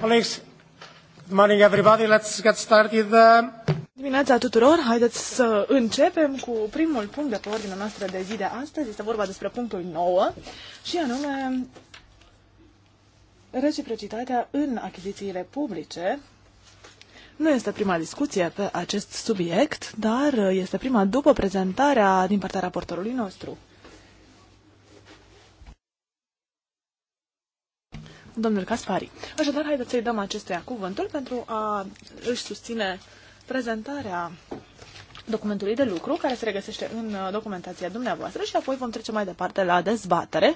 Colleagues, good morning everybody. Let's get started. Uh, Dimineața tuturor, haideți să începem cu primul punct de pe ordinea noastră de zi de astăzi. Este vorba despre punctul 9 și anume reciprocitatea în achizițiile publice. Nu este prima discuție pe acest subiect, dar este prima după prezentarea din partea raportorului nostru. domnul Caspari. Așadar, haideți să-i dăm acestuia cuvântul pentru a își susține prezentarea documentului de lucru, care se regăsește în uh, documentația dumneavoastră și apoi vom trece mai departe la dezbatere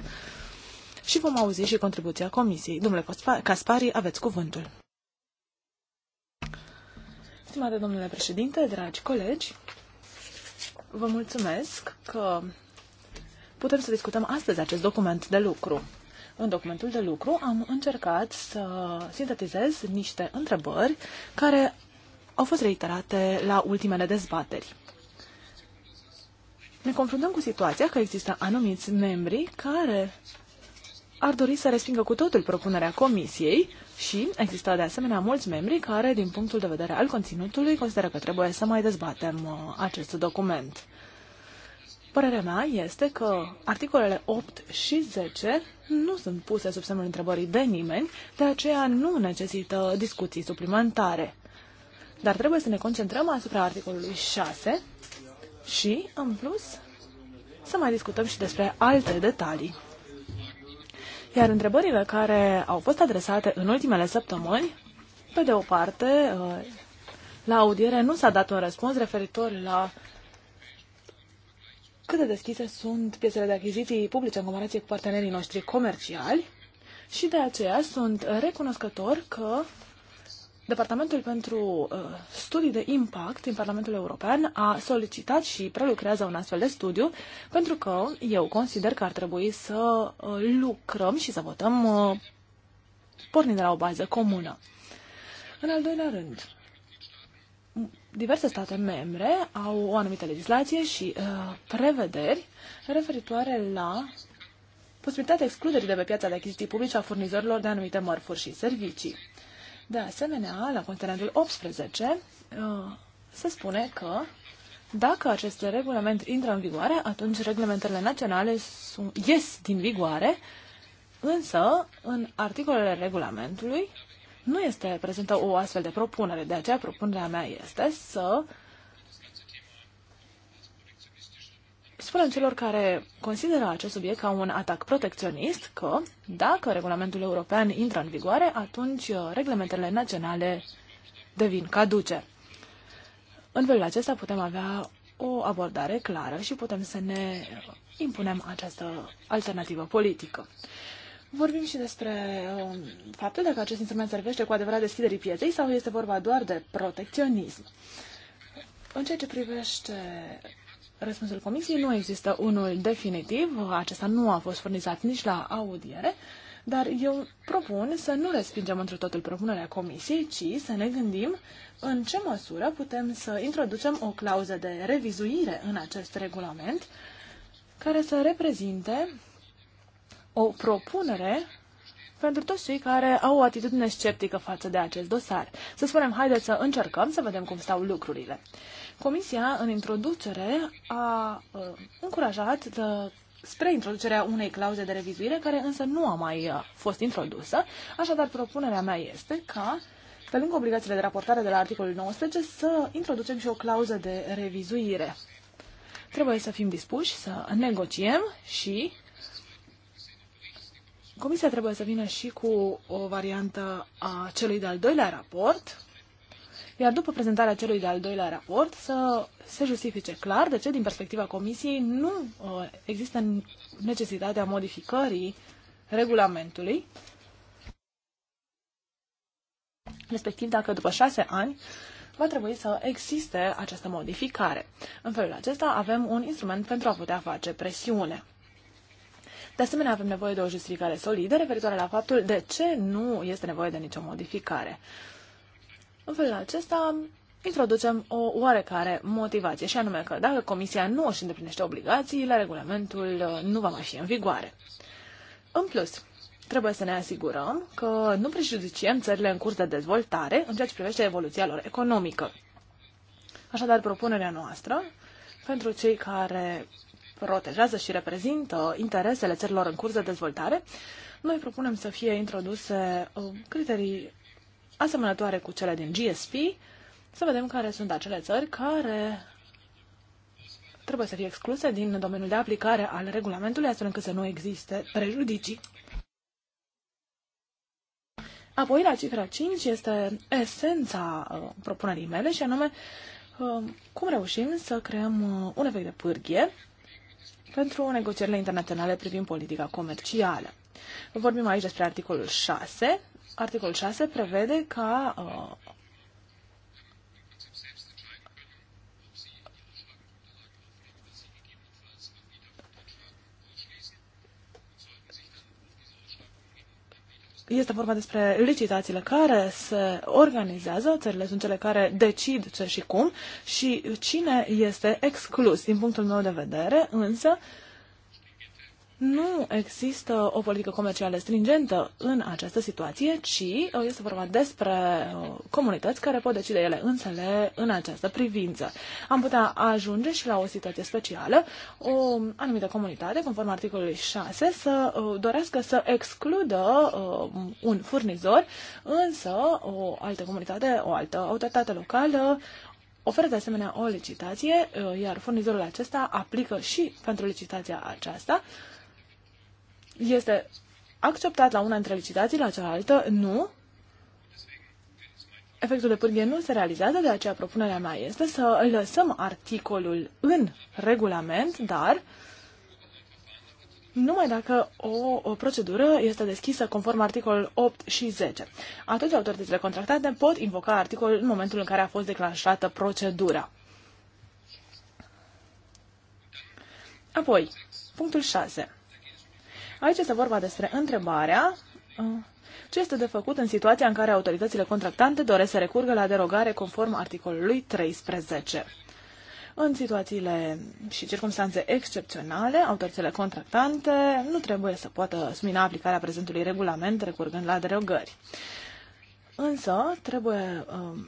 și vom auzi și contribuția comisiei. Domnule Caspari, aveți cuvântul. Stimate domnule președinte, dragi colegi, vă mulțumesc că putem să discutăm astăzi acest document de lucru. În documentul de lucru am încercat să sintetizez niște întrebări care au fost reiterate la ultimele dezbateri. Ne confruntăm cu situația că există anumiți membri care ar dori să respingă cu totul propunerea comisiei și există de asemenea mulți membri care, din punctul de vedere al conținutului, consideră că trebuie să mai dezbatem uh, acest document. Părerea mea este că articolele 8 și 10 nu sunt puse sub semnul întrebării de nimeni, de aceea nu necesită discuții suplimentare. Dar trebuie să ne concentrăm asupra articolului 6 și, în plus, să mai discutăm și despre alte detalii. Iar întrebările care au fost adresate în ultimele săptămâni, pe de o parte, uh, la audiere nu s-a dat un răspuns referitor la cât de deschise sunt piețele de achiziții publice în comparație cu partenerii noștri comerciali și de aceea sunt recunoscător că Departamentul pentru uh, Studii de Impact din Parlamentul European a solicitat și prelucrează un astfel de studiu pentru că eu consider că ar trebui să uh, lucrăm și să votăm uh, pornind de la o bază comună. În al doilea rând, diverse state membre au o anumită legislație și uh, prevederi referitoare la posibilitatea excluderii de pe piața de achiziții publice a furnizorilor de anumite mărfuri și servicii. De asemenea, la considerentul 18 uh, se spune că dacă acest regulament intră în vigoare, atunci reglementările naționale sunt, ies din vigoare, însă în articolele regulamentului nu este prezentă o astfel de propunere. De aceea propunerea mea este să spunem celor care consideră acest subiect ca un atac protecționist că dacă regulamentul european intră în vigoare, atunci uh, reglementele naționale devin caduce. În felul acesta putem avea o abordare clară și putem să ne impunem această alternativă politică. Vorbim și despre uh, faptul dacă acest instrument servește cu adevărat deschiderii pieței sau este vorba doar de protecționism. În ceea ce privește răspunsul comisiei, nu există unul definitiv, acesta nu a fost furnizat nici la audiere, dar eu propun să nu respingem într totul propunerea comisiei, ci să ne gândim în ce măsură putem să introducem o clauză de revizuire în acest regulament care să reprezinte o propunere pentru toți cei care au o atitudine sceptică față de acest dosar. Să spunem, haideți să încercăm să vedem cum stau lucrurile. Comisia, în introducere, a uh, încurajat uh, spre introducerea unei clauze de revizuire, care însă nu a mai uh, fost introdusă. Așadar, propunerea mea este ca, pe lângă obligațiile de raportare de la articolul 19, să introducem și o clauză de revizuire. Trebuie să fim dispuși să negociem și Comisia trebuie să vină și cu o variantă a celui de-al doilea raport, iar după prezentarea celui de-al doilea raport să se justifice clar de ce, din perspectiva Comisiei, nu uh, există necesitatea modificării regulamentului, respectiv dacă după șase ani va trebui să existe această modificare. În felul acesta avem un instrument pentru a putea face presiune. De asemenea, avem nevoie de o justificare solidă referitoare la faptul de ce nu este nevoie de nicio modificare. În felul acesta, introducem o oarecare motivație, și anume că dacă Comisia nu își îndeplinește obligațiile, regulamentul uh, nu va mai fi în vigoare. În plus, trebuie să ne asigurăm că nu prejudiciem țările în curs de dezvoltare în ceea ce privește evoluția lor economică. Așadar, propunerea noastră pentru cei care protejează și reprezintă interesele țărilor în curs de dezvoltare, noi propunem să fie introduse uh, criterii asemănătoare cu cele din GSP, să vedem care sunt acele țări care trebuie să fie excluse din domeniul de aplicare al regulamentului, astfel încât să nu existe prejudicii. Apoi, la cifra 5 este esența uh, propunerii mele și anume uh, cum reușim să creăm un efect de pârghie pentru negocierile internaționale privind politica comercială. Vorbim aici despre articolul 6. Articolul 6 prevede ca uh, este vorba despre licitațiile care se organizează, țările sunt cele care decid ce și cum și cine este exclus. Din punctul meu de vedere, însă, nu există o politică comercială stringentă în această situație, ci uh, este vorba despre uh, comunități care pot decide ele însele în această privință. Am putea ajunge și la o situație specială, o anumită comunitate, conform articolului 6, să uh, dorească să excludă un furnizor, însă o altă comunitate, o altă autoritate locală oferă de asemenea o licitație, iar furnizorul acesta aplică și pentru licitația aceasta este acceptat la una dintre licitații, la cealaltă nu. Efectul de pârghie nu se realizează, de aceea propunerea mea este să lăsăm articolul în regulament, dar numai dacă o, o procedură este deschisă conform articolul 8 și 10. Atunci autoritățile contractate pot invoca articolul în momentul în care a fost declanșată procedura. Apoi, punctul 6. Aici este vorba despre întrebarea uh, ce este de făcut în situația în care autoritățile contractante doresc să recurgă la derogare conform articolului 13. În situațiile și circunstanțe excepționale, autoritățile contractante nu trebuie să poată smina aplicarea prezentului regulament recurgând la derogări. Însă, trebuie um,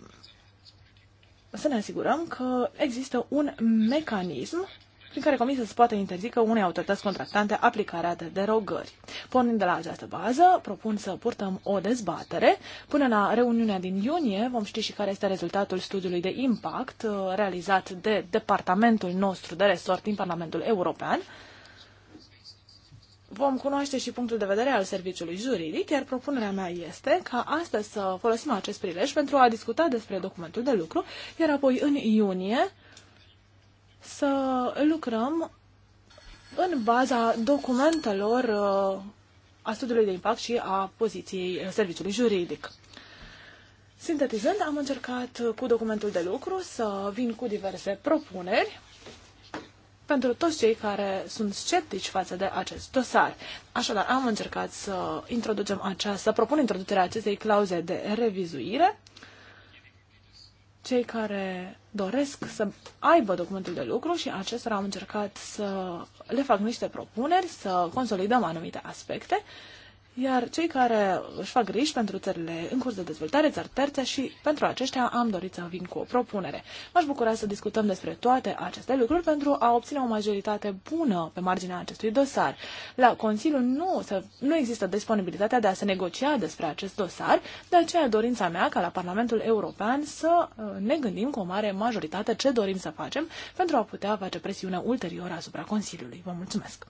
să ne asigurăm că există un mecanism prin care Comisia se poate interzică unei autorități contractante aplicarea de derogări. Pornind de la această bază, propun să purtăm o dezbatere. Până la reuniunea din iunie vom ști și care este rezultatul studiului de impact uh, realizat de departamentul nostru de resort din Parlamentul European. Vom cunoaște și punctul de vedere al serviciului juridic, iar propunerea mea este ca astăzi să folosim acest prilej pentru a discuta despre documentul de lucru, iar apoi în iunie să lucrăm în baza documentelor uh, a studiului de impact și a poziției uh, serviciului juridic. Sintetizând, am încercat uh, cu documentul de lucru să vin cu diverse propuneri pentru toți cei care sunt sceptici față de acest dosar. Așadar, am încercat să introducem această, să propun introducerea acestei clauze de revizuire cei care doresc să aibă documentul de lucru și acestora am încercat să le fac niște propuneri, să consolidăm anumite aspecte iar cei care își fac griji pentru țările în curs de dezvoltare, țări terțe și pentru aceștia am dorit să vin cu o propunere. M-aș bucura să discutăm despre toate aceste lucruri pentru a obține o majoritate bună pe marginea acestui dosar. La Consiliu nu, se, nu există disponibilitatea de a se negocia despre acest dosar, de aceea dorința mea ca la Parlamentul European să uh, ne gândim cu o mare majoritate ce dorim să facem pentru a putea face presiune ulterior asupra Consiliului. Vă mulțumesc!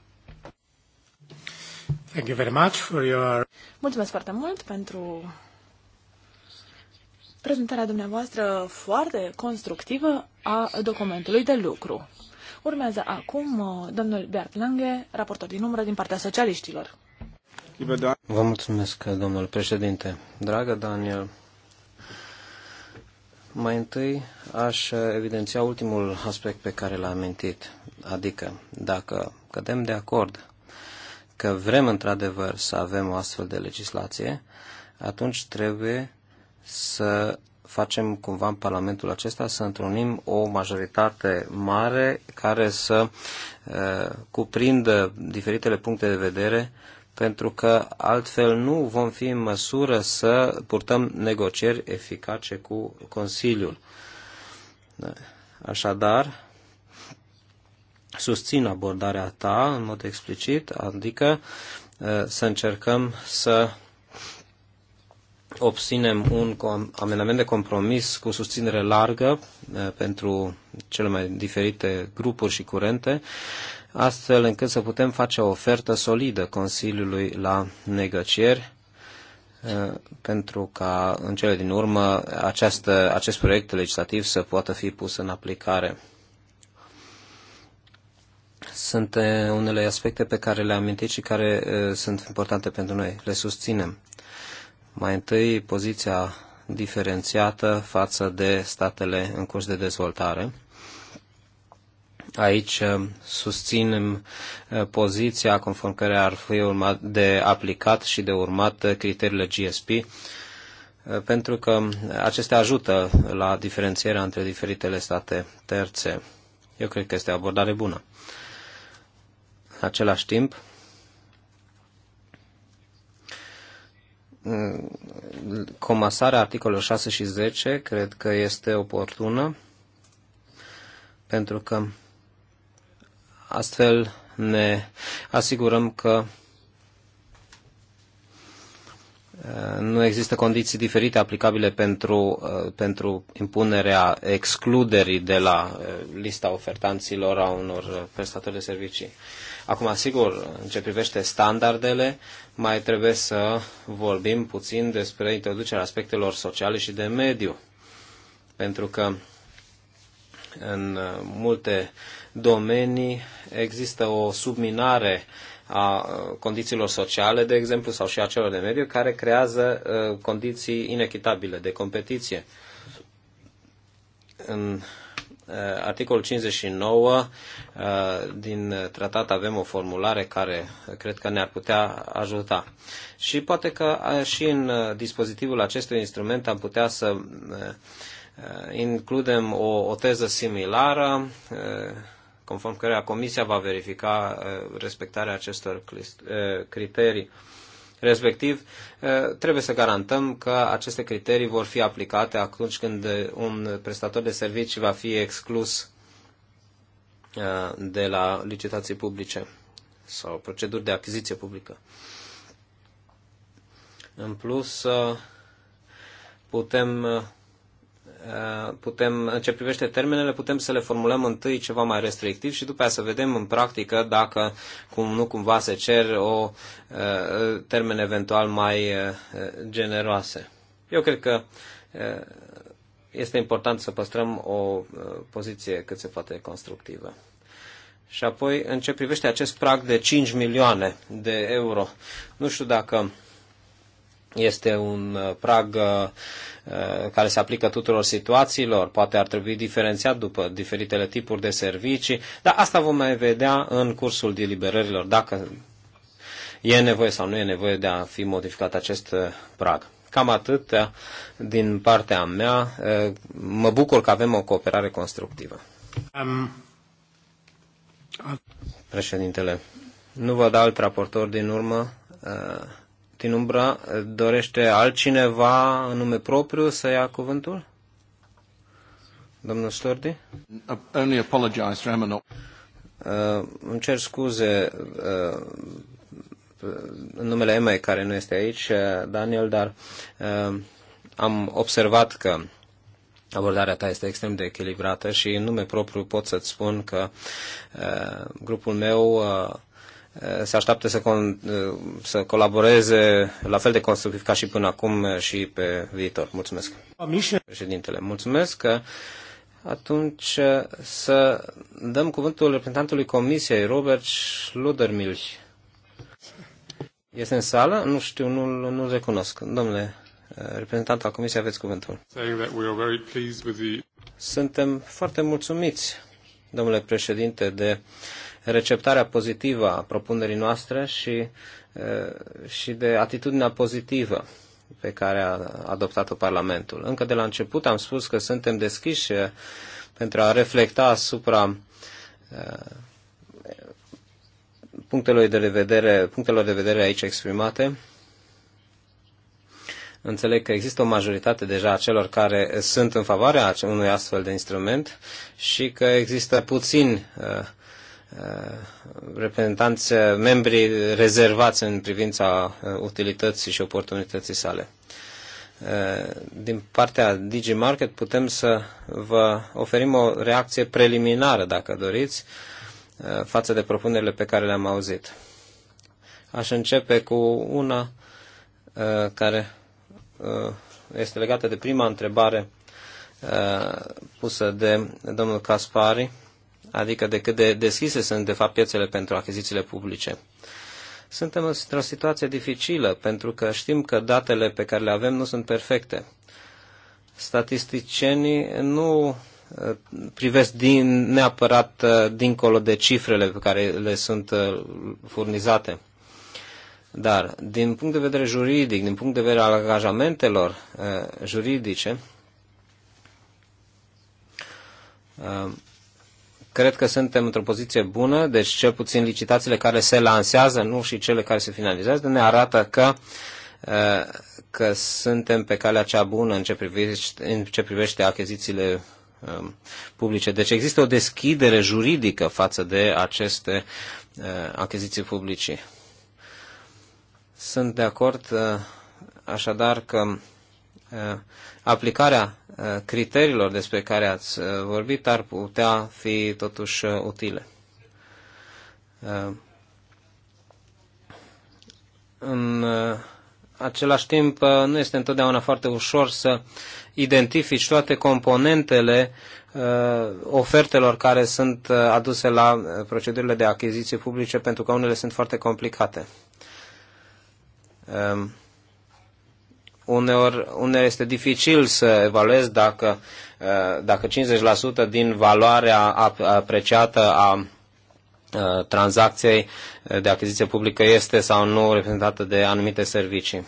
Thank you very much for your... Mulțumesc foarte mult pentru prezentarea dumneavoastră foarte constructivă a documentului de lucru. Urmează acum uh, domnul Bert Lange, raportor din umbră din partea socialiștilor. Vă mulțumesc, domnul președinte. Dragă Daniel, mai întâi aș evidenția ultimul aspect pe care l-am amintit, adică dacă cădem de acord că vrem într-adevăr să avem o astfel de legislație, atunci trebuie să facem cumva în Parlamentul acesta să întrunim o majoritate mare care să uh, cuprindă diferitele puncte de vedere, pentru că altfel nu vom fi în măsură să purtăm negocieri eficace cu Consiliul. Așadar, susțin abordarea ta în mod explicit, adică uh, să încercăm să obținem un amendament de compromis cu susținere largă uh, pentru cele mai diferite grupuri și curente, astfel încât să putem face o ofertă solidă Consiliului la negocieri uh, pentru ca în cele din urmă această, acest proiect legislativ să poată fi pus în aplicare sunt eh, unele aspecte pe care le-am amintit și care eh, sunt importante pentru noi. Le susținem. Mai întâi, poziția diferențiată față de statele în curs de dezvoltare. Aici eh, susținem poziția conform care ar fi urmat de aplicat și de urmat criteriile GSP, pentru că acestea ajută la diferențierea între diferitele state terțe. Eu cred că este o abordare bună același timp, comasarea articolelor 6 și 10 cred că este oportună, pentru că astfel ne asigurăm că uh, nu există condiții diferite aplicabile pentru, uh, pentru impunerea excluderii de la uh, lista ofertanților a unor prestatori de servicii. Acum, sigur, în ce privește standardele, mai trebuie să vorbim puțin despre introducerea aspectelor sociale și de mediu. Pentru că în multe domenii există o subminare a condițiilor sociale, de exemplu, sau și a celor de mediu, care creează uh, condiții inechitabile de competiție. În Eh, articolul 59 eh, din tratat avem o formulare care cred că ne-ar putea ajuta. Și poate că eh, și în dispozitivul acestui instrument am putea să includem o, o teză similară, conform căreia Comisia va verifica respectarea acestor criterii. Respectiv, eh, trebuie să garantăm că aceste criterii vor fi aplicate atunci când un prestator de servicii va fi exclus eh, de la licitații publice sau proceduri de achiziție publică. În plus, eh, putem Eh, putem, în ce privește termenele, putem să le formulăm întâi ceva mai restrictiv și după aia să vedem în practică dacă cum nu cumva se cer o eh, termen eventual mai eh, generoase. Eu cred că este important să păstrăm o poziție cât se poate constructivă. Și apoi, în ce privește acest prag de 5 milioane de euro, nu știu dacă este un uh, prag uh, uh, care se aplică tuturor situațiilor, poate ar trebui diferențiat după diferitele tipuri de servicii, dar asta vom mai vedea în cursul deliberărilor, dacă e nevoie sau nu e nevoie de a fi modificat acest prag. Cam atât din partea mea. Mă bucur că avem o cooperare constructivă. Um, Președintele, nu văd alt raportor din urmă din umbra, dorește altcineva în nume propriu să ia cuvântul? Domnul Sturdy? Uh, only apologize for Emma Uh, îmi cer scuze uh, în numele Emei care nu este aici, uh, Daniel, dar uh, am observat că abordarea ta este extrem de echilibrată și în nume propriu pot să-ți spun că uh, grupul meu uh, Eh, se așteaptă să, con- eh, să colaboreze la fel de constructiv ca și până acum eh, și pe viitor. Mulțumesc. Președintele, mulțumesc. Atunci să dăm cuvântul reprezentantului Comisiei, Robert Ludermilch. Este în sală? Nu știu, nu, nu recunosc. Domnule reprezentant al Comisiei, aveți cuvântul. Suntem foarte mulțumiți, domnule președinte, de uh, receptarea pozitivă a propunerii noastre și, și de atitudinea pozitivă pe care a adoptat-o Parlamentul. Încă de la început am spus că suntem deschiși pentru a reflecta asupra punctelor de vedere, punctelor de vedere aici exprimate. Înțeleg că există o majoritate deja a celor care sunt în favoarea unui astfel de instrument și că există puțini Uh, reprezentanți, uh, membrii rezervați în privința uh, utilității și oportunității sale. Din partea DigiMarket putem să vă oferim o reacție preliminară, dacă doriți, față de propunerile pe care le-am auzit. Aș începe cu una care este legată de prima întrebare pusă de domnul Caspari adică de cât de deschise sunt de fapt piețele pentru achizițiile publice. Suntem într-o situație dificilă pentru că știm că datele pe care le avem nu sunt perfecte. Statisticienii nu uh, privesc din, neapărat uh, dincolo de cifrele pe care le sunt uh, furnizate. Dar, din punct de vedere juridic, din punct de vedere al angajamentelor uh, juridice, uh, Cred că suntem într-o poziție bună, deci cel puțin licitațiile care se lansează, nu și cele care se finalizează, ne arată că, uh, că suntem pe calea cea bună în ce privește, în ce privește achizițiile um, publice. Deci există o deschidere juridică față de aceste uh, achiziții publice. Sunt de acord uh, așadar că Uh, aplicarea uh, criteriilor despre care ați uh, vorbit ar putea fi totuși utile. În același timp, nu este întotdeauna foarte ușor să identifici toate componentele ofertelor care sunt aduse la procedurile de achiziții publice, pentru că unele sunt foarte complicate. Uneori, uneori este dificil să evaluezi dacă, uh, dacă 50% din valoarea apreciată a uh, tranzacției de achiziție publică este sau nu reprezentată de anumite servicii.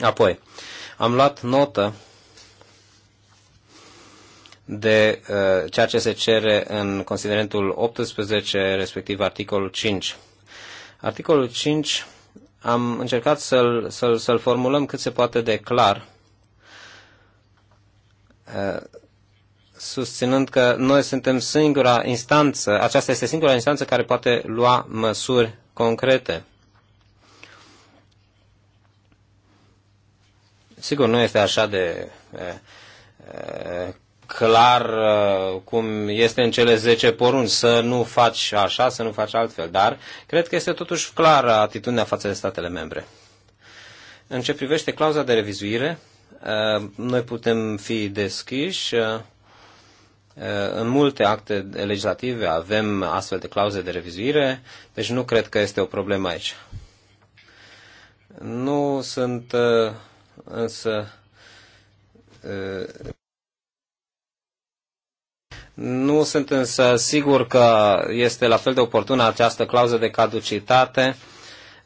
Apoi, am luat notă de uh, ceea ce se cere în considerentul 18, respectiv articolul 5. Articolul 5 am încercat să-l, să-l, să-l formulăm cât se poate de clar, susținând că noi suntem singura instanță, aceasta este singura instanță care poate lua măsuri concrete. Sigur, nu este așa de clar uh, cum este în cele 10 porunci, să nu faci așa, să nu faci altfel, dar cred că este totuși clară atitudinea față de statele membre. În ce privește clauza de revizuire, uh, noi putem fi deschiși. Uh, în multe acte legislative avem astfel de clauze de revizuire, deci nu cred că este o problemă aici. Nu sunt însă nu sunt însă sigur că este la fel de oportună această clauză de caducitate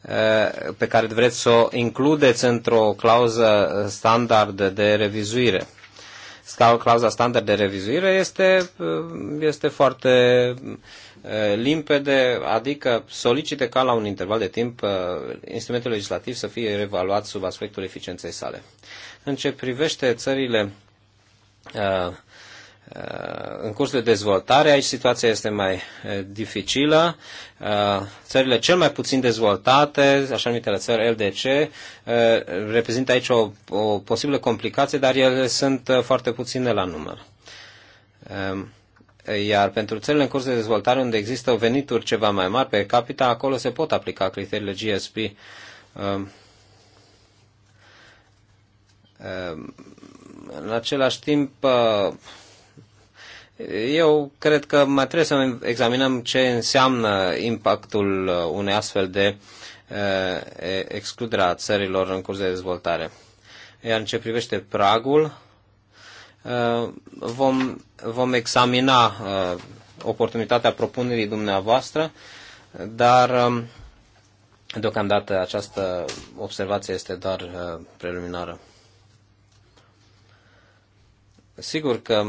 eh, pe care vreți să o includeți într-o clauză standard de revizuire. Clauza standard de revizuire este, eh, este foarte eh, limpede, adică solicite ca la un interval de timp instrumentul legislativ să fie revaluat sub aspectul eficienței sale. În ce privește țările uh, Uh, în curs de dezvoltare. Aici situația este mai uh, dificilă. Uh, țările cel mai puțin dezvoltate, așa numitele țări LDC, reprezintă aici o, o posibilă complicație, dar ele sunt foarte puține la număr. Um, iar pentru țările în curs de dezvoltare, unde există venituri ceva mai mari pe capita, acolo se pot aplica criteriile GSP. Um, um, în același timp, eu cred că mai trebuie să examinăm ce înseamnă impactul uh, unei astfel de uh, excludere a țărilor în curs de dezvoltare. Iar în ce privește pragul, uh, vom, vom examina oportunitatea propunerii dumneavoastră, dar um, deocamdată această observație este doar preliminară. Sigur că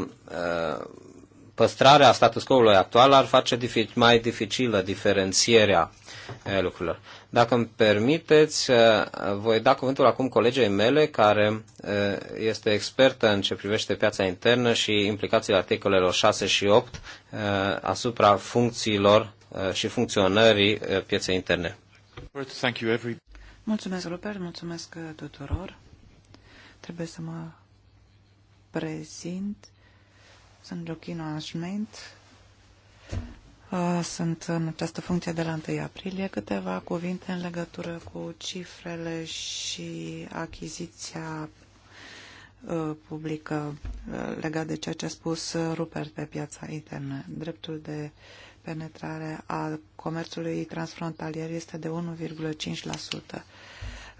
păstrarea status quo-ului actual ar face mai dificilă diferențierea eh, lucrurilor. Dacă îmi permiteți, eh, voi da cuvântul acum colegei mele, care eh, este expertă în ce privește piața internă și implicațiile articolelor 6 și 8 asupra funcțiilor și funcționării pieței interne. Mulțumesc, Rupert, mulțumesc tuturor. Trebuie să mă prezint. Sunt Jochino Management. Sunt în această funcție de la 1 aprilie. Câteva cuvinte în legătură cu cifrele și achiziția publică legat de ceea ce a spus Rupert pe piața internă. Dreptul de penetrare a comerțului transfrontalier este de 1,5%.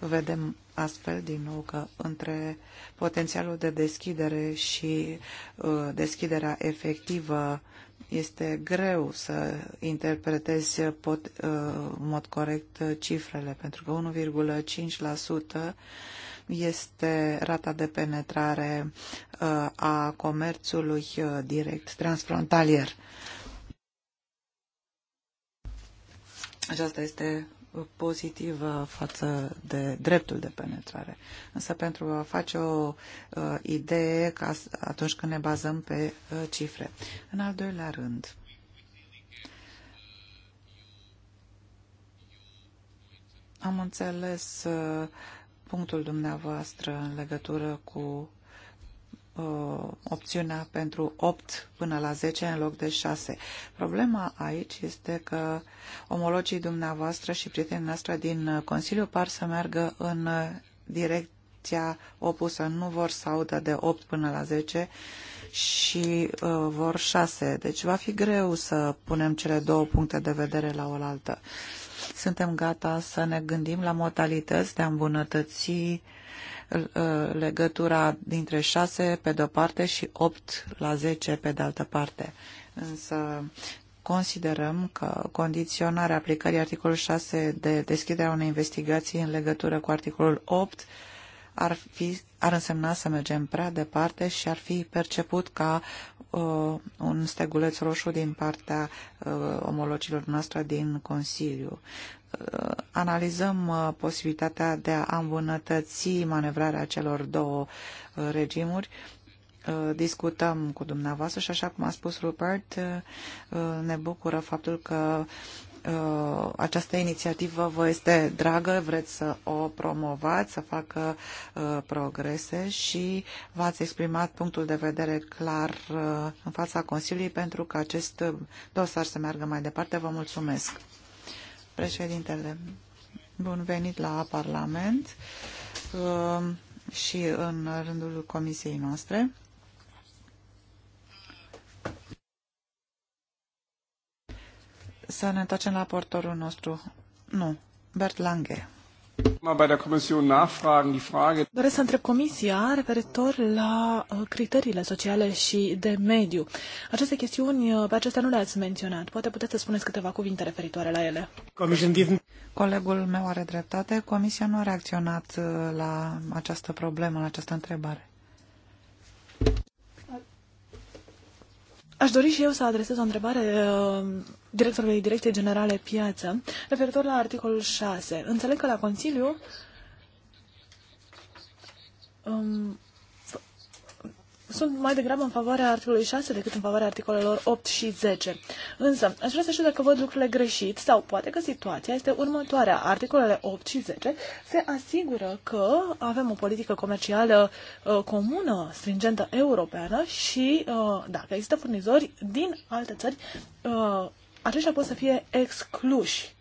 Vedem astfel din nou că între potențialul de deschidere și uh, deschiderea efectivă este greu să interpretezi pot, uh, în mod corect cifrele, pentru că 1,5% este rata de penetrare uh, a comerțului direct transfrontalier. Aceasta este pozitivă față de dreptul de penetrare. Însă pentru a face o uh, idee ca atunci când ne bazăm pe uh, cifre. În al doilea rând, am înțeles uh, punctul dumneavoastră în legătură cu uh, opțiunea pentru 8 până la 10 în loc de 6. Problema aici este că omologii dumneavoastră și prietenii noastre din Consiliu par să meargă în direcția opusă. Nu vor să audă de 8 până la 10 și uh, vor 6. Deci va fi greu să punem cele două puncte de vedere la oaltă. Suntem gata să ne gândim la modalități de a îmbunătăți uh, Uh, legătura dintre 6 pe de-o parte și 8 la 10 pe de altă parte. Însă considerăm că condiționarea aplicării articolul 6 de deschiderea unei investigații în legătură cu articolul 8 ar, fi, ar însemna să mergem prea departe și ar fi perceput ca uh, un steguleț roșu din partea uh, omologilor noastre din Consiliu. Uh, analizăm uh, posibilitatea de a îmbunătăți manevrarea celor două uh, regimuri. Discutăm cu dumneavoastră și așa cum a spus Rupert, ne bucură faptul că această inițiativă vă este dragă, vreți să o promovați, să facă progrese și v-ați exprimat punctul de vedere clar în fața Consiliului pentru că acest dosar să meargă mai departe. Vă mulțumesc! președintele. Bun venit la Parlament uh, și în rândul comisiei noastre. Să ne întoarcem la portorul nostru. Nu, Bert Lange. Doresc să întreb Comisia referitor la uh, criteriile sociale și de mediu. Aceste chestiuni, uh, pe acestea nu le-ați menționat. Poate puteți să spuneți câteva cuvinte referitoare la ele. Colegul meu are dreptate. Comisia nu a reacționat uh, la această problemă, la această întrebare. Aș dori și eu să adresez o întrebare uh, directorului Direcției Generale Piață referitor la articolul 6. Înțeleg că la Consiliu um, sunt mai degrabă în favoarea articolului 6 decât în favoarea articolelor 8 și 10. Însă, aș vrea să știu dacă văd lucrurile greșit sau poate că situația este următoarea. Articolele 8 și 10 se asigură că avem o politică comercială uh, comună, stringentă europeană și uh, dacă există furnizori din alte țări, uh, aceștia pot să fie excluși.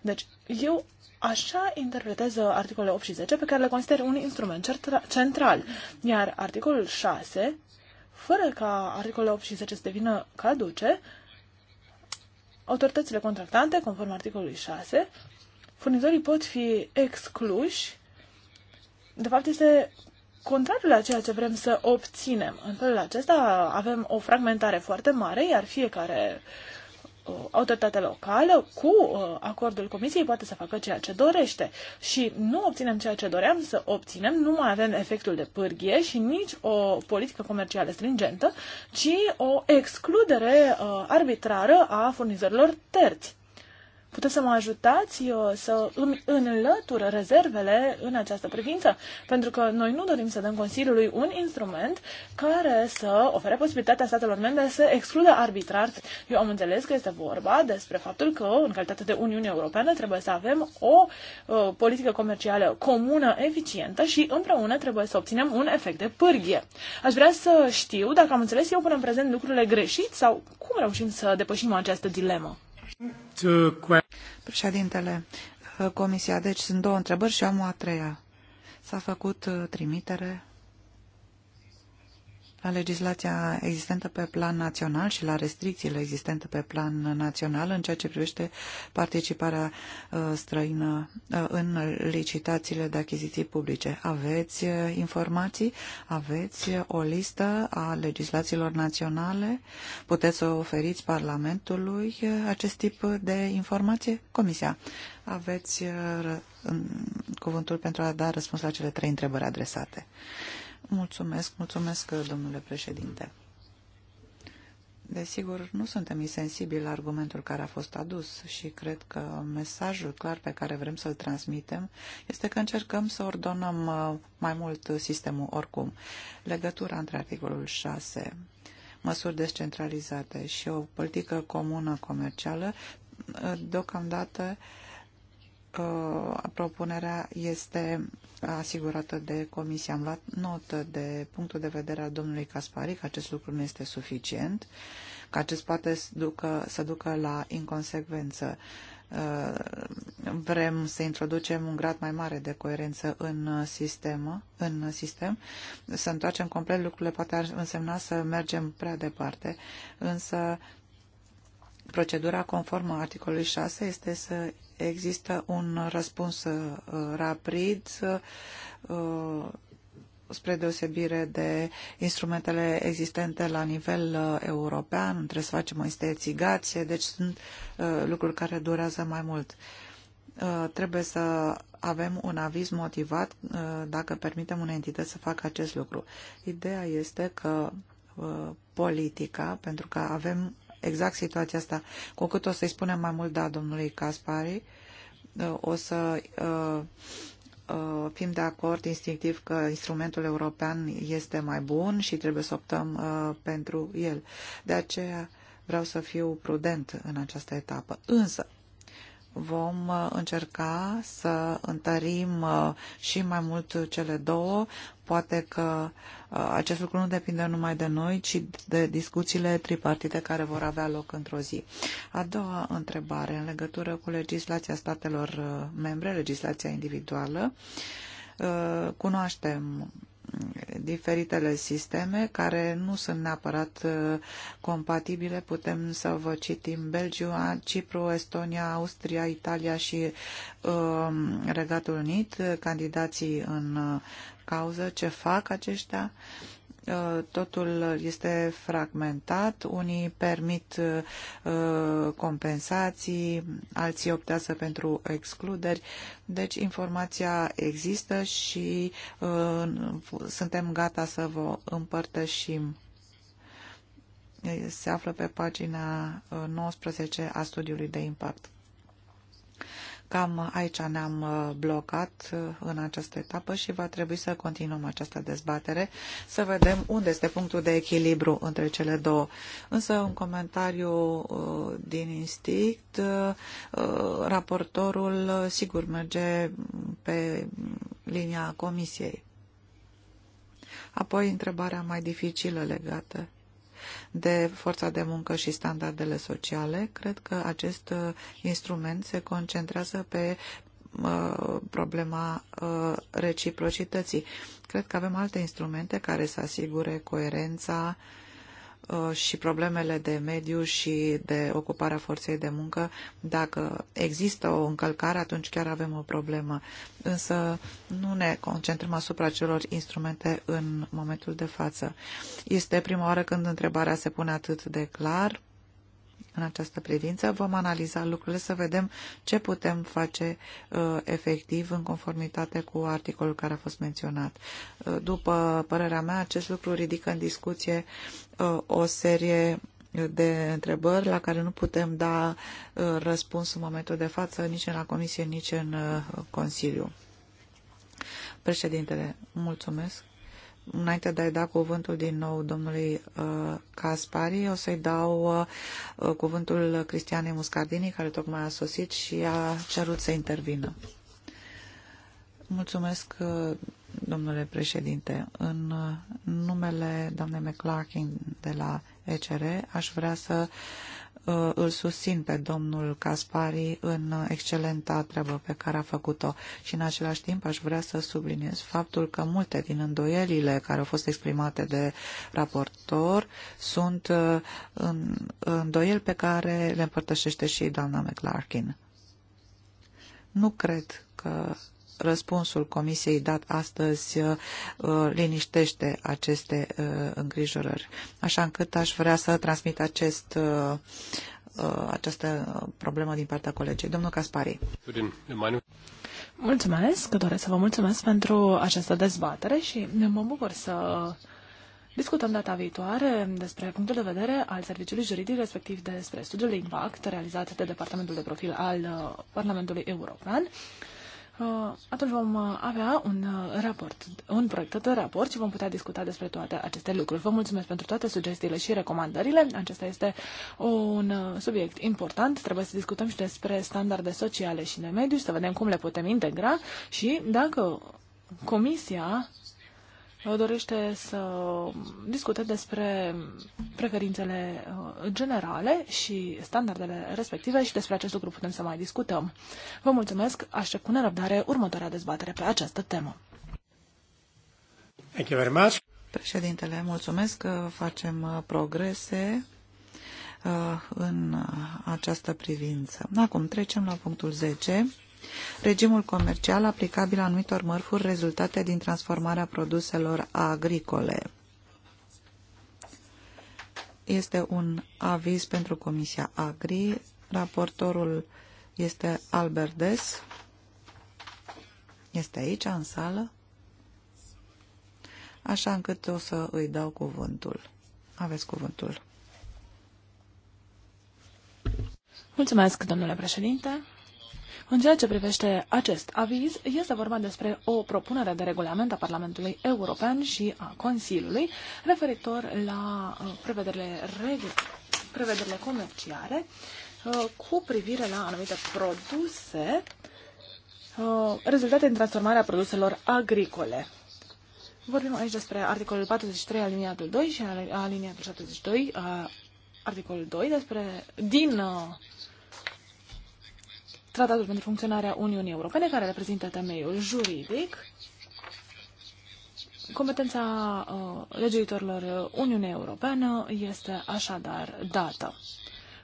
Deci, eu Așa interpretează articolele 8 și 10, pe care le consider un instrument central. Iar articolul 6, fără ca articolele 8 și 10 să devină caduce, autoritățile contractante, conform articolului 6, furnizorii pot fi excluși. De fapt, este contrariul la ceea ce vrem să obținem. În felul acesta avem o fragmentare foarte mare, iar fiecare uh, Uh, autoritatea locală, cu uh, acordul comisiei, poate să facă ceea ce dorește. Și nu obținem ceea ce doream să obținem, nu mai avem efectul de pârghie și nici o politică comercială stringentă, ci o excludere uh, arbitrară a furnizorilor terți. Puteți să mă ajutați să îmi înlătur rezervele în această privință? Pentru că noi nu dorim să dăm Consiliului un instrument care să ofere posibilitatea statelor membre să excludă arbitrar. Eu am înțeles că este vorba despre faptul că, în calitate de Uniune Europeană, trebuie să avem o uh, politică comercială comună, eficientă și împreună trebuie să obținem un efect de pârghie. Aș vrea să știu dacă am înțeles eu până în prezent lucrurile greșit sau cum reușim să depășim această dilemă. Președintele, eh, Comisia, deci sunt două întrebări și am o a treia. S-a făcut eh, trimitere la legislația existentă pe plan național și la restricțiile existente pe plan național în ceea ce privește participarea uh, străină uh, în licitațiile de achiziții publice. Aveți uh, informații? Aveți o listă a legislațiilor naționale? Puteți să oferiți Parlamentului acest tip de informație? Comisia, aveți cuvântul pentru a da răspuns la cele trei întrebări adresate. Mulțumesc, mulțumesc, domnule președinte. Desigur, nu suntem insensibili la argumentul care a fost adus și cred că mesajul clar pe care vrem să-l transmitem este că încercăm să ordonăm uh, mai mult sistemul oricum. Legătura între articolul 6, măsuri descentralizate și o politică comună comercială, uh, deocamdată uh, propunerea este asigurată de comisie. Am luat notă de punctul de vedere al domnului Caspari că acest lucru nu este suficient, că acest poate să ducă, să ducă la inconsecvență. Uh, vrem să introducem un grad mai mare de coerență în, sistemă, în sistem, să întoarcem complet lucrurile, poate ar însemna să mergem prea departe, însă Procedura conformă articolului 6 este să există un răspuns uh, rapid uh, spre deosebire de instrumentele existente la nivel uh, european, trebuie să facem o investigație, deci sunt lucruri care durează mai mult. Trebuie să avem un aviz motivat dacă permitem unei entități să facă acest lucru. Ideea este că politica, pentru că avem exact situația asta. Cu cât o să-i spunem mai mult da domnului Caspari, uh, o să uh, uh, fim de acord instinctiv că instrumentul european este mai bun și trebuie să optăm pentru el. De aceea vreau să fiu prudent în această etapă. Însă, vom uh, încerca să întărim uh, și mai mult cele două. Poate că uh, acest lucru nu depinde numai de noi, ci de discuțiile tripartite care vor avea loc într-o zi. A doua întrebare, în legătură cu legislația statelor membre, legislația individuală, cunoaștem diferitele sisteme care nu sunt neapărat uh, compatibile. Putem să vă citim Belgia, Cipru, Estonia, Austria, Italia și um, Regatul Unit, candidații în uh, cauză, ce fac aceștia. Uh, Uh, totul este fragmentat, unii permit uh, compensații, alții optează pentru excluderi, deci informația există și uh, suntem gata să vă împărtășim. Se află pe pagina 19 a studiului de impact. Cam aici ne-am uh, blocat uh, în această etapă și va trebui să continuăm această dezbatere, să vedem unde este punctul de echilibru între cele două. Însă un comentariu uh, din instinct, raportorul sigur merge pe linia comisiei. Apoi întrebarea mai dificilă legată de forța de muncă și standardele sociale, cred că acest uh, instrument se concentrează pe uh, problema uh, reciprocității. Cred că avem alte instrumente care să asigure coerența uh, Uh, și problemele de mediu și de ocuparea forței de muncă, dacă există o încălcare, atunci chiar avem o problemă. Însă nu ne concentrăm asupra celor instrumente în momentul de față. Este prima oară când întrebarea se pune atât de clar în această privință. Vom analiza lucrurile să vedem ce putem face uh, efectiv în conformitate cu articolul care a fost menționat. Uh, după părerea mea, acest lucru ridică în discuție uh, o serie de întrebări la care nu putem da uh, răspuns în momentul de față nici în la Comisie, nici în uh, Consiliu. Președintele, mulțumesc. Înainte de a-i da cuvântul din nou domnului uh, Caspari, o să-i dau uh, uh, cuvântul Cristianei Muscardini, care tocmai a sosit și a cerut să intervină. Mulțumesc, domnule președinte. În numele doamnei McClarkin de la ECR, aș vrea să uh, Uh, îl susțin pe domnul Caspari în excelenta treabă pe care a făcut-o și în același timp aș vrea să subliniez faptul că multe din îndoielile care au fost exprimate de raportor sunt uh, îndoieli pe care le împărtășește și doamna McClarkin. Nu cred că răspunsul Comisiei dat astăzi uh, liniștește aceste uh, îngrijorări. Așa încât aș vrea să transmit acest, uh, această problemă din partea colegii. Domnul Caspari. Mulțumesc, doresc să vă mulțumesc pentru această dezbatere și mă bucur să Discutăm data viitoare despre punctul de vedere al serviciului juridic, respectiv despre studiul de impact realizat de Departamentul de Profil al Parlamentului European Uh, atunci vom uh, avea un uh, raport, un proiect de raport și vom putea discuta despre toate aceste lucruri. Vă mulțumesc pentru toate sugestiile și recomandările. Acesta este un subiect important. Trebuie să discutăm și despre standarde sociale și de mediu și să vedem cum le putem integra și dacă Comisia dorește să discute despre preferințele uh, generale și standardele respective și despre acest lucru putem să mai discutăm. Vă mulțumesc, aștept cu nerăbdare următoarea dezbatere pe această temă. Thank you very much. Președintele, mulțumesc că facem uh, progrese uh, în această privință. Acum trecem la punctul 10 Regimul comercial aplicabil anumitor mărfuri rezultate din transformarea produselor agricole. Este un aviz pentru Comisia Agri. Raportorul este Albert Des. Este aici, în sală. Așa încât o să îi dau cuvântul. Aveți cuvântul. Mulțumesc, domnule președinte. În ceea ce privește acest aviz, este vorba despre o propunere de regulament a Parlamentului European și a Consiliului referitor la uh, prevederile, prevederile comerciale uh, cu privire la anumite produse uh, rezultate din transformarea produselor agricole. Vorbim aici despre articolul 43 aliniatul 2 și aliniatul 72 articolul 2 despre din Tratatul pentru funcționarea Uniunii Europene, care reprezintă temeiul juridic, competența uh, legiuitorilor Uniunii Europene este așadar dată.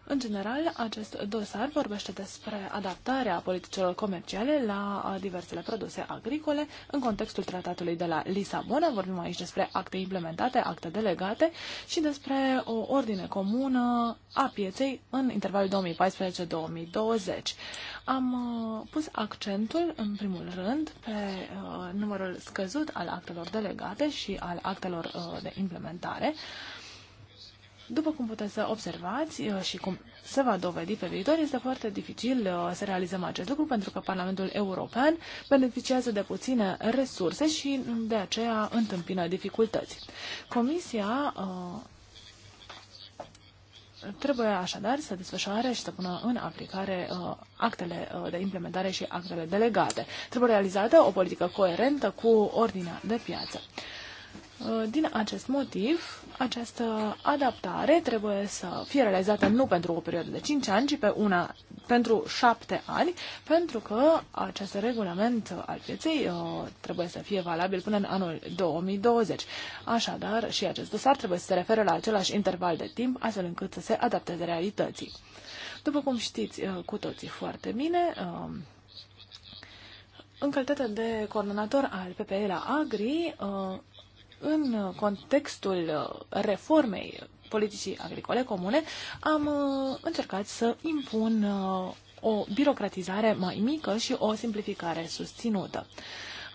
În general, acest dosar vorbește despre adaptarea politicilor comerciale la diversele produse agricole în contextul tratatului de la Lisabona. Vorbim aici despre acte implementate, acte delegate și despre o ordine comună a pieței în intervalul 2014-2020. Am pus accentul, în primul rând, pe numărul scăzut al actelor delegate și al actelor de implementare. După cum puteți să observați uh, și cum se va dovedi pe viitor, este foarte dificil uh, să realizăm acest lucru pentru că Parlamentul European beneficiază de puține resurse și mm, de aceea întâmpină dificultăți. Comisia uh, Trebuie așadar să desfășoare și să pună în aplicare uh, actele uh, de implementare și actele delegate. Trebuie realizată o politică coerentă cu ordinea de piață. Uh, Uh, din acest motiv, această adaptare trebuie să fie realizată nu pentru o perioadă de 5 ani, ci pe una, pentru 7 ani, pentru că acest regulament al pieței uh, trebuie să fie valabil până în anul 2020. Așadar, și acest dosar trebuie să se refere la același interval de timp, astfel încât să se adapteze realității. După cum știți uh, cu toții foarte bine, în calitate de coordonator al PPE la Agri, în contextul uh, reformei politicii agricole comune, am uh, încercat să impun uh, o birocratizare mai mică și o simplificare susținută.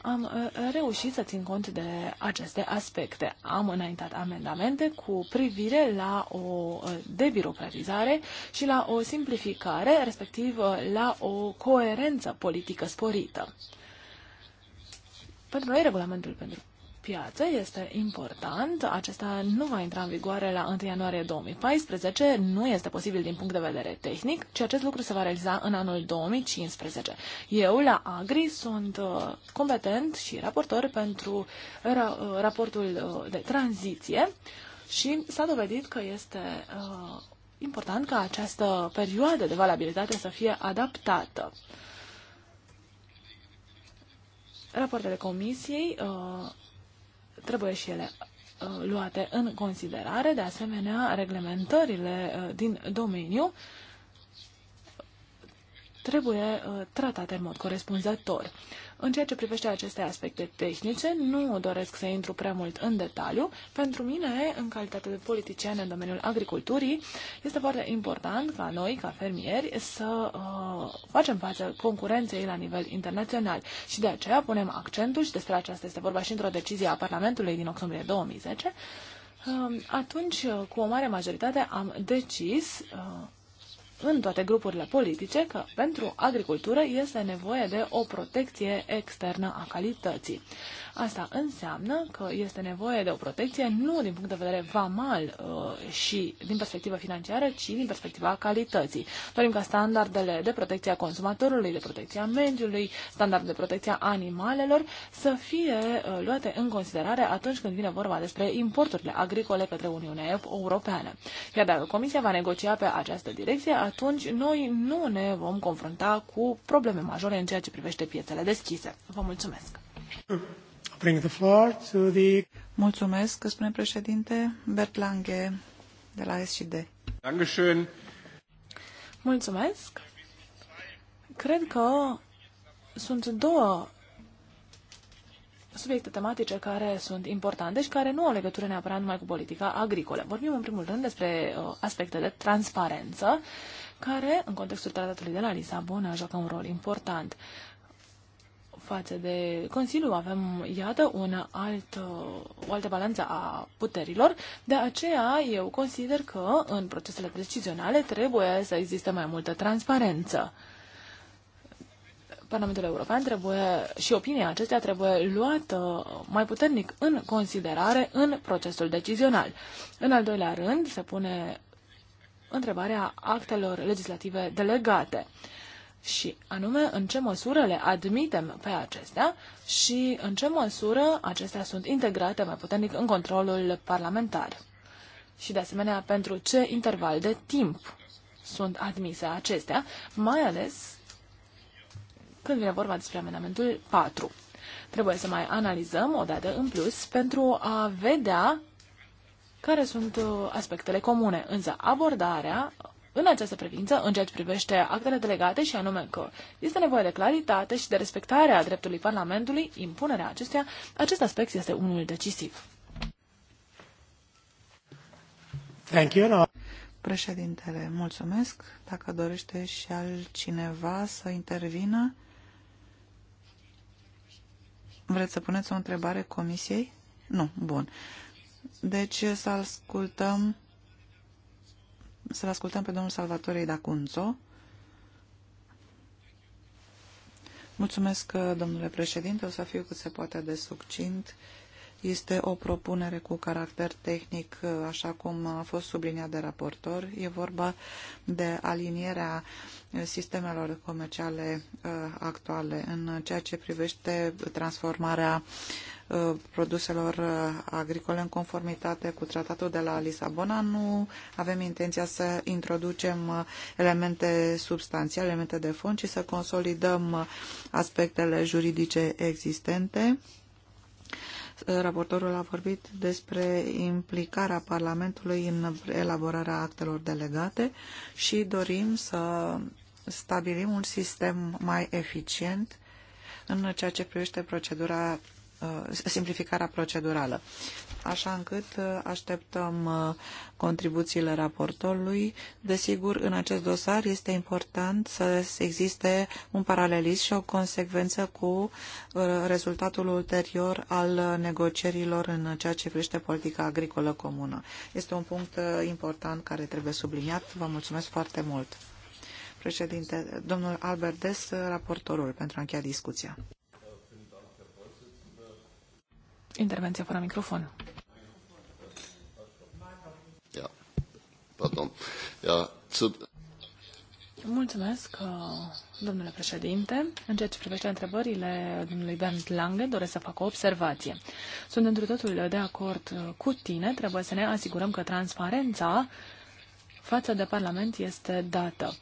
Am reușit să țin cont de aceste aspecte. Am înaintat amendamente cu privire la o debirocratizare și la o simplificare, respectiv la o coerență politică sporită. Pentru noi, regulamentul pentru piață este important. Acesta nu va intra în vigoare la 1 ianuarie 2014, nu este posibil din punct de vedere tehnic, ci acest lucru se va realiza în anul 2015. Eu, la Agri, sunt uh, competent și raportor pentru ra- uh, raportul uh, de tranziție și s-a dovedit că este uh, important ca această perioadă de valabilitate să fie adaptată rapoartele comisiei uh, trebuie și ele uh, luate în considerare, de asemenea reglementările uh, din domeniu trebuie uh, tratate în mod corespunzător. În ceea ce privește aceste aspecte tehnice, nu doresc să intru prea mult în detaliu. Pentru mine, în calitate de politician în domeniul agriculturii, este foarte important ca noi, ca fermieri, să uh, facem față concurenței la nivel internațional. Și de aceea punem accentul, și despre aceasta este vorba și într-o decizie a Parlamentului din octombrie 2010, uh, atunci, uh, cu o mare majoritate, am decis uh, în toate grupurile politice că pentru agricultură este nevoie de o protecție externă a calității. Asta înseamnă că este nevoie de o protecție nu din punct de vedere vamal uh, și din perspectiva financiară, ci din perspectiva calității. Dorim ca standardele de protecție a consumatorului, de protecție a mediului, standardele de protecție a animalelor să fie uh, luate în considerare atunci când vine vorba despre importurile agricole către Uniunea Europeană. Iar dacă Comisia va negocia pe această direcție, atunci noi nu ne vom confrunta cu probleme majore în ceea ce privește piețele deschise. Vă mulțumesc! Bring the floor to the... Mulțumesc, spune președinte Bert Lange de la SCD. Dankeschön. Mulțumesc. Cred că sunt două subiecte tematice care sunt importante și care nu au legătură neapărat numai cu politica agricolă. Vorbim în primul rând despre uh, aspecte de transparență, care în contextul tratatului de la Lisabona joacă un rol important față de Consiliu. Avem, iată, un alt, o altă balanță a puterilor. De aceea, eu consider că în procesele decizionale trebuie să existe mai multă transparență. Parlamentul European trebuie și opinia acestea trebuie luată mai puternic în considerare în procesul decizional. În al doilea rând, se pune întrebarea actelor legislative delegate. Uh, și anume în ce măsură le admitem pe acestea și în ce măsură acestea sunt integrate mai puternic în controlul parlamentar. Și de asemenea, pentru ce interval de timp sunt admise acestea, mai ales când vine vorba despre amendamentul 4. Trebuie să mai analizăm o dată în plus pentru a vedea care sunt uh, aspectele comune. Însă abordarea în această privință, în ceea ce privește actele delegate și anume că este nevoie de claritate și de respectarea dreptului Parlamentului, impunerea acestuia, acest aspect este unul decisiv. Thank you. No. Președintele, mulțumesc. Dacă dorește și altcineva să intervină, vreți să puneți o întrebare comisiei? Nu, bun. Deci să ascultăm să-l ascultăm pe domnul Salvatore Dacunzo. Mulțumesc, domnule președinte. O să fiu cât se poate de succint este o propunere cu caracter tehnic, așa cum a fost subliniat de raportor. E vorba de alinierea sistemelor comerciale uh, actuale în ceea ce privește transformarea uh, produselor uh, agricole în conformitate cu tratatul de la Lisabona. Nu avem intenția să introducem elemente substanțiale, elemente de fond, ci să consolidăm aspectele juridice existente Raportorul a vorbit despre implicarea Parlamentului în elaborarea actelor delegate și dorim să stabilim un sistem mai eficient în ceea ce privește procedura Uh, simplificarea procedurală. Așa încât uh, așteptăm uh, contribuțiile raportorului. Desigur, în acest dosar este important să existe un paralelism și o consecvență cu rezultatul ulterior al negocierilor în ceea ce privește politica agricolă comună. Este un punct important care trebuie subliniat. Vă mulțumesc foarte mult. Președinte, domnul Albert Des, raportorul, pentru a încheia discuția. Intervenție fără microfon. Ja. Pardon. Ja, Mulțumesc, uh, domnule președinte. În ceea ce privește întrebările domnului Bernd Lange, doresc să fac o observație. Sunt într totul de acord uh, cu tine. Trebuie să ne asigurăm că transparența față de Parlament este dată.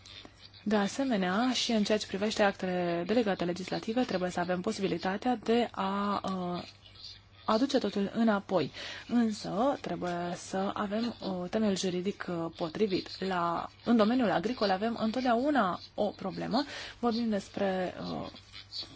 De asemenea, și în ceea ce privește actele delegate legislative, trebuie să avem posibilitatea de a uh, aduce totul înapoi. Însă trebuie să avem uh, temel juridic uh, potrivit. La, în domeniul agricol avem întotdeauna o problemă. Vorbim despre uh,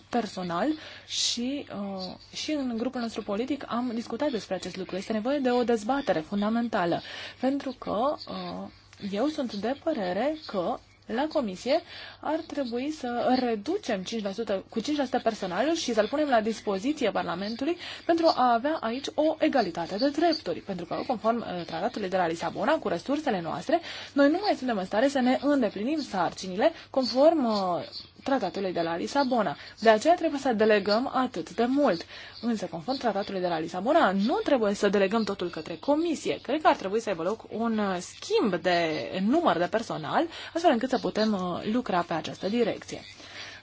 personal și, uh, și în grupul nostru politic am discutat despre acest lucru. Este nevoie de o dezbatere fundamentală, pentru că uh, eu sunt de părere că la comisie, ar trebui să reducem 5%, cu 5% personalul și să-l punem la dispoziție Parlamentului pentru a avea aici o egalitate de drepturi. Pentru că, conform uh, tratatului de la Lisabona, cu resursele noastre, noi nu mai suntem în stare să ne îndeplinim sarcinile conform uh, tratatului de la Lisabona. De aceea trebuie să delegăm atât de mult. Însă, conform tratatului de la Lisabona, nu trebuie să delegăm totul către comisie. Cred că ar trebui să aibă loc un uh, schimb de număr de personal, astfel încât să putem uh, lucra pe această direcție.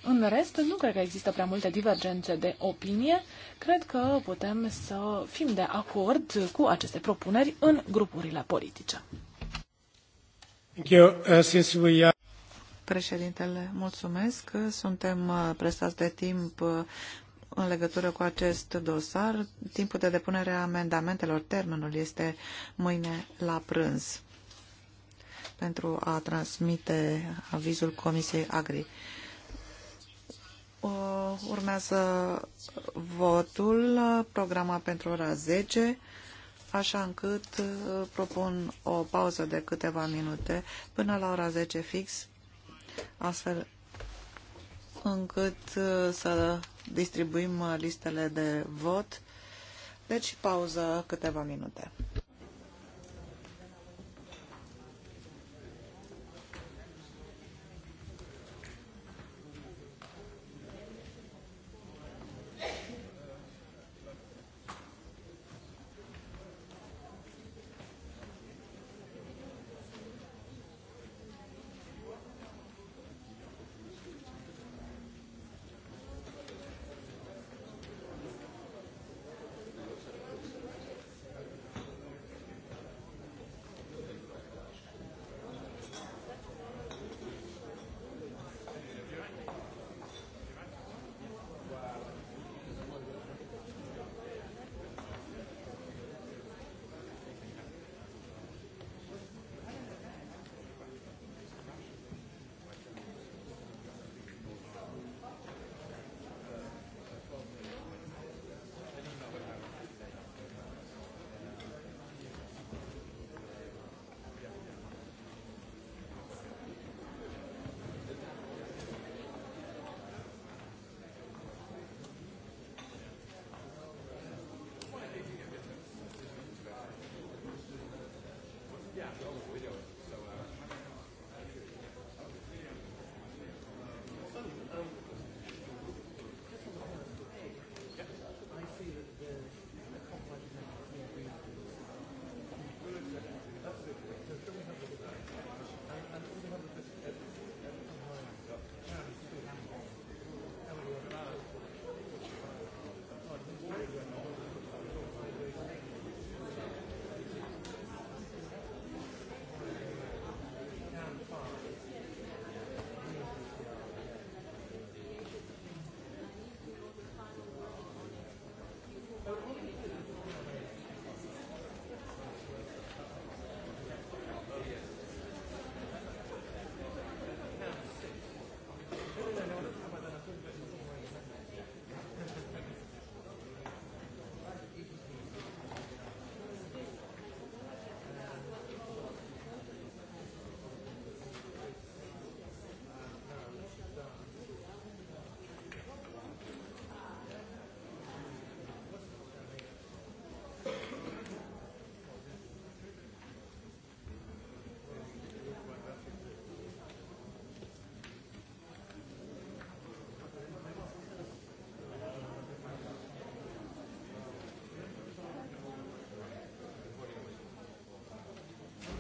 În rest, nu cred că există prea multe divergențe de opinie. Cred că putem să fim de acord cu aceste propuneri în grupurile politice. Thank you. Uh, since we Președintele, mulțumesc. Suntem uh, prestați de timp uh, în legătură cu acest dosar. Timpul de depunere a amendamentelor, termenul este mâine la prânz pentru a transmite avizul Comisiei Agri. Uh, urmează votul, programa pentru ora 10 așa încât propun o pauză de câteva minute până la ora 10 fix astfel încât uh, să distribuim uh, listele de vot. Deci pauză câteva minute.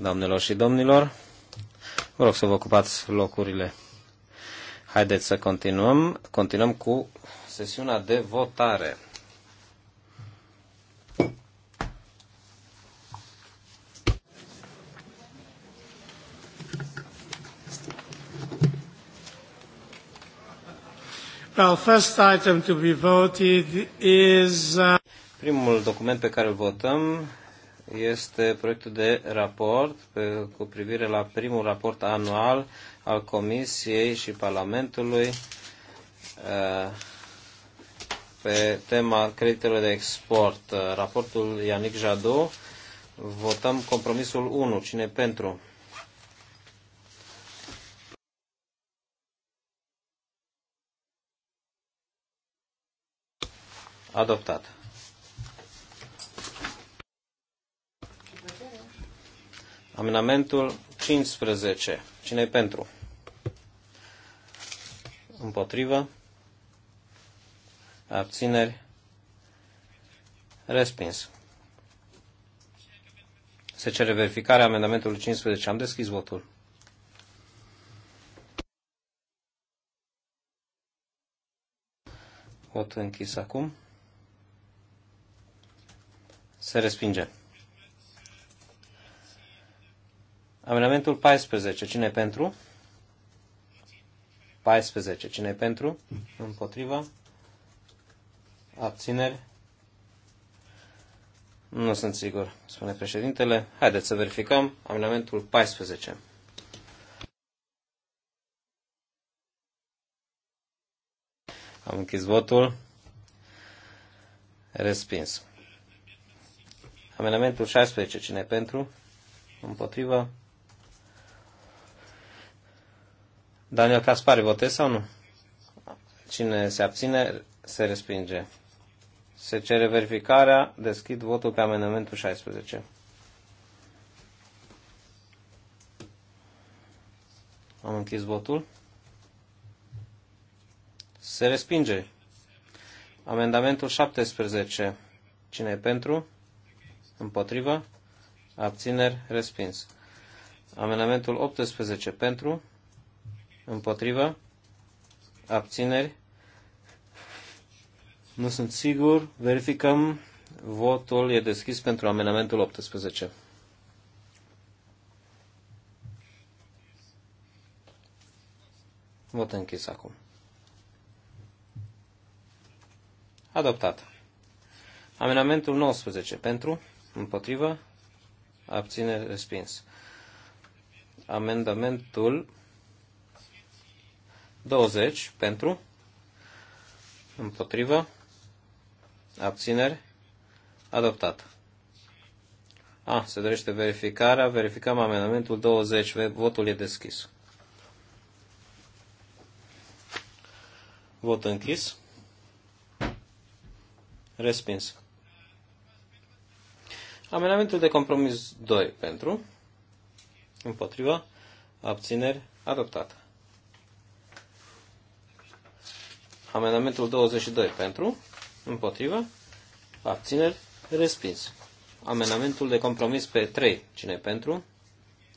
Doamnelor și domnilor, vă rog să vă ocupați locurile. Haideți să continuăm. Continuăm cu sesiunea de votare. Well, first item to be voted is, uh... Primul document pe care îl votăm este proiectul de raport pe, cu privire la primul raport anual al Comisiei și Parlamentului uh, pe tema creditelor de export. Uh, raportul Ianic Jadu. Votăm compromisul 1. Cine pentru? Adoptat. Amendamentul 15. Cine-i pentru? Împotrivă? Abțineri? Respins. Se cere verificarea amendamentului 15. Am deschis votul. Vot închis acum. Se respinge. Amendamentul 14. Cine pentru? 14. Cine pentru? Împotriva? Abțineri? Nu sunt sigur, spune președintele. Haideți să verificăm amendamentul 14. Am închis votul. Respins. Amendamentul 16. Cine pentru? Împotriva? Daniel Caspari, votez sau nu? Cine se abține, se respinge. Se cere verificarea. Deschid votul pe amendamentul 16. Am închis votul. Se respinge. Amendamentul 17. Cine e pentru? Împotrivă? Abțineri? Respins. Amendamentul 18. Pentru? Împotrivă? Abțineri? Nu sunt sigur. Verificăm. Votul e deschis pentru amendamentul 18. Vot închis acum. Adoptat. Amendamentul 19. Pentru? Împotrivă? Abține respins. Amendamentul 20 pentru, împotrivă, abțineri, adoptat. A, se dorește verificarea. Verificăm amendamentul 20. Votul e deschis. Vot închis. Respins. Amendamentul de compromis 2 pentru. Împotriva. Abțineri. Adoptat. Amendamentul 22 pentru, împotrivă, abțineri, respins. Amendamentul de compromis pe 3, cine pentru,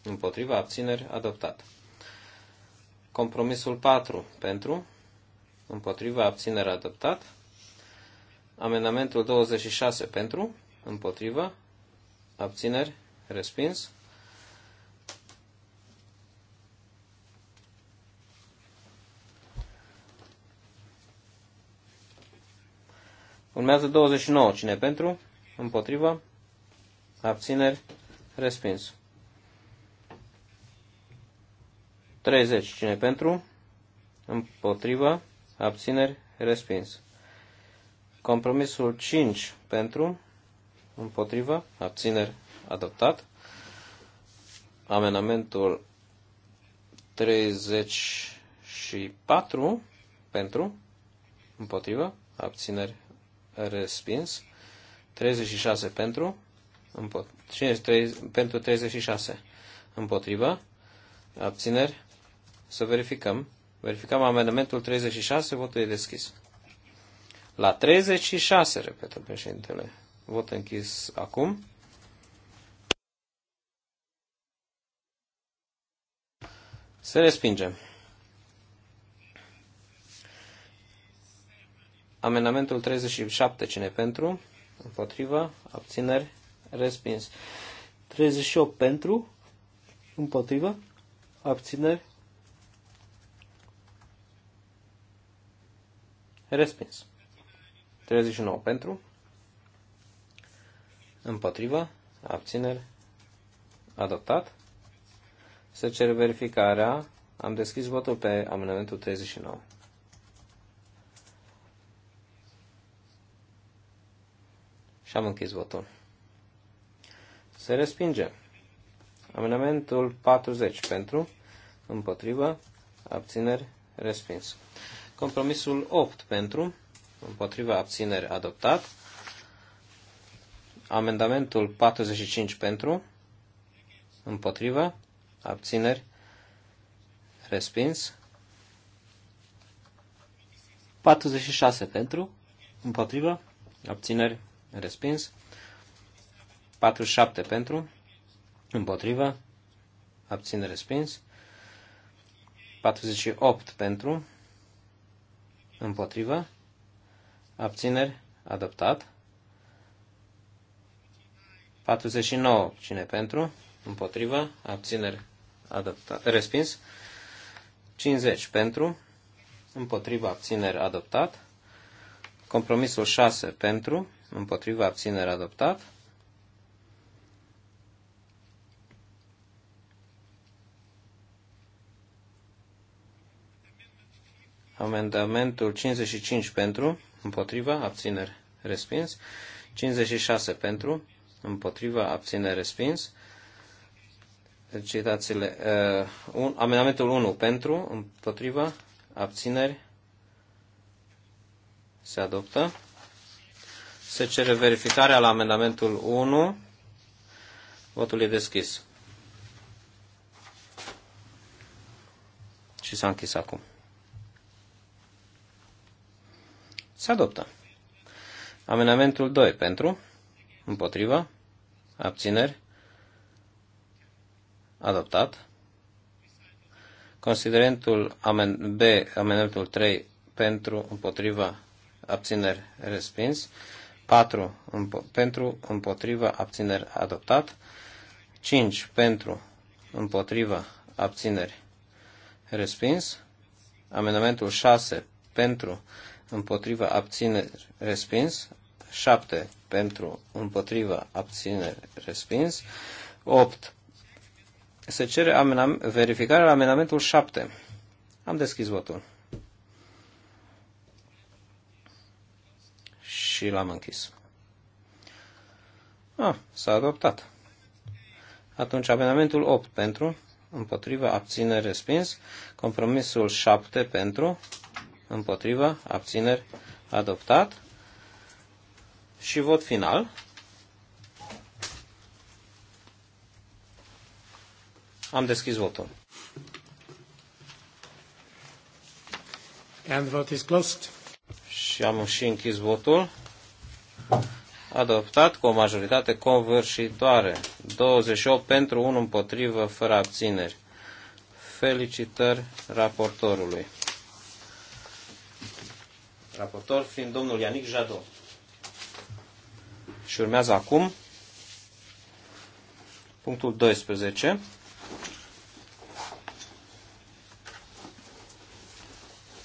împotrivă, abțineri, adoptat. Compromisul 4 pentru, împotrivă, abțineri, adoptat. Amendamentul 26 pentru, împotrivă, abțineri, respins. Urmează 29. Cine pentru? Împotrivă? Abțineri? Respins. 30. Cine pentru? Împotrivă? Abțineri? Respins. Compromisul 5 pentru? Împotrivă? Abțineri? Adoptat. Amenamentul 34 pentru? Împotrivă? Abțineri? respins. 36 pentru, împot- 5, pentru 36 împotriva, abțineri, să verificăm. Verificăm amendamentul 36, votul e deschis. La 36, repetă președintele, vot închis acum. Să respingem. Amendamentul 37, cine pentru? Împotrivă. Abțineri. Respins. 38 pentru. Împotrivă. Abțineri. Respins. 39 pentru. Împotrivă. Abțineri. Adoptat. Se cere verificarea. Am deschis votul pe amendamentul 39. Și am închis votul. Se respinge. Amendamentul 40 pentru, împotrivă, abțineri, respins. Compromisul 8 pentru, împotrivă, abțineri, adoptat. Amendamentul 45 pentru, împotrivă, abțineri, respins. 46 pentru, împotrivă, abțineri, respins. 47 pentru, împotrivă, abțin respins. 48 pentru, împotrivă, abțineri, adoptat. 49, cine pentru, împotrivă, abțineri, adoptat, respins. 50 pentru, împotrivă, abțineri, adoptat. Compromisul 6 pentru, împotriva abținerea adoptat. Amendamentul 55 pentru, împotriva, abțineri, respins. 56 pentru, împotriva, abțineri, respins. Citațiile, uh, un, amendamentul 1 pentru, împotriva, abțineri, se adoptă. Se cere verificarea la amendamentul 1. Votul e deschis. Și s-a închis acum. Se adoptă. Amendamentul 2 pentru, împotriva, abțineri, adoptat. Considerentul B, amendamentul 3 pentru, împotriva, abțineri, respins. 4 pentru, împotrivă, abțineri adoptat. 5 pentru, împotrivă, abțineri respins. Amendamentul 6 pentru, împotrivă, abțineri respins. 7 pentru, împotrivă, abțineri respins. 8. Se cere verificarea la amendamentul 7. Am deschis votul. și l-am închis. Ah, s-a adoptat. Atunci, amendamentul 8 pentru, împotriva, abțineri, respins. Compromisul 7 pentru, împotriva, abțineri, adoptat. Și vot final. Am deschis votul. And vote is closed. Și am și închis votul adoptat cu o majoritate convârșitoare. 28 pentru, 1 împotrivă, fără abțineri. Felicitări raportorului. Raportor fiind domnul Ianic Jado. Și urmează acum punctul 12.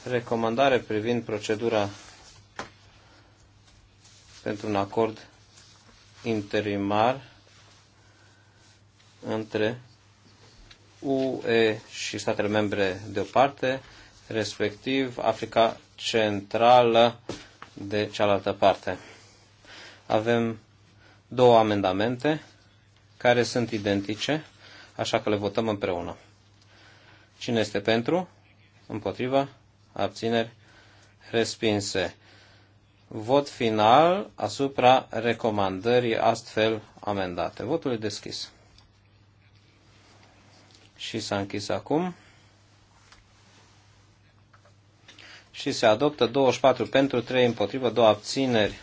Recomandare privind procedura pentru un acord interimar între UE și statele membre de o parte, respectiv Africa Centrală de cealaltă parte. Avem două amendamente care sunt identice, așa că le votăm împreună. Cine este pentru? Împotriva? Abțineri? Respinse vot final asupra recomandării astfel amendate. Votul e deschis. Și s-a închis acum. Și se adoptă 24 pentru, 3 împotrivă, 2 abțineri.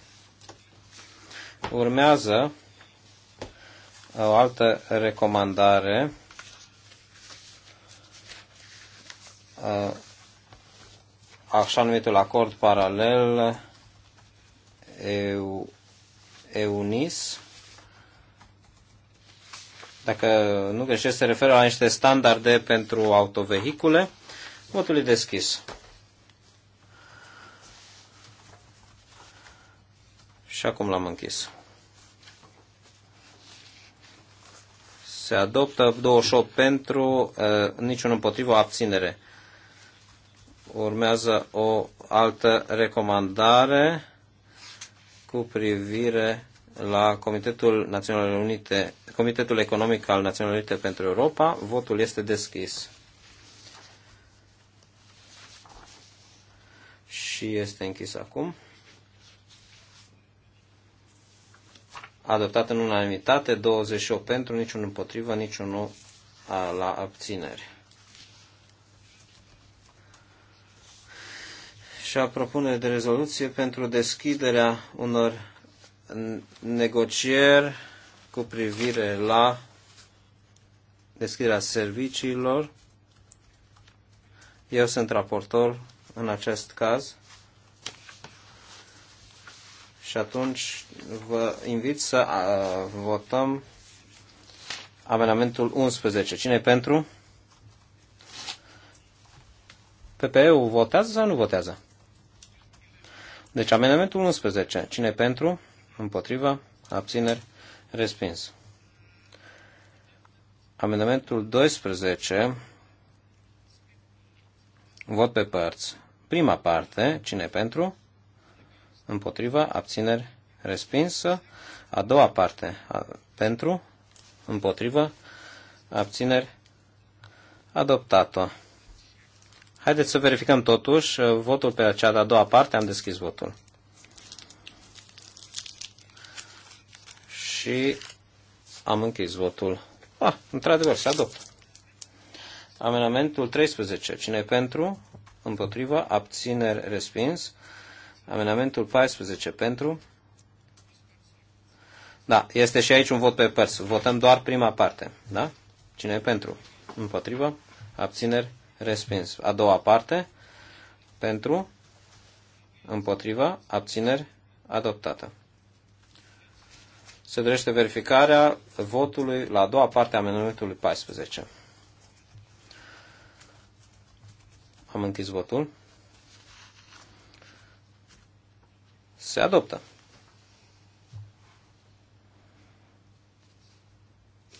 Urmează o altă recomandare așa numitul acord paralel EU, EUNIS, dacă nu greșesc, se referă la niște standarde pentru autovehicule. Votul e deschis. Și acum l-am închis. Se adoptă 28 pentru, uh, niciun împotrivă, abținere. Urmează o altă recomandare cu privire la Comitetul, Național Unite, Comitetul Economic al Națiunilor Unite pentru Europa. Votul este deschis. Și este închis acum. Adoptat în unanimitate, 28 pentru, niciun împotrivă, niciunul la abținere. și a propune de rezoluție pentru deschiderea unor negocieri cu privire la deschiderea serviciilor. Eu sunt raportor în acest caz și atunci vă invit să votăm amenamentul 11. Cine e pentru? PPE-ul votează sau nu votează? Deci amendamentul 11. Cine pentru? Împotriva? Abțineri? Respins. Amendamentul 12. Vot pe părți. Prima parte. Cine pentru? Împotriva? Abțineri? Respinsă. A doua parte. Pentru? Împotriva? Abțineri? Adoptat-o. Haideți să verificăm totuși uh, votul pe cea de-a doua parte. Am deschis votul. Și am închis votul. Ah, într-adevăr, se adoptă. Amenamentul 13. Cine pentru? Împotriva? Abțineri? Respins. Amenamentul 14. Pentru? Da, este și aici un vot pe părți. Votăm doar prima parte. Da? Cine e pentru? Împotriva? Abțineri? respins. A doua parte, pentru, împotriva, abțineri, adoptată. Se dorește verificarea votului la a doua parte a amendamentului 14. Am închis votul. Se adoptă.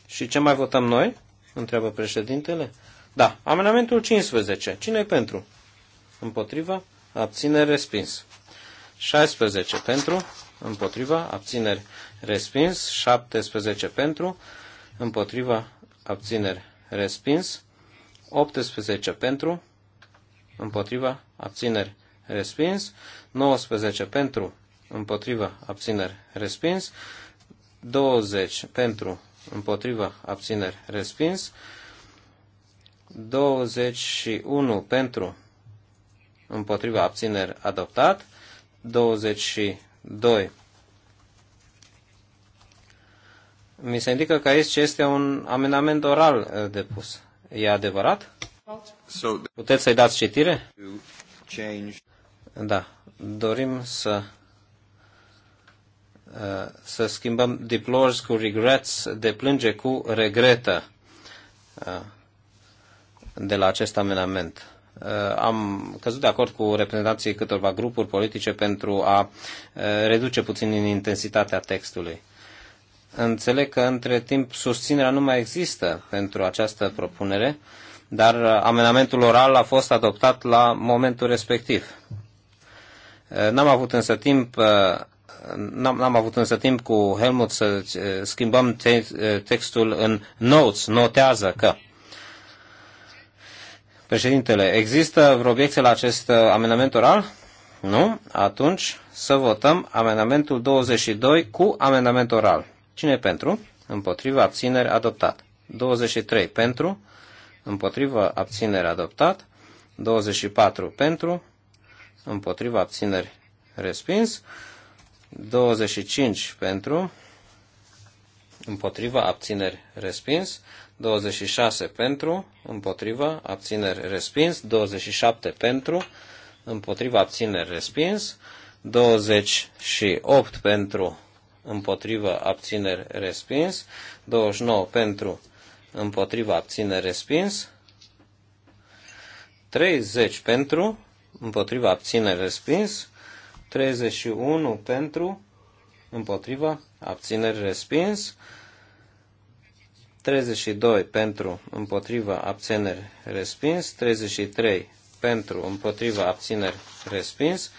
Și ce mai votăm noi? Întreabă președintele. Da, amendamentul 15. cine e pentru? Împotriva, abțineri, respins. 16 pentru, împotriva, abțineri, respins. 17 pentru, împotriva, abțineri, respins. 18 pentru, împotriva, abțineri, respins. 19 pentru, împotriva, abțineri, respins. 20 pentru, împotriva, abțineri, respins. 21 pentru împotriva abțineri adoptat, 22 mi se indică că aici este un amendament oral eh, depus. E adevărat? Puteți să-i dați citire? Da. Dorim să eh, să schimbăm deplores cu regrets, deplânge cu regretă. Eh, de la acest amendament. Uh, am căzut de acord cu reprezentanții câtorva grupuri politice pentru a uh, reduce puțin în intensitatea textului. Înțeleg că între timp susținerea nu mai există pentru această propunere, dar amenamentul oral a fost adoptat la momentul respectiv. Uh, n-am avut însă timp n-am, avut însă timp cu Helmut să schimbăm te- textul în notes, notează că. Președintele, există vreo obiecție la acest uh, amendament oral? Nu? Atunci să votăm amendamentul 22 cu amendament oral. Cine pentru? Împotriva abțineri adoptat. 23 pentru. Împotriva abțineri adoptat. 24 pentru. Împotriva abțineri respins. 25 pentru. Împotriva abțineri respins. 26 pentru, împotrivă, abțineri respins, 27 pentru, împotrivă, abțineri respins, 28 pentru, împotrivă, abțineri respins, 29 pentru, împotrivă, abțineri respins, 30 pentru, împotriva abțineri respins, 31 pentru, împotriva abțineri respins, 32 pentru împotriva abțineri respins, 33 pentru împotriva abțineri respins,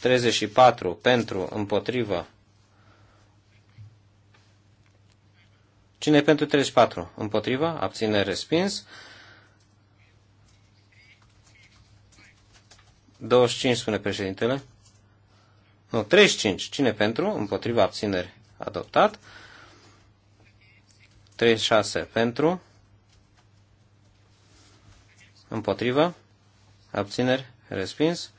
34 pentru împotriva. Cine pentru 34? Împotriva, abțineri respins. 25 spune președintele. Nu, 35. Cine pentru? Împotriva abțineri adoptat. 36 pentru, împotrivă, abțineri, respins.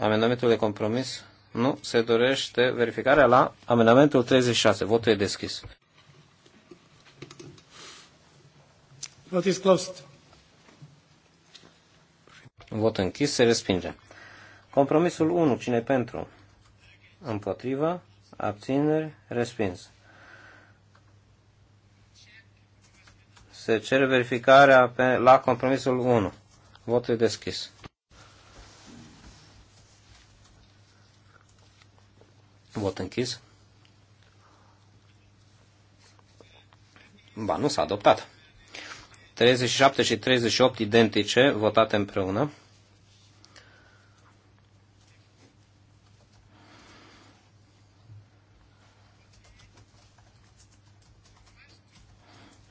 Amendamentul de compromis nu se dorește verificarea la amendamentul 36. Votul e deschis. Vot is closed. Vot închis se respinge. Compromisul 1. Cine pentru? Împotriva. Abțineri. Respins. Se cere verificarea pe, la compromisul 1. Votul e deschis. Vot închis. Ba, nu s-a adoptat. 37 și 38 identice, votate împreună.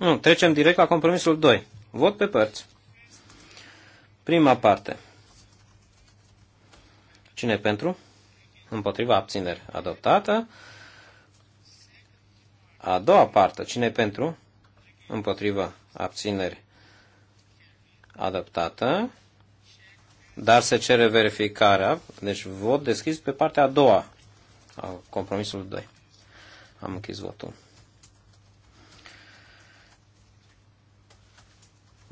Nu, trecem direct la compromisul 2. Vot pe părți. Prima parte. Cine pentru? Împotriva abțineri adoptată. A doua parte. Cine pentru? Împotriva abțineri adoptată. Dar se cere verificarea. Deci vot deschis pe partea a doua a compromisului 2. Am închis votul.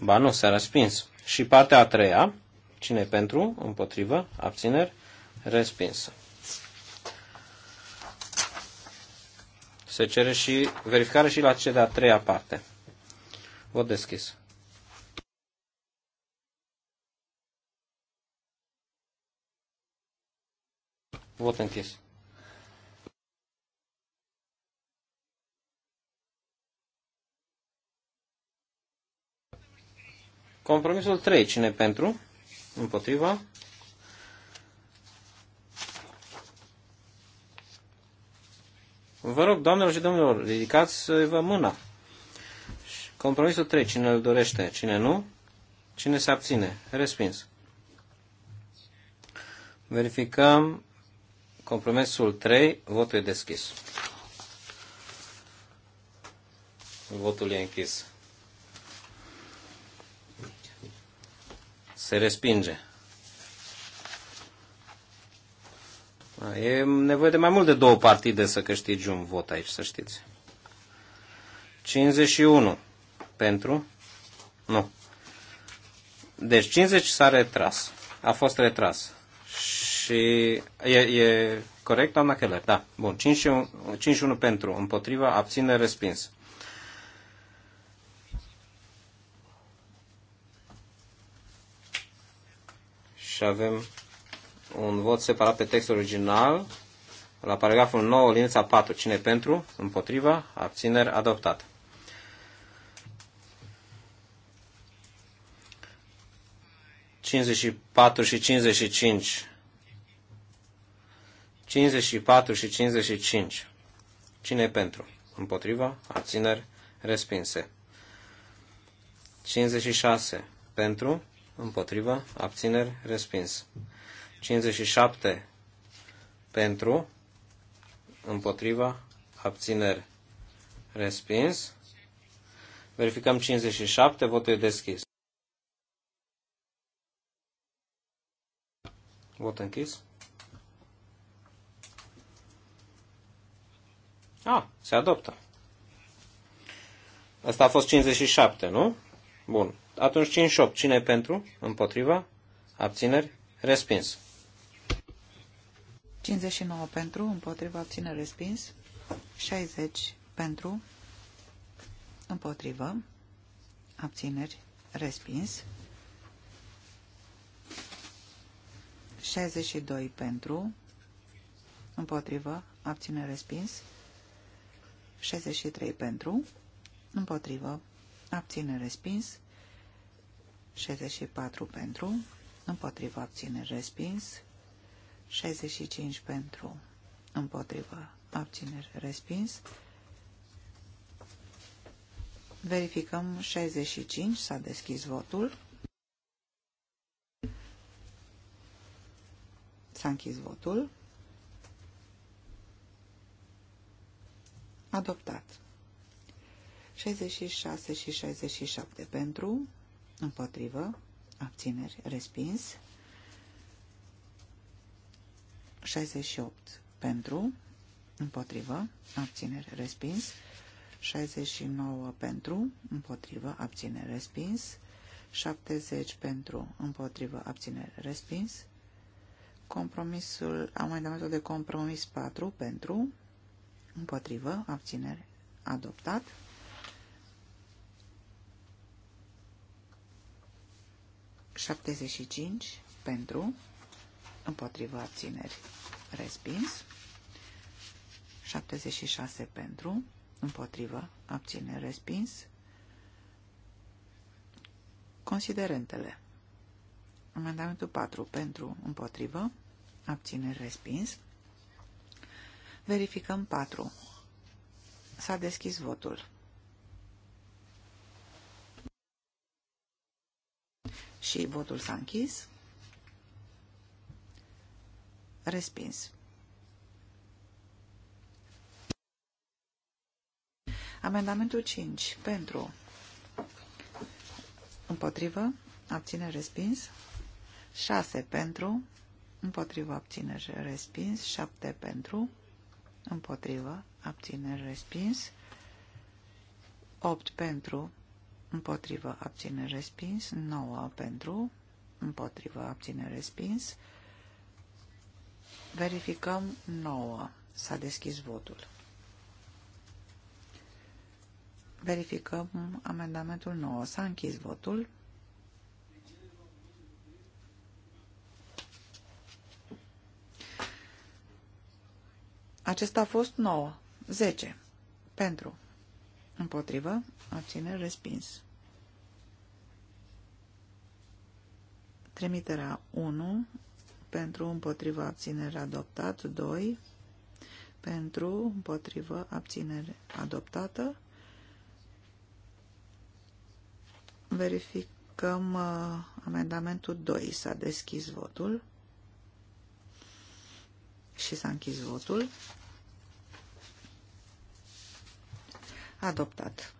Ba nu, s-a respins. Și partea a treia, cine pentru, împotrivă, abțineri, respinsă. Se cere și verificare și la cea de-a treia parte. Vot deschis. Vot închis. Compromisul 3, cine pentru? Împotriva. Vă rog, doamnelor și domnilor, ridicați-vă uh, mâna. Compromisul 3, cine îl dorește, cine nu, cine se abține, respins. Verificăm compromisul 3, votul e deschis. Votul e închis. Se respinge. E nevoie de mai mult de două partide să câștigi un vot aici, să știți. 51 pentru. Nu. Deci 50 s-a retras. A fost retras. Și e, e corect, doamna Keller? Da. Bun. 51, pentru, împotriva, abține, respins. și avem un vot separat pe textul original, la paragraful 9, linița 4. Cine pentru? Împotriva? Abțineri? Adoptat. Cincizeci patru și cincizeci cinci. și cincizeci Cine e pentru? Împotriva? Abțineri? Respinse. 56. Pentru? Împotrivă, abțineri, respins. 57 pentru, Împotrivă, abțineri, respins. Verificăm 57, votul e deschis. Vot închis. A, ah, se adoptă. Asta a fost 57, nu? Bun. Atunci 5-8. Cine e pentru? Împotriva? Abțineri? Respins. 59 pentru, împotriva, abțineri, respins. 60 pentru, împotrivă, abțineri, respins. 62 pentru, împotrivă, abțineri, respins. 63 pentru, împotrivă, abțineri, respins. 64 pentru, împotrivă abține respins, 65 pentru, împotrivă abține respins. Verificăm 65, s-a deschis votul. S-a închis votul. Adoptat. 66 și 67 pentru, împotrivă, abțineri, respins. 68 pentru, împotrivă, abțineri, respins. 69 pentru, împotrivă, abțineri, respins. 70 pentru, împotrivă, abțineri, respins. Compromisul, dat de compromis 4 pentru, împotrivă, abțineri, adoptat. 75 pentru, împotrivă abțineri respins, 76 pentru, împotrivă abțineri respins, considerentele, amendamentul 4 pentru, împotrivă, abțineri respins, verificăm 4, s-a deschis votul. și votul s-a închis. Respins. Amendamentul 5. Pentru. Împotrivă. Abține respins. 6 pentru. Împotrivă abține respins. 7 pentru. Împotrivă abține respins. 8 pentru împotrivă abține respins, 9 pentru, împotrivă abține respins. Verificăm 9. S-a deschis votul. Verificăm amendamentul 9. S-a închis votul. Acesta a fost 9. 10. Pentru. Împotrivă. abține, Respins. Trimiterea 1 pentru împotrivă abținere adoptat, 2 pentru împotrivă abținere adoptată. Verificăm uh, amendamentul 2. S-a deschis votul și s-a închis votul. Adoptat.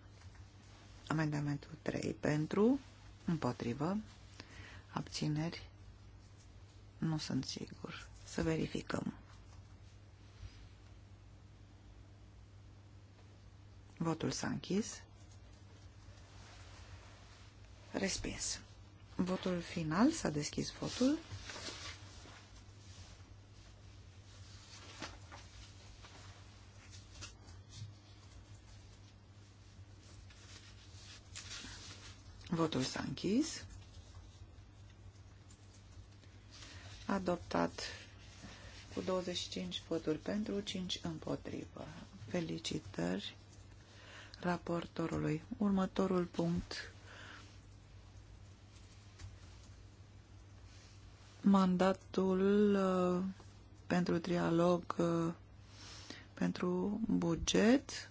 Amendamentul 3 pentru, împotrivă, abțineri, nu sunt sigur. Să verificăm. Votul s-a închis. Respins. Votul final s-a deschis votul. Votul s-a închis. Adoptat cu 25 voturi pentru, 5 împotrivă. Felicitări raportorului. Următorul punct. Mandatul uh, pentru trialog, uh, pentru buget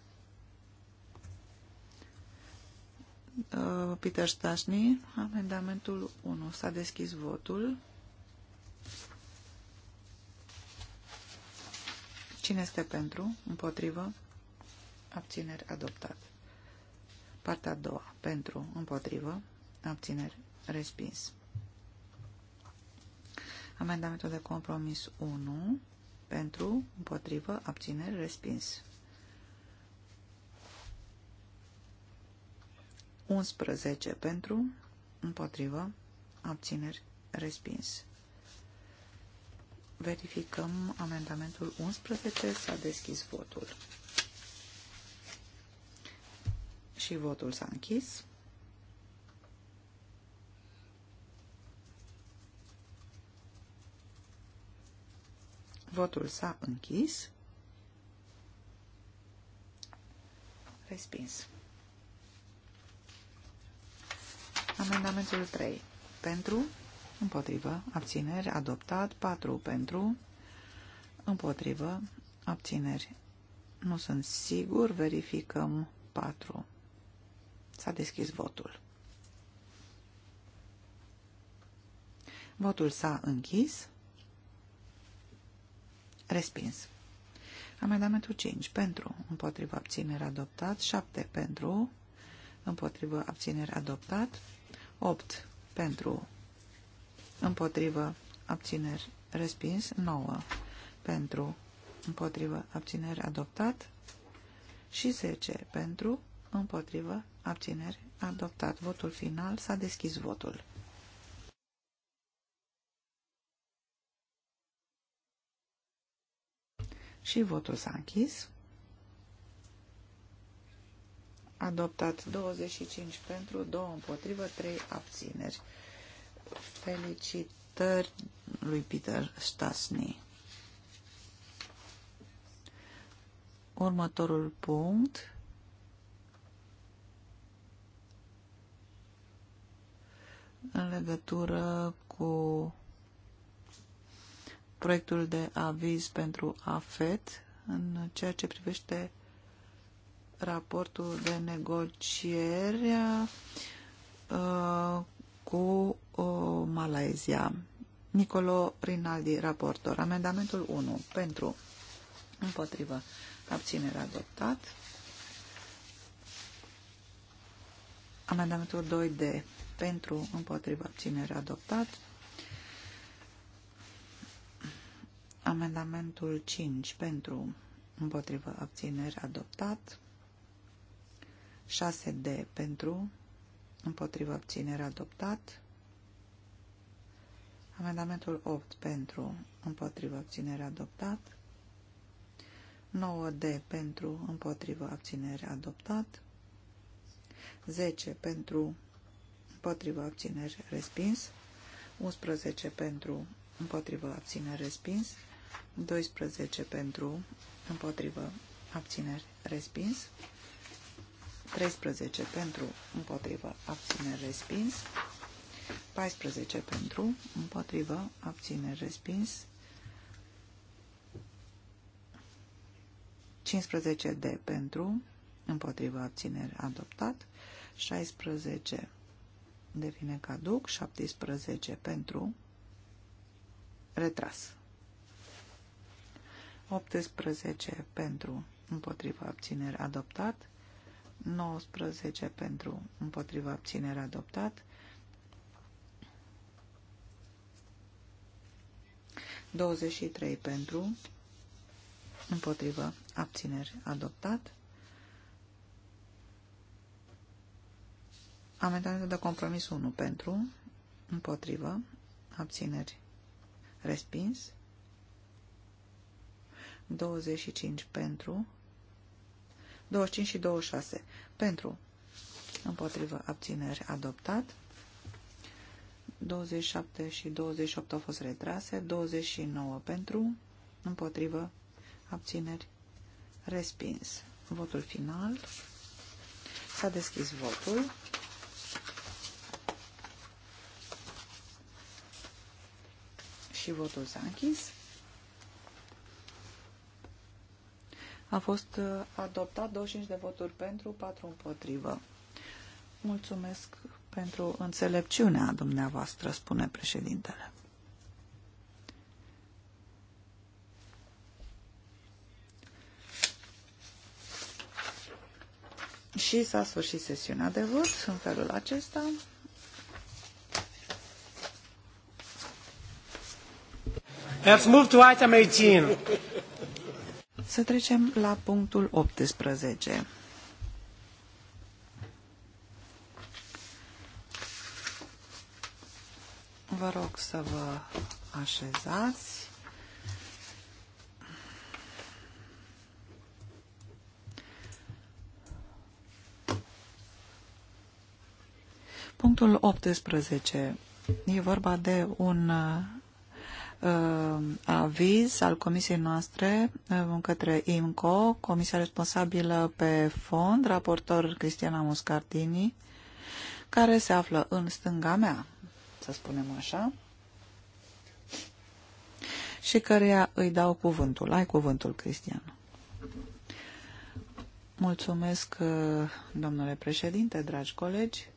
Uh, Peter Stasny, amendamentul 1. S-a deschis votul. Cine este pentru? Împotrivă? Abțineri adoptat. Partea a doua. Pentru? Împotrivă? Abțineri respins. Amendamentul de compromis 1. Pentru? Împotrivă? Abțineri respins. 11 pentru, împotrivă, abțineri, respins. Verificăm amendamentul 11, s-a deschis votul. Și votul s-a închis. Votul s-a închis. Respins. Amendamentul 3. Pentru, împotrivă, abțineri, adoptat. 4. Pentru, împotrivă, abțineri. Nu sunt sigur, verificăm 4. S-a deschis votul. Votul s-a închis. Respins. Amendamentul 5. Pentru. Împotrivă Abțineri. adoptat. 7. Pentru. Împotrivă Abțineri. adoptat. 8 pentru împotrivă abțineri respins, 9 pentru împotrivă abțineri adoptat și 10 pentru împotrivă abțineri adoptat. Votul final s-a deschis votul. Și votul s-a închis adoptat 25 pentru, 2 împotrivă, 3 abțineri. Felicitări lui Peter Stasny. Următorul punct. În legătură cu proiectul de aviz pentru AFET în ceea ce privește raportul de negociere uh, cu uh, Malaezia. Nicolo Rinaldi, raportor. Amendamentul 1. Pentru. Împotrivă. Abținere adoptat. Amendamentul 2 de, Pentru. Împotrivă. Abținere adoptat. Amendamentul 5. Pentru. Împotrivă. Abținere adoptat. 6D pentru, împotrivă abținere adoptat. Amendamentul 8 pentru, împotrivă abținere adoptat. 9D pentru, împotrivă abținere adoptat. 10 pentru, împotrivă abținere respins. 11 pentru, împotrivă abținere respins. 12 pentru, împotrivă abțineri respins. 13 pentru împotrivă abține, respins, 14 pentru împotrivă abține, respins, 15 de pentru împotrivă abține, adoptat, 16 devine caduc, 17 pentru retras. 18 pentru împotriva abțineri adoptat, 19 pentru împotriva abținerea adoptat, 23 pentru împotriva abțineri adoptat, amendamentul de compromis 1 pentru împotriva abțineri respins, 25 pentru 25 și 26. Pentru. Împotrivă. Abțineri. Adoptat. 27 și 28 au fost retrase. 29 pentru. Împotrivă. Abțineri. Respins. Votul final. S-a deschis votul. Și votul s-a închis. A fost uh, adoptat 25 de voturi pentru, 4 împotrivă. Mulțumesc pentru înțelepciunea dumneavoastră, spune președintele. Și s-a sfârșit sesiunea de vot în felul acesta. Let's move to item 18. Să trecem la punctul 18. Vă rog să vă așezați. Punctul 18. E vorba de un uh, aviz al comisiei noastre uh, către IMCO, comisia responsabilă pe fond, raportor Cristiana Muscardini, care se află în stânga mea, să spunem așa, și căreia îi dau cuvântul. Ai cuvântul, Cristian. Mulțumesc, uh, domnule președinte, dragi colegi.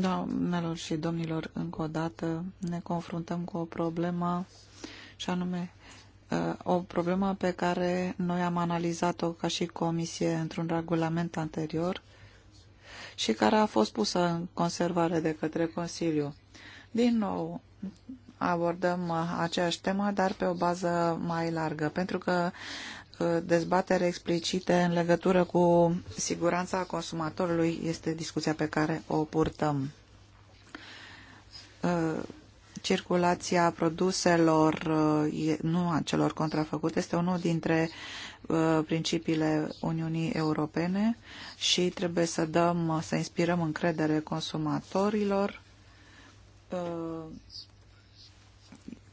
Doamnelor și domnilor, încă o dată ne confruntăm cu o problemă și anume uh, o problemă pe care noi am analizat-o ca și comisie într-un regulament anterior și care a fost pusă în conservare de către Consiliu. Din nou, abordăm aceeași temă, dar pe o bază mai largă, pentru că dezbatere explicite în legătură cu siguranța consumatorului este discuția pe care o purtăm. Uh, circulația produselor, uh, nu a celor contrafăcute, este unul dintre uh, principiile Uniunii Europene și trebuie să dăm, să inspirăm încredere consumatorilor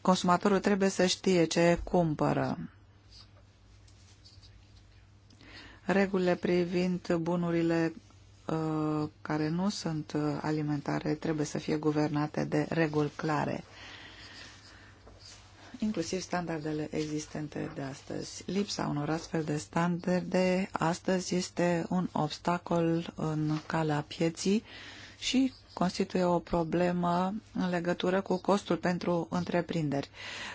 consumatorul trebuie să știe ce cumpără. Regulile privind bunurile uh, care nu sunt uh, alimentare trebuie să fie guvernate de reguli clare inclusiv standardele existente de astăzi. Lipsa unor astfel de standarde astăzi este un obstacol în calea pieții și constituie o problemă în legătură cu costul pentru întreprinderi.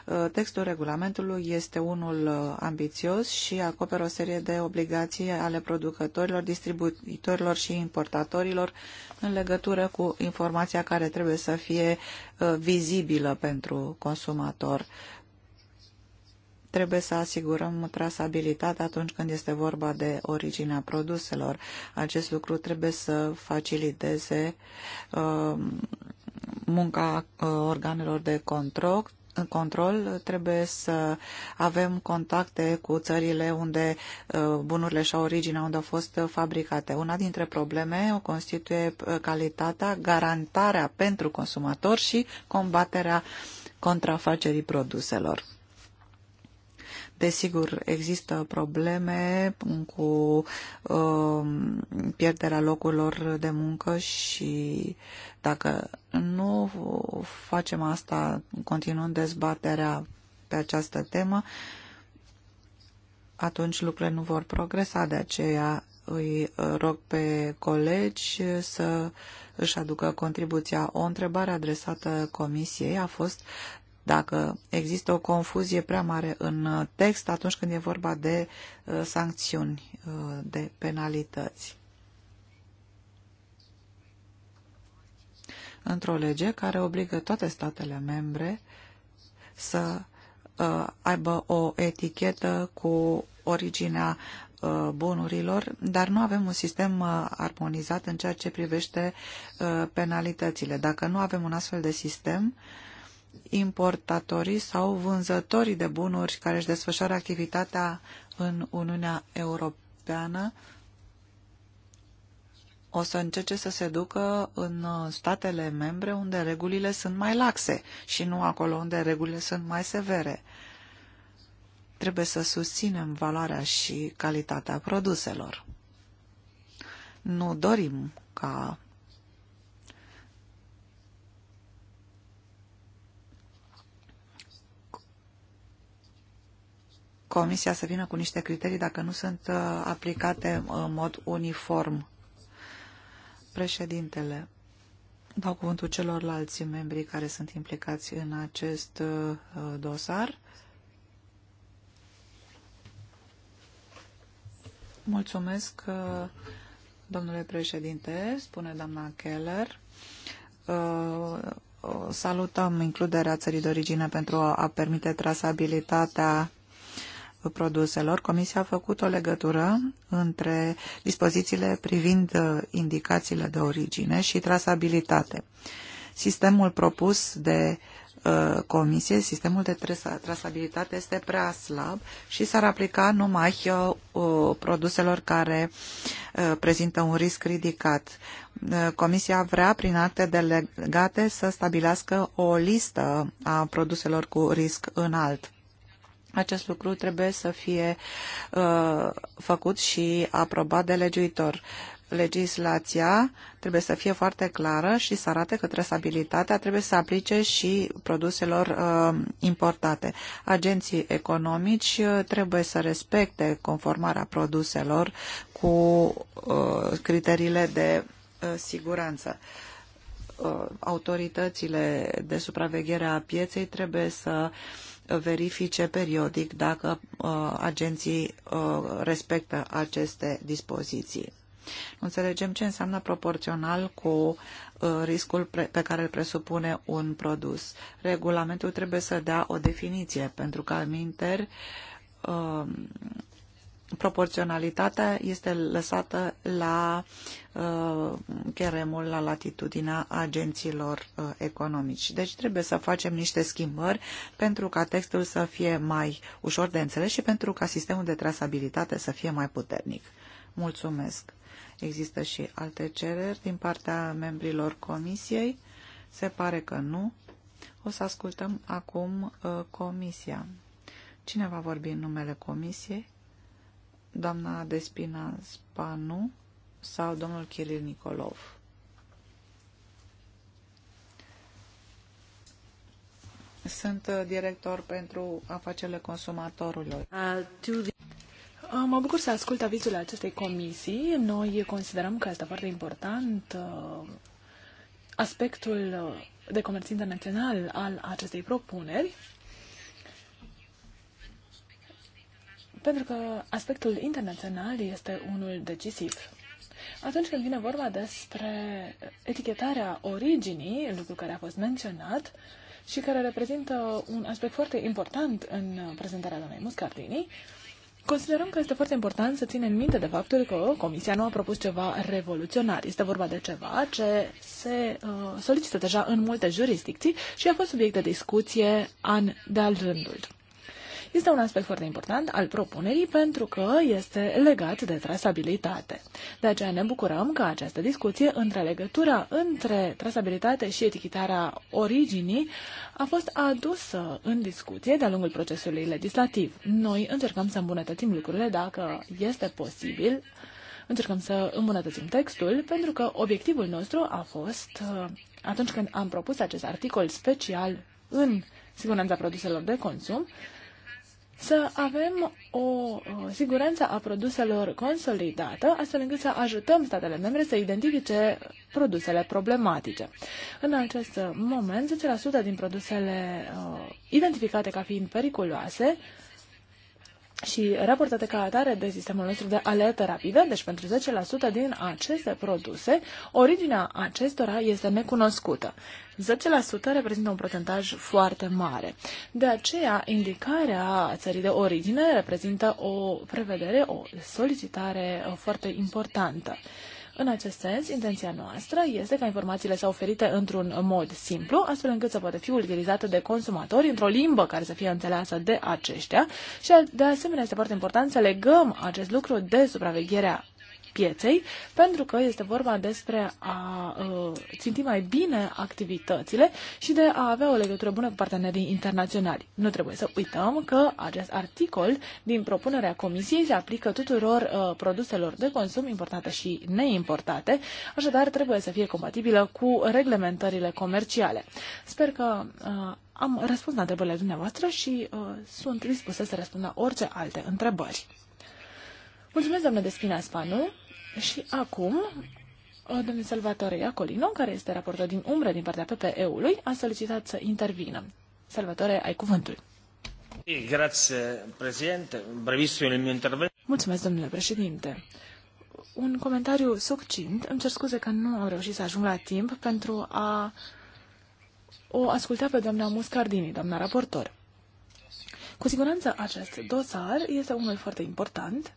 Uh, textul regulamentului este unul uh, ambițios și acoperă o serie de obligații ale producătorilor, distribuitorilor și importatorilor în legătură cu informația care trebuie să fie uh, vizibilă pentru consumator trebuie să asigurăm trasabilitatea atunci când este vorba de originea produselor. Acest lucru trebuie să faciliteze um, uh, munca organelor de control, control, trebuie să avem contacte cu țările unde uh, bunurile și-au originea, unde au fost fabricate. Una dintre probleme o constituie uh, calitatea, garantarea pentru consumator și combaterea contrafacerii produselor. Desigur, există probleme cu um, pierderea locurilor de muncă și dacă nu facem asta continuând dezbaterea pe această temă, atunci lucrurile nu vor progresa. De aceea îi rog pe colegi să își aducă contribuția. O întrebare adresată Comisiei a fost dacă există o confuzie prea mare în uh, text atunci când e vorba de uh, sancțiuni, uh, de penalități. Într-o lege care obligă toate statele membre să aibă o etichetă cu originea bunurilor, dar nu avem un sistem armonizat în ceea ce privește penalitățile. Dacă nu avem un astfel de sistem, importatorii sau vânzătorii de bunuri care își desfășoară activitatea în Uniunea Europeană o să încerce să se ducă în statele membre unde regulile sunt mai laxe și nu acolo unde regulile sunt mai severe. Trebuie să susținem valoarea și calitatea produselor. Nu dorim ca Comisia să vină cu niște criterii dacă nu sunt uh, aplicate în mod uniform. Președintele, dau cuvântul celorlalți membri care sunt implicați în acest uh, dosar. Mulțumesc, uh, domnule președinte, spune doamna Keller. Salutăm includerea țării de origine pentru a permite trasabilitatea produselor, Comisia a făcut o legătură între dispozițiile privind uh, indicațiile de origine și trasabilitate. Sistemul propus de uh, Comisie, sistemul de trasabilitate este prea slab și s-ar aplica numai uh, produselor care prezintă un risc ridicat. Comisia vrea, prin acte delegate, să stabilească o listă a produselor cu risc înalt acest lucru trebuie să fie uh, făcut și aprobat de legiuitor. Legislația trebuie să fie foarte clară și să arate că trasabilitatea trebuie să aplice și produselor uh, importate. Agenții economici uh, trebuie să respecte conformarea produselor cu uh, criteriile de uh, siguranță. Uh, autoritățile de supraveghere a pieței trebuie să uh, verifice periodic dacă uh, agenții uh, respectă aceste dispoziții. Nu înțelegem ce înseamnă proporțional cu uh, riscul pe care îl presupune un produs. Regulamentul trebuie să dea o definiție, pentru că, al minter, proporționalitatea este lăsată la uh, cheremul, la latitudinea agenților uh, economici. Deci trebuie să facem niște schimbări pentru ca textul să fie mai ușor de înțeles și pentru ca sistemul de trasabilitate să fie mai puternic. Mulțumesc! Există și alte cereri din partea membrilor comisiei? Se pare că nu. O să ascultăm acum uh, comisia. Cine va vorbi în numele comisiei? doamna Despina Spanu sau domnul Kiril Nicolov. Sunt uh, director pentru afacerile consumatorilor. Uh, uh, mă bucur să ascult avizul acestei comisii. Noi considerăm că este foarte important aspectul de comerț internațional al acestei propuneri. pentru că aspectul internațional este unul decisiv. Atunci când vine vorba despre etichetarea originii, lucru care a fost menționat și care reprezintă un aspect foarte important în prezentarea doamnei Muscardini, Considerăm că este foarte important să ținem minte de faptul că Comisia nu a propus ceva revoluționar. Este vorba de ceva ce se uh, solicită deja în multe jurisdicții și a fost subiect de discuție an de-al rândul. Este un aspect foarte important al propunerii pentru că este legat de trasabilitate. De aceea ne bucurăm că această discuție între legătura între trasabilitate și etichetarea originii a fost adusă în discuție de-a lungul procesului legislativ. Noi încercăm să îmbunătățim lucrurile dacă este posibil încercăm să îmbunătățim textul, pentru că obiectivul nostru a fost, uh, atunci când am propus acest articol special în siguranța produselor de consum, să avem o siguranță a produselor consolidată, astfel încât să ajutăm statele membre să identifice produsele problematice. În acest moment, 10% din produsele uh, identificate ca fiind periculoase și raportate ca atare de sistemul nostru de alertă rapidă, deci pentru 10% din aceste produse, originea acestora este necunoscută. 10% reprezintă un procentaj foarte mare. De aceea, indicarea țării de origine reprezintă o prevedere, o solicitare uh, foarte importantă. În acest sens, intenția noastră este ca informațiile să oferite într-un mod simplu, astfel încât să poată fi utilizate de consumatori într-o limbă care să fie înțeleasă de aceștia și de asemenea este foarte important să legăm acest lucru de supravegherea pieței, pentru că este vorba despre a ă, ținti mai bine activitățile și de a avea o legătură bună cu partenerii internaționali. Nu trebuie să uităm că acest articol din propunerea Comisiei se aplică tuturor ă, produselor de consum importate și neimportate, așadar trebuie să fie compatibilă cu reglementările comerciale. Sper că uh, am răspuns la întrebările dumneavoastră și uh, sunt dispusă să răspund la orice alte întrebări. Mulțumesc, doamnă Despina Spanu. Și acum, uh, domnul Salvatore Iacolino, care este raportor din umbră din partea PPE-ului, a solicitat să intervină. Salvatore, ai cuvântul. Grazie, președinte. Brevissimo il mio intervento. Mulțumesc, domnule președinte. Un comentariu succint. Îmi cer scuze că nu am reușit să ajung la timp pentru a o asculta pe doamna Muscardini, doamna raportor. Cu siguranță acest dosar este unul foarte important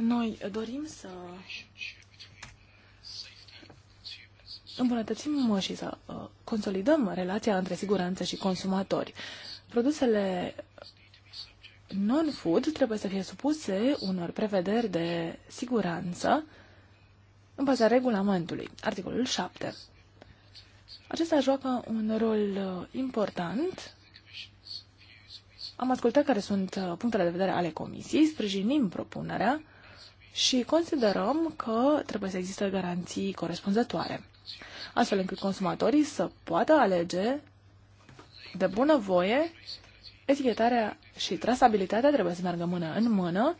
Noi dorim să îmbunătățim și să uh, consolidăm relația între siguranță și consumatori. Produsele non-food trebuie să fie supuse unor prevederi de siguranță în baza regulamentului, articolul 7. Acesta joacă un rol uh, important. Am ascultat care sunt uh, punctele de vedere ale Comisiei, sprijinim propunerea și considerăm că trebuie să existe garanții corespunzătoare, astfel încât consumatorii să poată alege de bună voie, etichetarea și trasabilitatea trebuie să meargă mână în mână,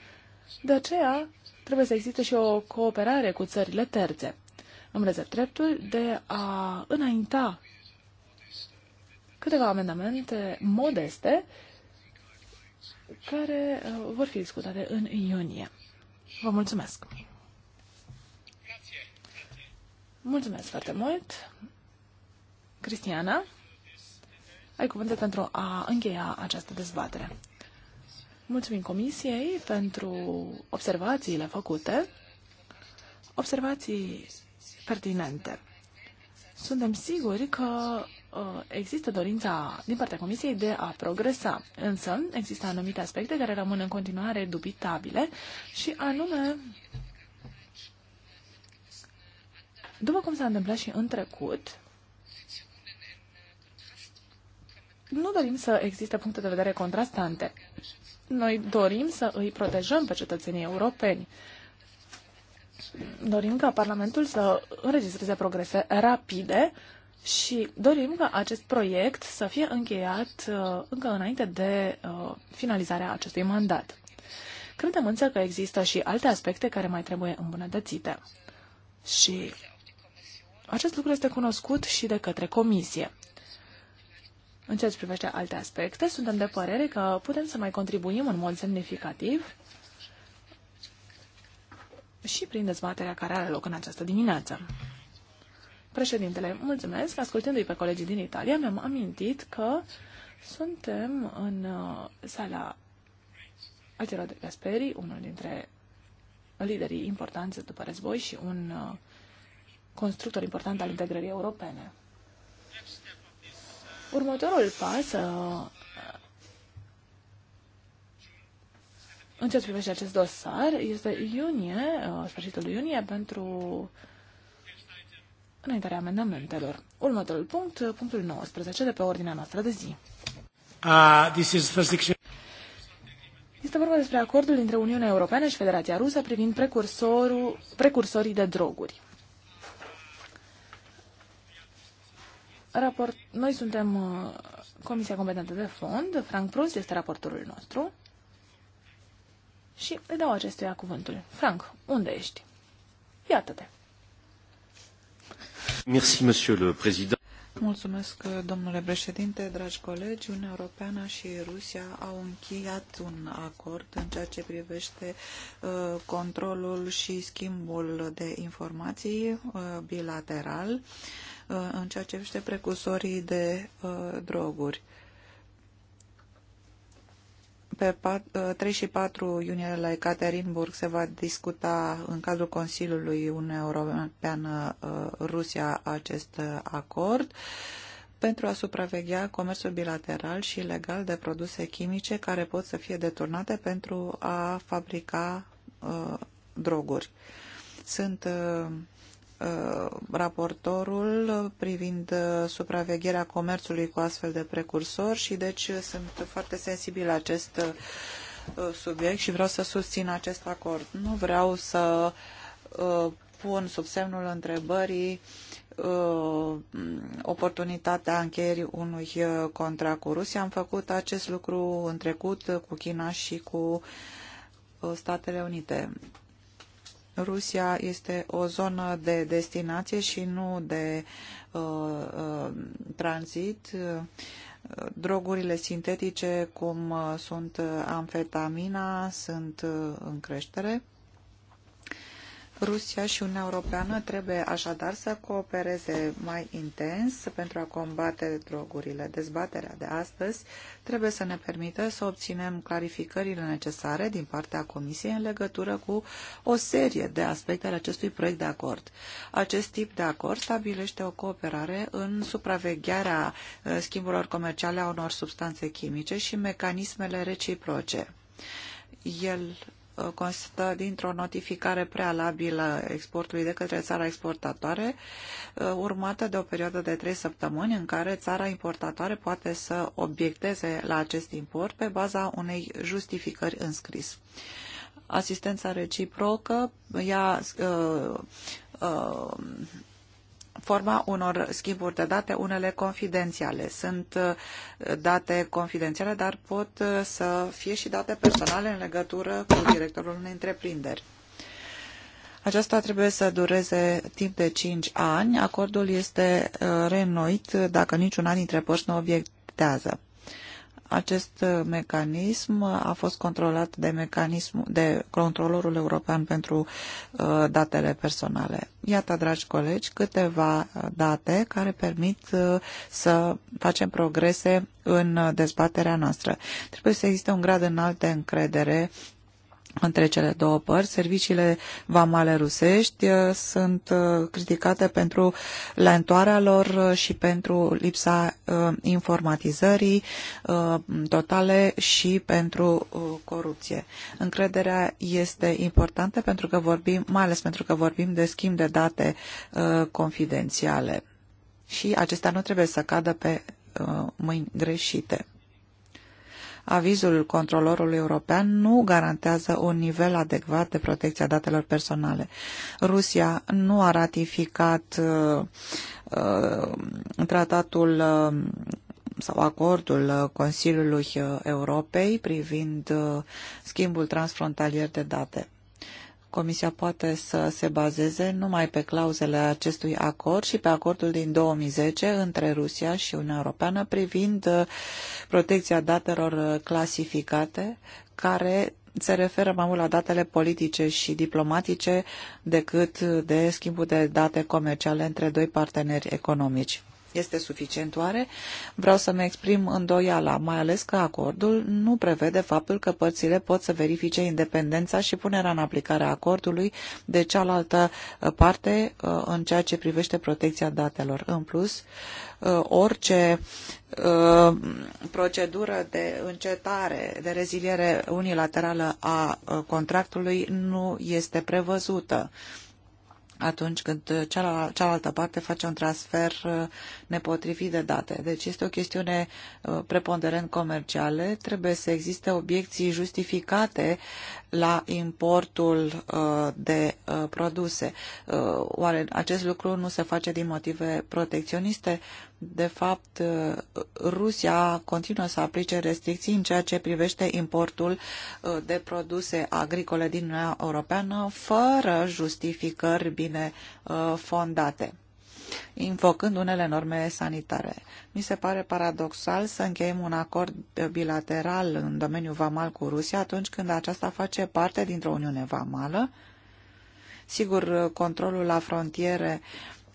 de aceea trebuie să existe și o cooperare cu țările terțe. Îmi rezerv dreptul de a înainta câteva amendamente modeste care uh, vor fi discutate în iunie. Vă mulțumesc! Mulțumesc foarte mult! Cristiana, ai cuvântul pentru a încheia această dezbatere. Mulțumim Comisiei pentru observațiile făcute, observații pertinente. Suntem siguri că Uh, există dorința din partea Comisiei de a progresa, însă există anumite aspecte care rămân în continuare dubitabile și anume, după cum s-a întâmplat și în trecut, nu dorim să existe puncte de vedere contrastante. Noi dorim să îi protejăm pe cetățenii europeni. Dorim ca Parlamentul să înregistreze progrese rapide și dorim ca acest proiect să fie încheiat uh, încă înainte de uh, finalizarea acestui mandat. Credem însă că există și alte aspecte care mai trebuie îmbunătățite. Și acest lucru este cunoscut și de către Comisie. În ceea ce privește alte aspecte, suntem de părere că putem să mai contribuim în mod semnificativ și prin dezbaterea care are loc în această dimineață. Președintele, mulțumesc. Ascultându-i pe colegii din Italia, mi-am amintit că suntem în uh, sala Altero de Gasperi, unul dintre liderii importanți după război și un uh, constructor important al integrării europene. Următorul pas uh, în ce privește acest dosar este iunie, sfârșitul iunie, pentru înaintarea amendamentelor. Următorul punct, punctul 19 de pe ordinea noastră de zi. Uh, este vorba despre acordul dintre Uniunea Europeană și Federația Rusă privind precursorul, precursorii de droguri. Raport, noi suntem uh, Comisia Competentă de Fond, Frank Prus este raportorul nostru și îi dau acestuia cuvântul. Frank, unde ești? Iată-te! Mulțumesc, domnule președinte, dragi colegi. Uniunea Europeană și Rusia au încheiat un acord în ceea ce privește uh, controlul și schimbul de informații uh, bilateral uh, în ceea ce privește precursorii de droguri. Pe 3 uh, și 4 iunie la Ekaterinburg se va discuta în cadrul Consiliului Uniunea Europeană-Rusia uh, acest uh, acord pentru a supraveghea comerțul bilateral și legal de produse chimice care pot să fie deturnate pentru a fabrica uh, droguri. Sunt uh, Uh, raportorul privind uh, supravegherea comerțului cu astfel de precursori și deci sunt foarte sensibil la acest uh, subiect și vreau să susțin acest acord. Nu vreau să pun sub semnul întrebării oportunitatea încheierii unui contract cu Rusia. Am făcut acest lucru în trecut cu China și cu Statele Unite. Rusia este o zonă de destinație și nu de uh, uh, tranzit. Drogurile sintetice, cum uh, sunt uh, amfetamina, sunt uh, în creștere. Rusia și Uniunea Europeană trebuie așadar să coopereze mai intens pentru a combate drogurile. Dezbaterea de astăzi trebuie să ne permită să obținem clarificările necesare din partea Comisiei în legătură cu o serie de aspecte ale acestui proiect de acord. Acest tip de acord stabilește o cooperare în supravegherea eh, schimburilor comerciale a unor substanțe chimice și mecanismele reciproce. El Uh, constă dintr-o notificare prealabilă exportului de către țara exportatoare, uh, urmată de o perioadă de trei săptămâni în care țara importatoare poate să obiecteze la acest import pe baza unei justificări în scris. Asistența reciprocă, ea uh, uh, forma unor schimburi de date, unele confidențiale. Sunt uh, date confidențiale, dar pot uh, să fie și date personale în legătură cu directorul unei întreprinderi. Aceasta trebuie să dureze timp de 5 ani. Acordul este uh, renoit dacă niciun an dintre părți nu obiectează. Acest uh, mecanism a fost controlat de, mecanism, de controlorul european pentru uh, datele personale. Iată, dragi colegi, câteva uh, date care permit să facem progrese în dezbaterea noastră. Trebuie să existe un grad înalt de încredere între cele două părți. Serviciile vamale rusești uh, sunt uh, criticate pentru lentoarea lor uh, și pentru lipsa informatizării totale și pentru corupție. Încrederea este importantă pentru că vorbim, mai ales pentru că vorbim de schimb de date confidențiale. Și acestea nu trebuie să cadă pe mâini greșite avizul controlorului european nu garantează un nivel adecvat de protecție a datelor personale. Rusia nu a ratificat uh, uh, tratatul uh, sau acordul uh, Consiliului Europei privind uh, schimbul transfrontalier de date. Comisia poate să se bazeze numai pe clauzele acestui acord și pe acordul din 2010 între Rusia și Uniunea Europeană privind uh, protecția datelor uh, clasificate care se referă mai mult la datele politice și diplomatice decât de schimbul de date comerciale între doi parteneri economici. Este suficient oare? Vreau să-mi exprim îndoiala, mai ales că acordul nu prevede faptul că părțile pot să verifice independența și punerea în aplicare a acordului de cealaltă uh, parte uh, în ceea ce privește protecția datelor. În plus, uh, orice procedură de încetare, de reziliere unilaterală a contractului nu este prevăzută atunci când cealaltă parte face un transfer uh, nepotrivit de date. Deci este o chestiune uh, preponderent comercială. Trebuie să existe obiecții justificate la importul uh, de uh, produse. Uh, oare acest lucru nu se face din motive protecționiste? De fapt, Rusia continuă să aplice restricții în ceea ce privește importul de produse agricole din Uniunea Europeană fără justificări bine fondate invocând unele norme sanitare. Mi se pare paradoxal să încheiem un acord bilateral în domeniul vamal cu Rusia atunci când aceasta face parte dintr-o Uniune Vamală. Sigur, controlul la frontiere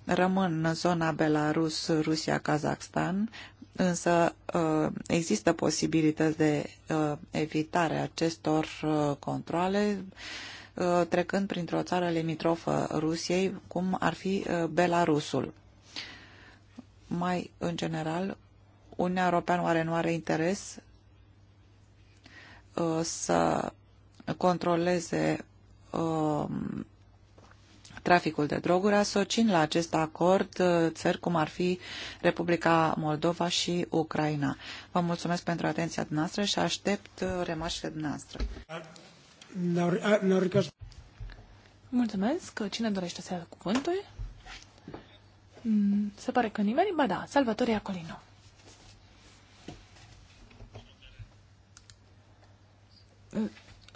rămân în zona Belarus, Rusia, Kazakhstan, însă uh, există posibilități de uh, evitare acestor uh, controle Uh, trecând printr-o țară limitrofă Rusiei, cum ar fi uh, Belarusul. Mai în general, Uniunea Europeană oare nu are interes uh, să controleze um, traficul de droguri, asocind la acest acord țări cum ar fi Republica Moldova și Ucraina. Vă mulțumesc pentru atenția noastră și aștept remarșile noastre. Mulțumesc. Cine dorește să ia cuvântul? Mm, se pare că nimeni? Ba da, Salvatore Iacolino.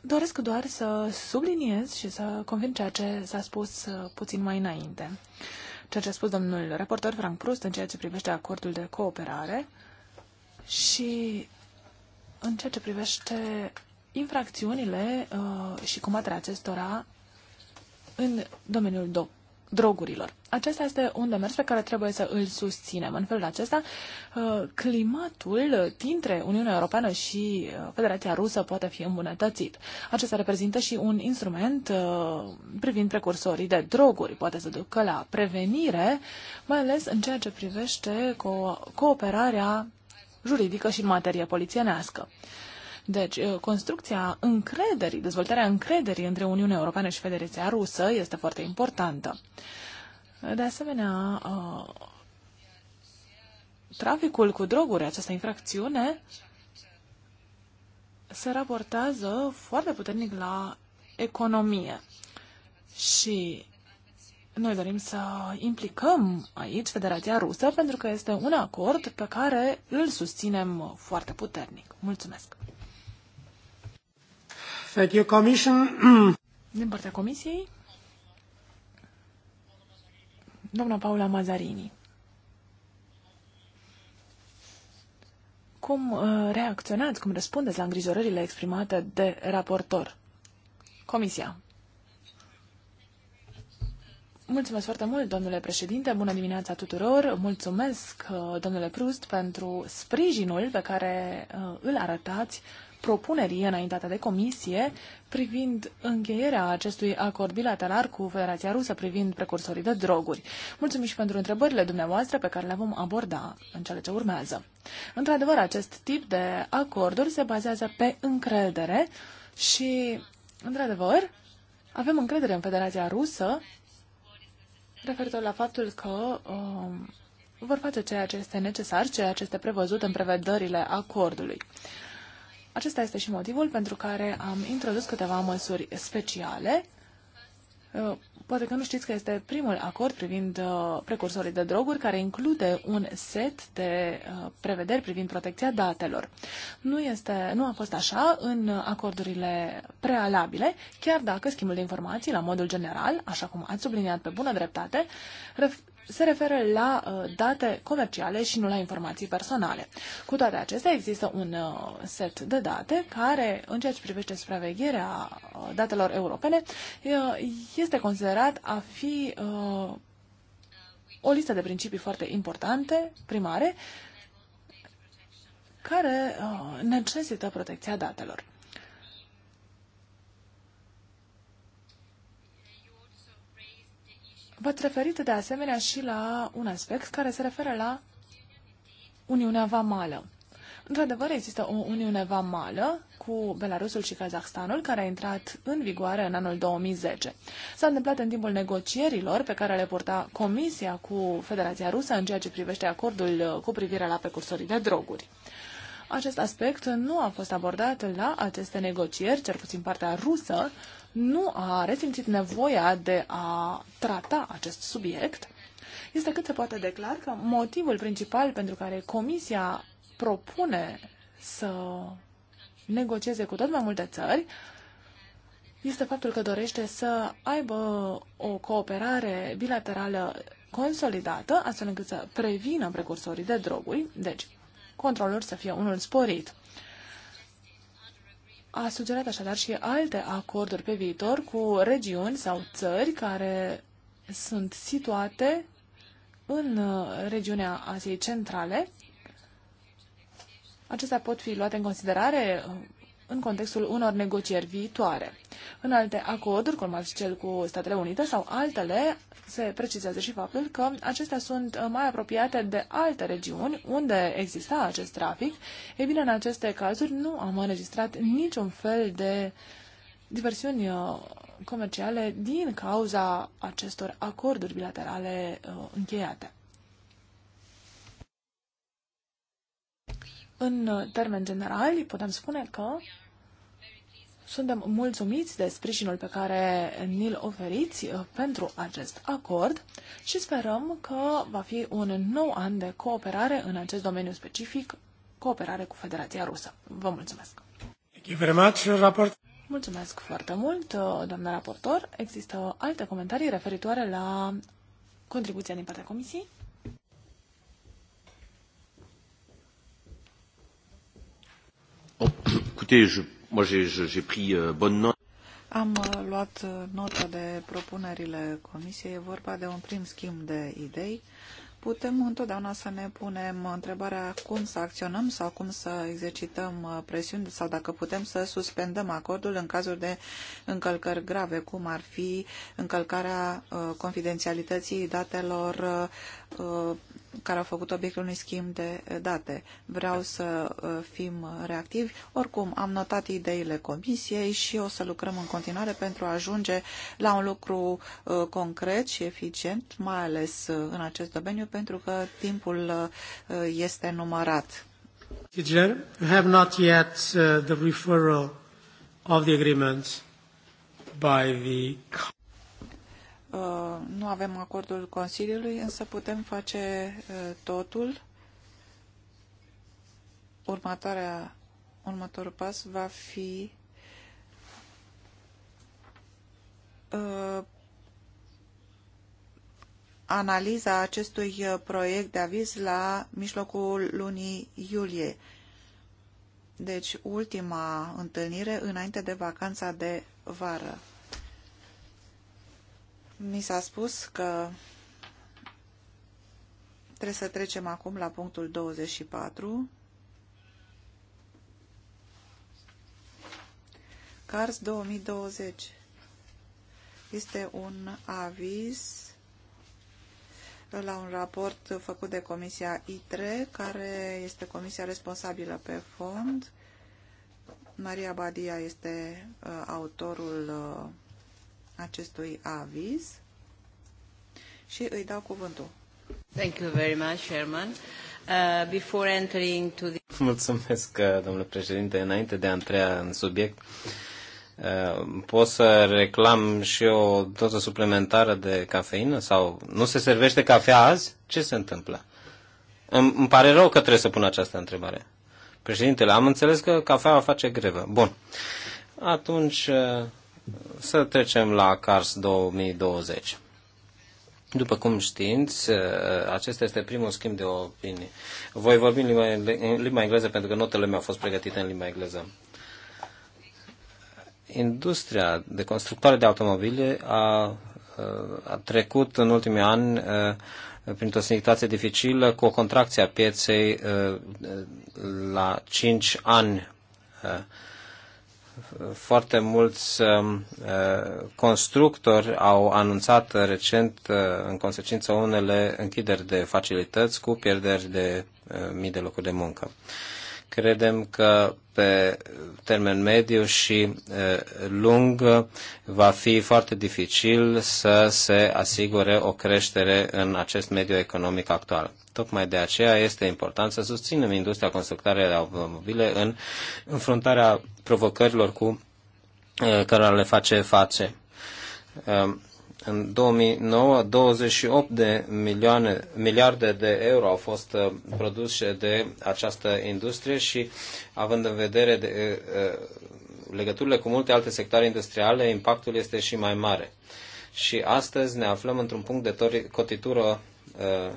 Doresc doar să subliniez și să convin ceea ce s-a spus uh, puțin mai înainte. Ceea ce a spus domnul reporter Frank Prust în ceea ce privește acordul de cooperare și în ceea ce privește infracțiunile uh, și combaterea acestora în domeniul do drogurilor. Acesta este un demers pe care trebuie să îl susținem. În felul acesta, uh, climatul dintre Uniunea Europeană și uh, Federația Rusă poate fi îmbunătățit. Acesta reprezintă și un instrument uh, privind precursorii de droguri. Poate să ducă la prevenire, mai ales în ceea ce privește co cooperarea juridică și în materie polițienească. Deci, uh, construcția încrederii, dezvoltarea încrederii între Uniunea Europeană și Federația Rusă este foarte importantă. De asemenea, uh, traficul cu droguri, această infracțiune, se raportează foarte puternic la economie. Și noi dorim să implicăm aici Federația Rusă pentru că este un acord pe care îl susținem foarte puternic. Mulțumesc! Din partea Comisiei, doamna Paula Mazarini. Cum uh, reacționați, cum răspundeți la îngrijorările exprimate de raportor? Comisia. Mulțumesc foarte mult, domnule președinte. Bună dimineața tuturor. Mulțumesc, uh, domnule Prust, pentru sprijinul pe care uh, îl arătați propunerii înaintate de comisie privind încheierea acestui acord bilateral cu Federația Rusă privind precursorii de droguri. Mulțumim și pentru întrebările dumneavoastră pe care le vom aborda în cele ce urmează. Într-adevăr, acest tip de acorduri se bazează pe încredere și, într-adevăr, avem încredere în Federația Rusă referitor la faptul că um, vor face ceea ce este necesar, ceea ce este prevăzut în prevederile acordului. Acesta este și motivul pentru care am introdus câteva măsuri speciale. Uh, poate că nu știți că este primul acord privind uh, precursorii de droguri care include un set de uh, prevederi privind protecția datelor. Nu, este, nu a fost așa în acordurile prealabile, chiar dacă schimbul de informații la modul general, așa cum ați subliniat pe bună dreptate, se referă la uh, date comerciale și nu la informații personale. Cu toate acestea, există un uh, set de date care, în ceea ce privește supravegherea uh, datelor europene, este considerat a fi o listă de principii foarte importante, primare, care necesită protecția datelor. V-ați referit de asemenea și la un aspect care se referă la Uniunea Vamală. Într-adevăr, există o Uniune Vamală cu Belarusul și Kazahstanul, care a intrat în vigoare în anul 2010. S-a întâmplat în timpul negocierilor pe care le purta Comisia cu Federația Rusă în ceea ce privește acordul uh, cu privire la precursorii de droguri. Acest aspect nu a fost abordat la aceste negocieri, cel puțin partea rusă, nu a resimțit nevoia de a trata acest subiect, este cât se poate declar că motivul principal pentru care Comisia propune să negocieze cu tot mai multe țări este faptul că dorește să aibă o cooperare bilaterală consolidată, astfel încât să prevină precursorii de droguri, deci controlul să fie unul sporit a sugerat așadar și alte acorduri pe viitor cu regiuni sau țări care sunt situate în uh, regiunea Asiei Centrale. Acestea pot fi luate în considerare uh, în contextul unor negocieri viitoare. În alte acorduri, cum ar fi cel cu Statele Unite sau altele, se precizează și faptul că acestea sunt mai apropiate de alte regiuni unde exista acest trafic. Ei bine, în aceste cazuri nu am înregistrat niciun fel de diversiuni uh, comerciale din cauza acestor acorduri bilaterale uh, încheiate. În termen general, putem spune că suntem mulțumiți de sprijinul pe care ni-l oferiți pentru acest acord și sperăm că va fi un nou an de cooperare în acest domeniu specific, cooperare cu Federația Rusă. Vă mulțumesc! Mulțumesc foarte mult, doamna raportor. Există alte comentarii referitoare la contribuția din partea Comisiei? Am luat notă de propunerile Comisiei. E vorba de un prim schimb de idei. Putem întotdeauna să ne punem întrebarea cum să acționăm sau cum să exercităm uh, presiuni sau dacă putem să suspendăm acordul în cazuri de încălcări grave, cum ar fi încălcarea uh, confidențialității datelor uh, care au făcut obiectul unui schimb de eh, date. Vreau să eh, fim reactivi. Oricum, am notat ideile comisiei și o să lucrăm în continuare pentru a ajunge la un lucru eh, concret și eficient, mai ales în acest domeniu, pentru că timpul este numărat. Teacher, we have not yet the referral of the agreement by the nu avem acordul Consiliului, însă putem face uh, totul. Următoarea, următorul pas va fi uh, analiza acestui uh, proiect de aviz la mijlocul lunii iulie. Deci, ultima întâlnire înainte de vacanța de vară. Mi s-a spus că trebuie să trecem acum la punctul 24. CARS 2020 este un aviz la un raport făcut de Comisia ITRE, care este comisia responsabilă pe fond. Maria Badia este uh, autorul uh, acestui aviz și îi dau cuvântul. Thank you very much, Chairman. Uh, before entering to the... Mulțumesc, uh, domnule președinte. Înainte de a intra în subiect, uh, pot să reclam și o doză suplimentară de cafeină? Sau nu se servește cafea azi? Ce se întâmplă? Îmi, îmi pare rău că trebuie să pun această întrebare. Președintele, am înțeles că cafeaua face grevă. Bun. Atunci, uh, să trecem la CARS 2020. După cum știți, eh, acesta este primul schimb de opinie. Voi vorbi în limba, în limba engleză pentru că notele mele au fost pregătite în limba engleză. Industria de constructoare de automobile a, eh, a trecut în ultimii ani eh, printr-o situație dificilă cu o contracție a pieței la 5 ani foarte mulți um, uh, constructori au anunțat recent, uh, în consecință, unele închideri de facilități cu pierderi de uh, mii de locuri de muncă. Credem că pe termen mediu și lung va fi foarte dificil să se asigure o creștere în acest mediu economic actual. Tocmai de aceea este important să susținem industria constructare de automobile în înfruntarea provocărilor cu care le face față. În 2009, 28 de milioane, miliarde de euro au fost uh, produse de această industrie și având în vedere de, uh, uh, legăturile cu multe alte sectoare industriale, impactul este și mai mare. Și astăzi ne aflăm într-un punct de cotitură uh,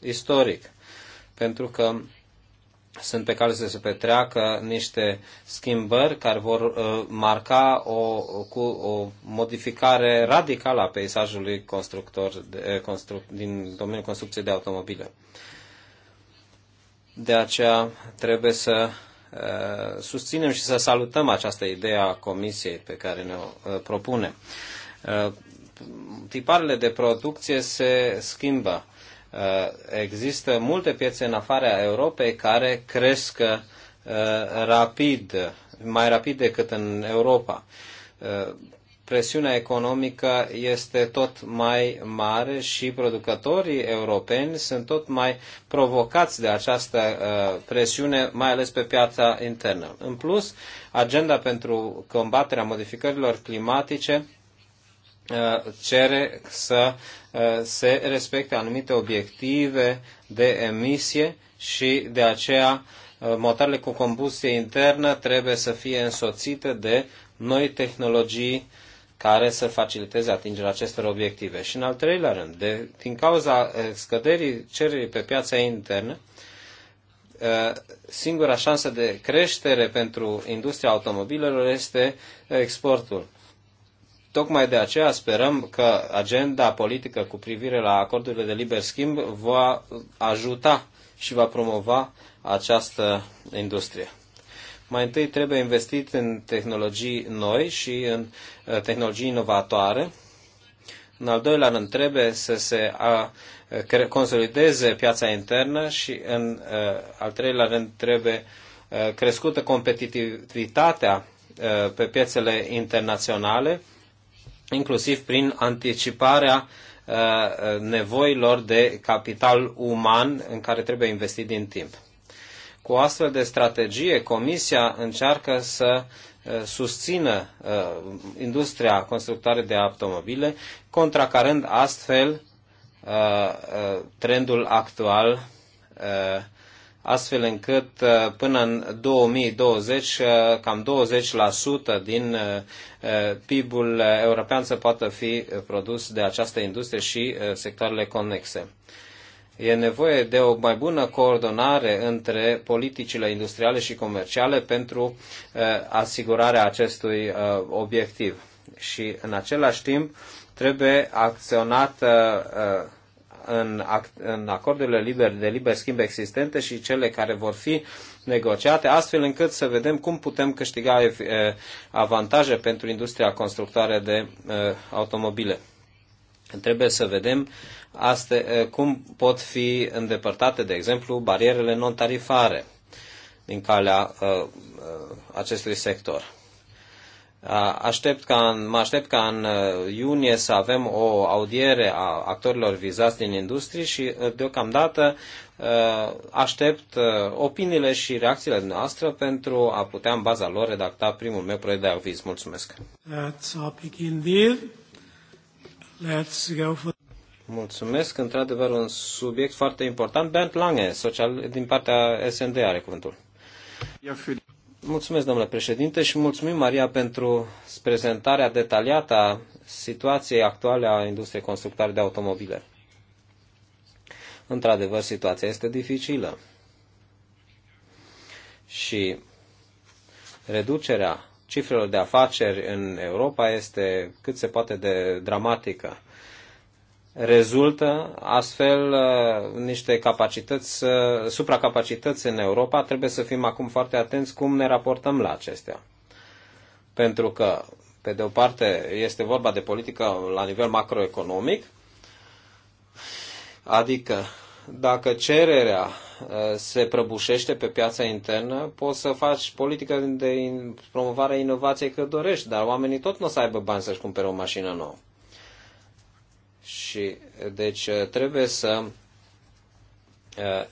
istoric, pentru că sunt pe care să se petreacă niște schimbări care vor uh, marca o, cu, o modificare radicală a peisajului constructor de, eh, construc, din domeniul construcției de automobile. De aceea trebuie să uh, susținem și să salutăm această idee a comisiei pe care ne-o uh, propune. Uh, tiparele de producție se schimbă Uh, există multe piețe în afara Europei care cresc uh, rapid, mai rapid decât în Europa. Uh, presiunea economică este tot mai mare și producătorii europeni sunt tot mai provocați de această presiune, mai ales pe piața internă. În plus, agenda pentru combaterea modificărilor climatice cere să Eh, se respecte anumite obiective de emisie și de aceea eh, motoarele cu combustie internă trebuie să fie însoțite de noi tehnologii care să faciliteze atingerea acestor obiective. Și în al treilea rând, de, din cauza eh, scăderii cererii pe piața internă, singura șansă de creștere pentru industria automobilelor este exportul. Tocmai de aceea sperăm că agenda politică cu privire la acordurile de liber schimb va ajuta și va promova această industrie. Mai întâi trebuie investit în tehnologii noi și în uh, tehnologii inovatoare. În al doilea rând, trebuie să se a, consolideze piața internă și în uh, al treilea rând trebuie uh, crescută competitivitatea pe piețele internaționale inclusiv prin anticiparea uh, nevoilor de capital uman în care trebuie investit din timp. Cu o astfel de strategie, Comisia încearcă să uh, susțină uh, industria constructoare de automobile, contracarând astfel trendul actual astfel încât uh, până în 2020 uh, cam 20% din uh, PIB-ul european să poată fi produs de această industrie și sectoarele conexe. E nevoie de o mai bună coordonare între politicile industriale și comerciale pentru asigurarea acestui obiectiv. Și în același timp trebuie acționat în, act, în acordurile liber, de liber schimb existente și cele care vor fi negociate, astfel încât să vedem cum putem câștiga eh, avantaje pentru industria constructoare de eh, automobile. Trebuie să vedem aste, eh, cum pot fi îndepărtate, de exemplu, barierele non-tarifare din calea acestui sector. Aștept ca în, mă aștept ca în uh, iunie să avem o audiere a actorilor vizați din industrie și uh, deocamdată uh, aștept opiniile și reacțiile noastre pentru a putea în baza lor redacta primul meu proiect de aviz. Mulțumesc! For... Mulțumesc, într-adevăr un subiect foarte important. Bernd Lange, social, din partea SND, are cuvântul. Mulțumesc, domnule președinte, și mulțumim, Maria, pentru prezentarea detaliată a situației actuale a industriei constructoare de automobile. Într-adevăr, situația este dificilă. Și reducerea cifrelor de afaceri în Europa este cât se poate de dramatică. Rezultă astfel uh, niște capacități, uh, supracapacități în Europa. Trebuie să fim acum foarte atenți cum ne raportăm la acestea. Pentru că, pe de o parte, este vorba de politică la nivel macroeconomic, adică dacă cererea uh, se prăbușește pe piața internă, poți să faci politică de promovare a inovației cât dorești, dar oamenii tot nu o să aibă bani să-și cumpere o mașină nouă. Și deci uh, trebuie să uh,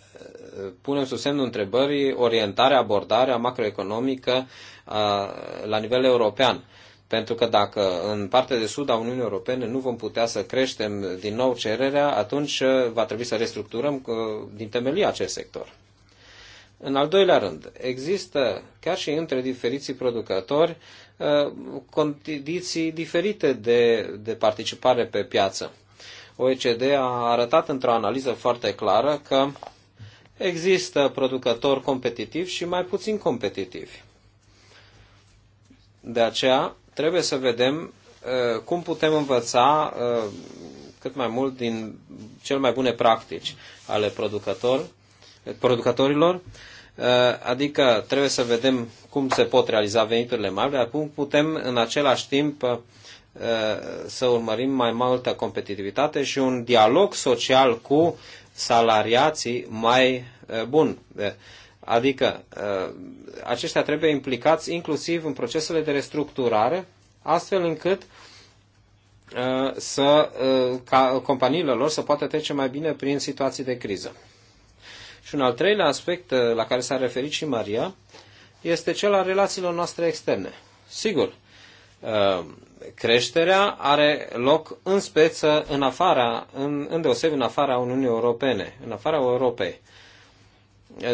punem sub semnul întrebării orientarea, abordarea macroeconomică uh, la nivel european. Pentru că dacă în partea de sud a Uniunii Europene nu vom putea să creștem din nou cererea, atunci va trebui să restructurăm din temelia acest sector. În al doilea rând, există chiar și între diferiții producători condiții diferite de, de participare pe piață. OECD a arătat într-o analiză foarte clară că există producători competitivi și mai puțin competitivi. De aceea trebuie să vedem uh, cum putem învăța uh, cât mai mult din cel mai bune practici ale producător, producătorilor, uh, adică trebuie să vedem cum se pot realiza veniturile mari, dar cum putem în același timp Uh, să urmărim mai multă competitivitate și un dialog social cu salariații mai uh, bun. Uh, adică aceștia trebuie implicați inclusiv în procesele de restructurare, astfel încât să, ca companiile lor să poată trece mai bine prin situații de criză. Și un al treilea aspect la care s-a referit și Maria este cel al relațiilor noastre externe. Sigur, creșterea are loc în speță în afara, în, îndeosebi în afara Uniunii Europene, în afara Europei.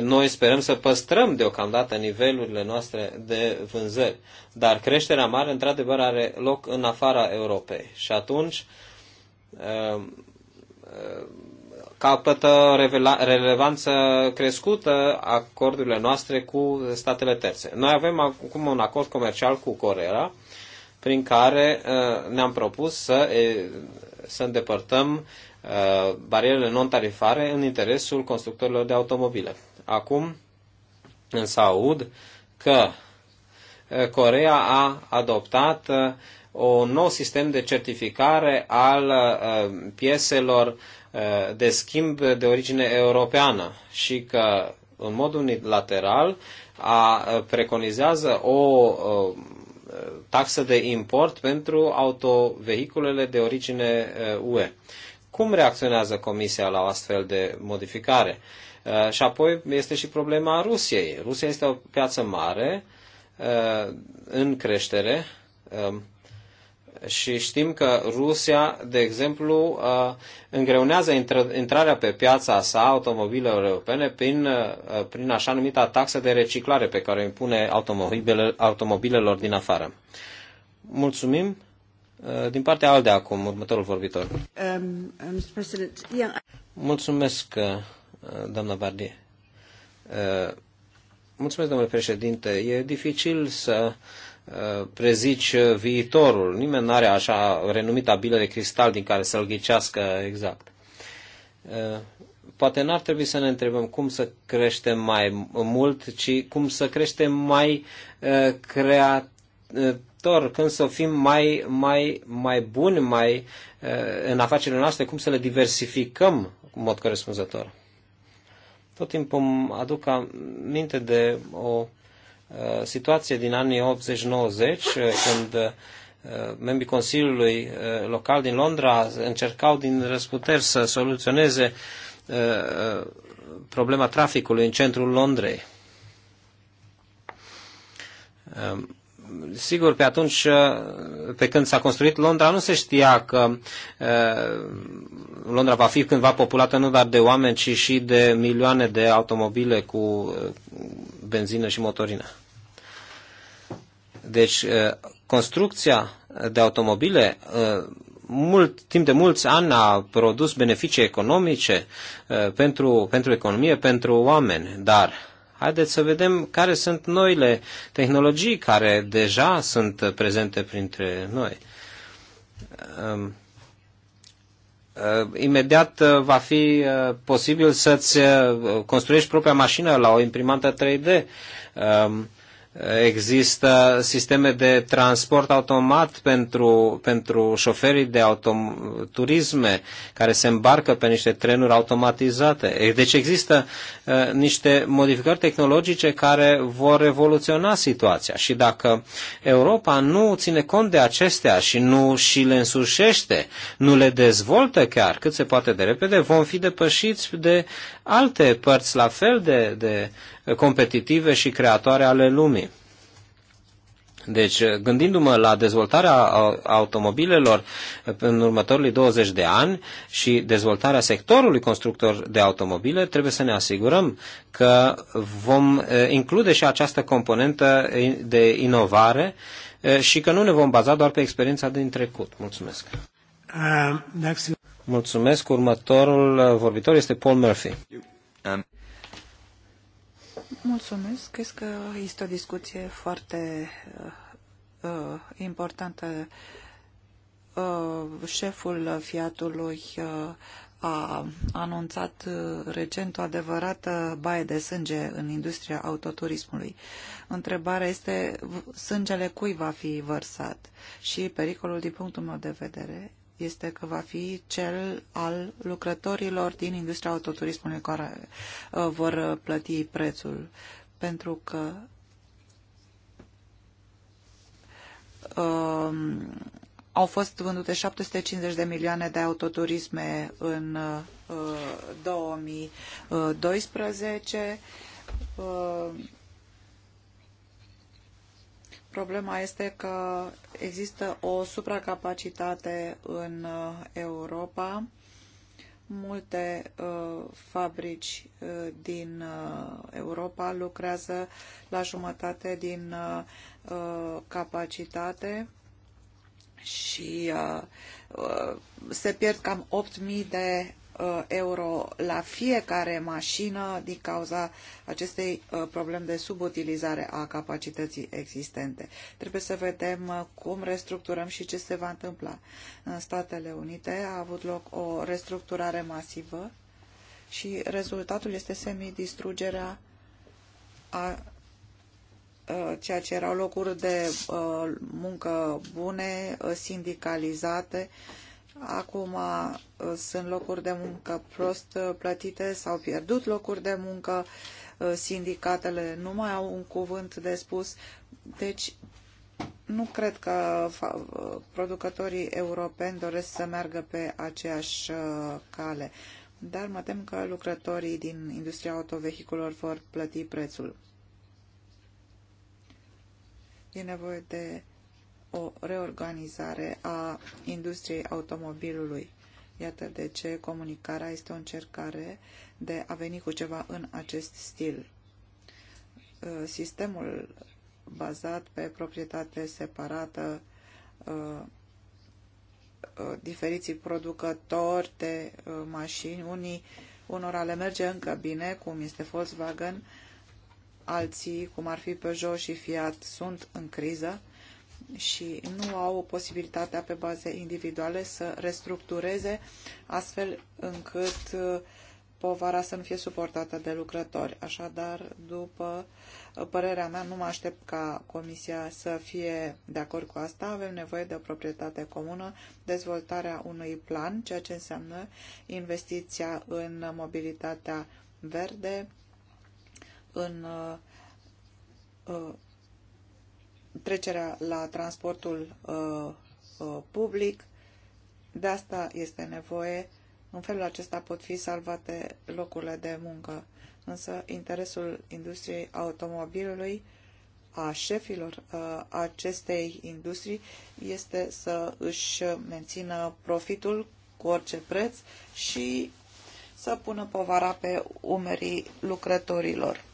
Noi sperăm să păstrăm deocamdată nivelurile noastre de vânzări, dar creșterea mare într-adevăr are loc în afara Europei și atunci uh, uh, capătă relevanță crescută acordurile noastre cu statele terțe. Noi avem acum un acord comercial cu Corea, prin care uh, ne-am propus să, să îndepărtăm uh, barierele non-tarifare în interesul constructorilor de automobile. Acum însă aud că uh, Corea a adoptat un nou sistem de certificare al pieselor de schimb de origine europeană și că în mod unilateral a preconizează o taxă de import pentru autovehiculele de origine UE. Uh, Cum reacționează Comisia la o astfel de modificare? Uh, și apoi este și problema Rusiei. Rusia este o piață mare, uh, în creștere, um, și știm că Rusia, de exemplu, uh, îngreunează intrarea pe piața sa automobilelor europene prin, uh, prin așa numita taxă de reciclare pe care o impune automobile, automobilelor din afară. Mulțumim. Uh, din partea ALDE acum, următorul vorbitor. Um, yeah. Mulțumesc, doamna Bardier. Mulțumesc, domnule președinte. E dificil să Uh, prezici uh, viitorul. Nimeni nu are așa renumită bilă de cristal din care să-l ghicească exact. Uh, poate n-ar trebui să ne întrebăm cum să creștem mai mult, ci cum să creștem mai creator, când să fim mai, mai, mai buni mai, în afacerile noastre, cum să le diversificăm în mod corespunzător. Tot timpul îmi aduc aminte de o Uh, situație din anii 80-90, uh, când uh, membrii Consiliului Local din Londra încercau din răsputeri să soluționeze problema traficului în centrul Londrei. Um, sigur, pe atunci, pe când s-a construit Londra, nu se știa că Londra va fi cândva populată nu doar de oameni, ci și de milioane de automobile cu benzină și motorină. Deci, uh, construcția de automobile uh, mult, timp de mulți ani a produs beneficii economice uh, pentru, pentru economie, pentru oameni, dar haideți să vedem care sunt noile tehnologii care deja sunt prezente printre noi. Um, imediat va fi posibil să-ți construiești propria mașină la o imprimantă 3D Există sisteme de transport automat pentru, pentru șoferii de autoturisme care se îmbarcă pe niște trenuri automatizate. Deci există Uh, niște modificări tehnologice care vor revoluționa situația. Și dacă Europa nu ține cont de acestea și nu și le însușește, nu le dezvoltă chiar cât se poate de repede, vom fi depășiți de alte părți la fel de, de competitive și creatoare ale lumii. Deci, gândindu-mă la dezvoltarea uh, automobilelor în următorii 20 de ani și dezvoltarea sectorului constructor de automobile, trebuie să ne asigurăm că vom uh, include și această componentă de inovare uh, și că nu ne vom baza doar pe experiența din trecut. Mulțumesc! Mulțumesc. Următorul vorbitor este Paul Murphy. Um, Mulțumesc. Cred că este o discuție foarte uh, uh, importantă. Uh, șeful Fiatului uh, a anunțat uh, recent o adevărată baie de sânge în industria autoturismului. Întrebarea este sângele cui va fi vărsat și pericolul din punctul meu de vedere este că va fi cel al lucrătorilor din industria autoturismului care uh, vor plăti prețul. Pentru că um, au fost vândute 750 de milioane de autoturisme în uh, 2012. Uh, Problema este că există o supracapacitate în uh, Europa. Multe uh, fabrici uh, din uh, Europa lucrează la jumătate din uh, uh, capacitate și se pierd cam 8.000 de Uh, euro la fiecare mașină din cauza acestei uh, probleme de subutilizare a capacității existente. Trebuie să vedem uh, cum restructurăm și ce se va întâmpla. În Statele Unite a avut loc o restructurare masivă și rezultatul este semidistrugerea a ceea ce erau locuri de muncă bune, sindicalizate, Acum uh, sunt locuri de muncă prost uh, plătite, s-au pierdut locuri de muncă, uh, sindicatele nu mai au un cuvânt de spus. Deci nu cred că producătorii europeni doresc să meargă pe aceeași cale, dar mă tem că lucrătorii din industria autovehiculor vor plăti prețul. E nevoie de o reorganizare a industriei automobilului. Iată de ce comunicarea este o încercare de a veni cu ceva în acest stil. Uh, sistemul bazat pe proprietate separată, uh, uh, diferiții producători de mașini, unii, unora le merge încă bine, cum este Volkswagen, alții, cum ar fi Peugeot și Fiat, sunt în criză, și nu au posibilitatea pe baze individuale să restructureze astfel încât uh, povara să nu fie suportată de lucrători. Așadar, după uh, părerea mea, nu mă aștept ca Comisia să fie de acord cu asta. Avem nevoie de o proprietate comună, dezvoltarea unui plan, ceea ce înseamnă investiția în mobilitatea verde, în uh, trecerea la transportul uh, uh, public. De asta este nevoie. În felul acesta pot fi salvate locurile de muncă. Însă interesul industriei automobilului a șefilor uh, acestei industrii este să își mențină profitul cu orice preț și să pună povara pe umerii lucrătorilor.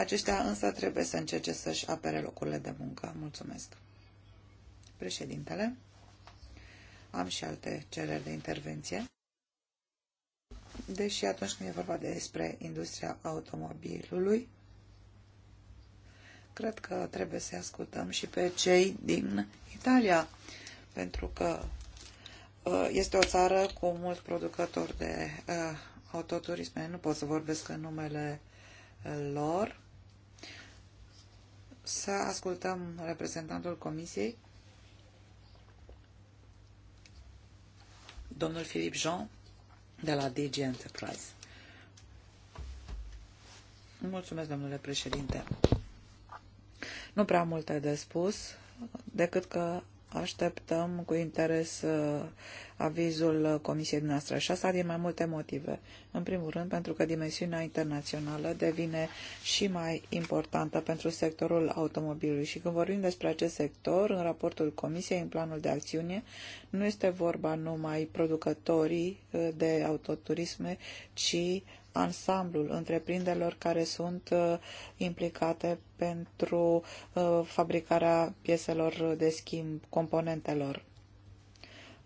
Aceștia însă trebuie să încerce să-și apere locurile de muncă. Mulțumesc. Președintele, am și alte cereri de intervenție. Deși atunci când e vorba despre industria automobilului, cred că trebuie să ascultăm și pe cei din Italia, pentru că uh, este o țară cu mulți producători de uh, autoturisme. Nu pot să vorbesc în numele uh, lor, să ascultăm reprezentantul Comisiei, domnul Filip Jean, de la DG Enterprise. Mulțumesc, domnule președinte. Nu prea multe de spus, decât că Așteptăm cu interes uh, avizul comisiei noastre și asta din mai multe motive. În primul rând, pentru că dimensiunea internațională devine și mai importantă pentru sectorul automobilului și când vorbim despre acest sector, în raportul comisiei, în planul de acțiune, nu este vorba numai producătorii uh, de autoturisme, ci ansamblul întreprinderilor care sunt uh, implicate pentru uh, fabricarea pieselor de schimb, componentelor.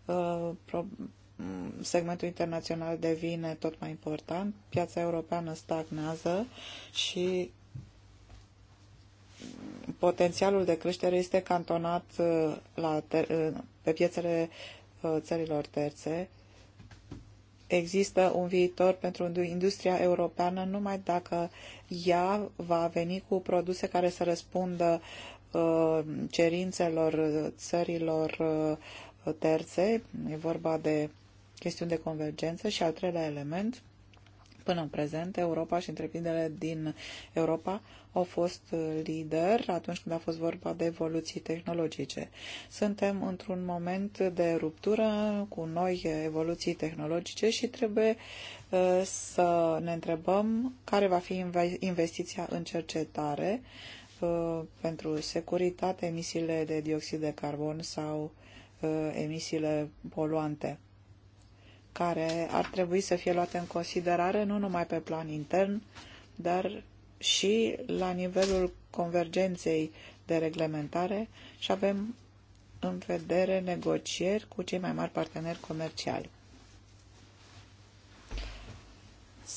Uh, mm, segmentul internațional devine tot mai important, piața europeană stagnează și potențialul de creștere este cantonat la pe piețele țărilor terțe există un viitor pentru industria europeană numai dacă ea va veni cu produse care să răspundă uh, cerințelor țărilor uh, terțe, e vorba de chestiuni de convergență și al treilea element, Până în prezent, Europa și întreprinderile din Europa au fost lider atunci când a fost vorba de evoluții tehnologice. Suntem într-un moment de ruptură cu noi evoluții tehnologice și trebuie uh, să ne întrebăm care va fi investiția în cercetare uh, pentru securitate, emisiile de dioxid de carbon sau uh, emisiile poluante care ar trebui să fie luate în considerare nu numai pe plan intern, dar și la nivelul convergenței de reglementare și avem în vedere negocieri cu cei mai mari parteneri comerciali.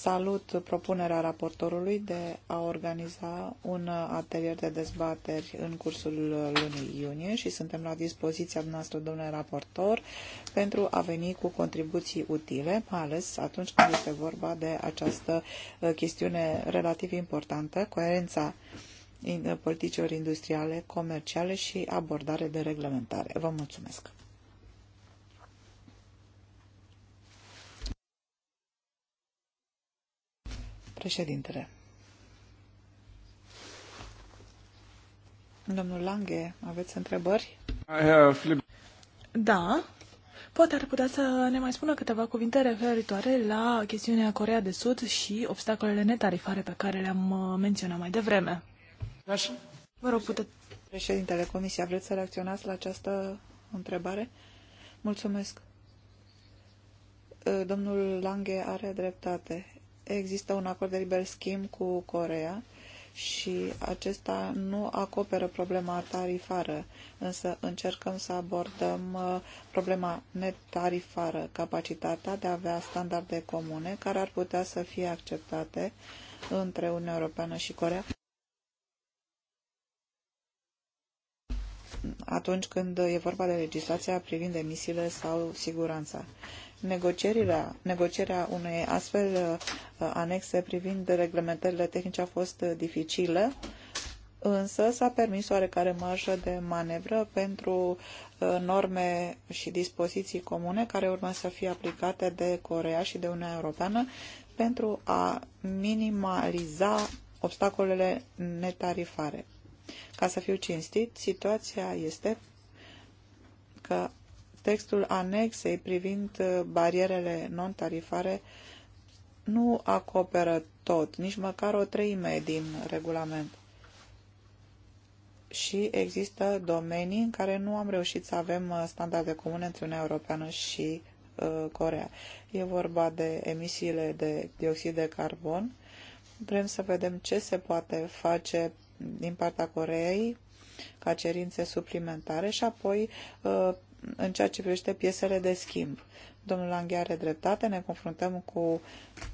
Salut propunerea raportorului de a organiza un atelier de dezbateri în cursul lunii iunie și suntem la dispoziția noastră, domnule raportor, pentru a veni cu contribuții utile, mai ales atunci când este vorba de această uh, chestiune relativ importantă, coerența uh, politicilor industriale, comerciale și abordare de reglementare. Vă mulțumesc! Domnul Lange, aveți întrebări? Da. Poate ar putea să ne mai spună câteva cuvinte referitoare la chestiunea Corea de Sud și obstacolele netarifare pe care le-am uh, menționat mai devreme. Vă rog, puteți. Președintele Comisia, vreți să reacționați la această întrebare? Mulțumesc. Uh, domnul Lange are dreptate există un acord de liber schimb cu Corea și acesta nu acoperă problema tarifară, însă încercăm să abordăm uh, problema netarifară, capacitatea de a avea standarde comune care ar putea să fie acceptate între Uniunea Europeană și Corea. atunci când e vorba de legislația privind emisiile sau siguranța. Negocierile, negocierea unei astfel uh, anexe privind reglementările tehnice a fost uh, dificilă, însă s-a permis oarecare marjă de manevră pentru uh, norme și dispoziții comune care urma să fie aplicate de Corea și de Uniunea Europeană pentru a minimaliza obstacolele netarifare. Ca să fiu cinstit, situația este că textul anexei privind uh, barierele non-tarifare nu acoperă tot, nici măcar o treime din regulament. Și există domenii în care nu am reușit să avem uh, standarde comune între Uniunea Europeană și uh, Corea. E vorba de emisiile de dioxid de carbon. Vrem să vedem ce se poate face din partea Coreei ca cerințe suplimentare și apoi uh, în ceea ce privește piesele de schimb. Domnul Langhe are dreptate, ne confruntăm cu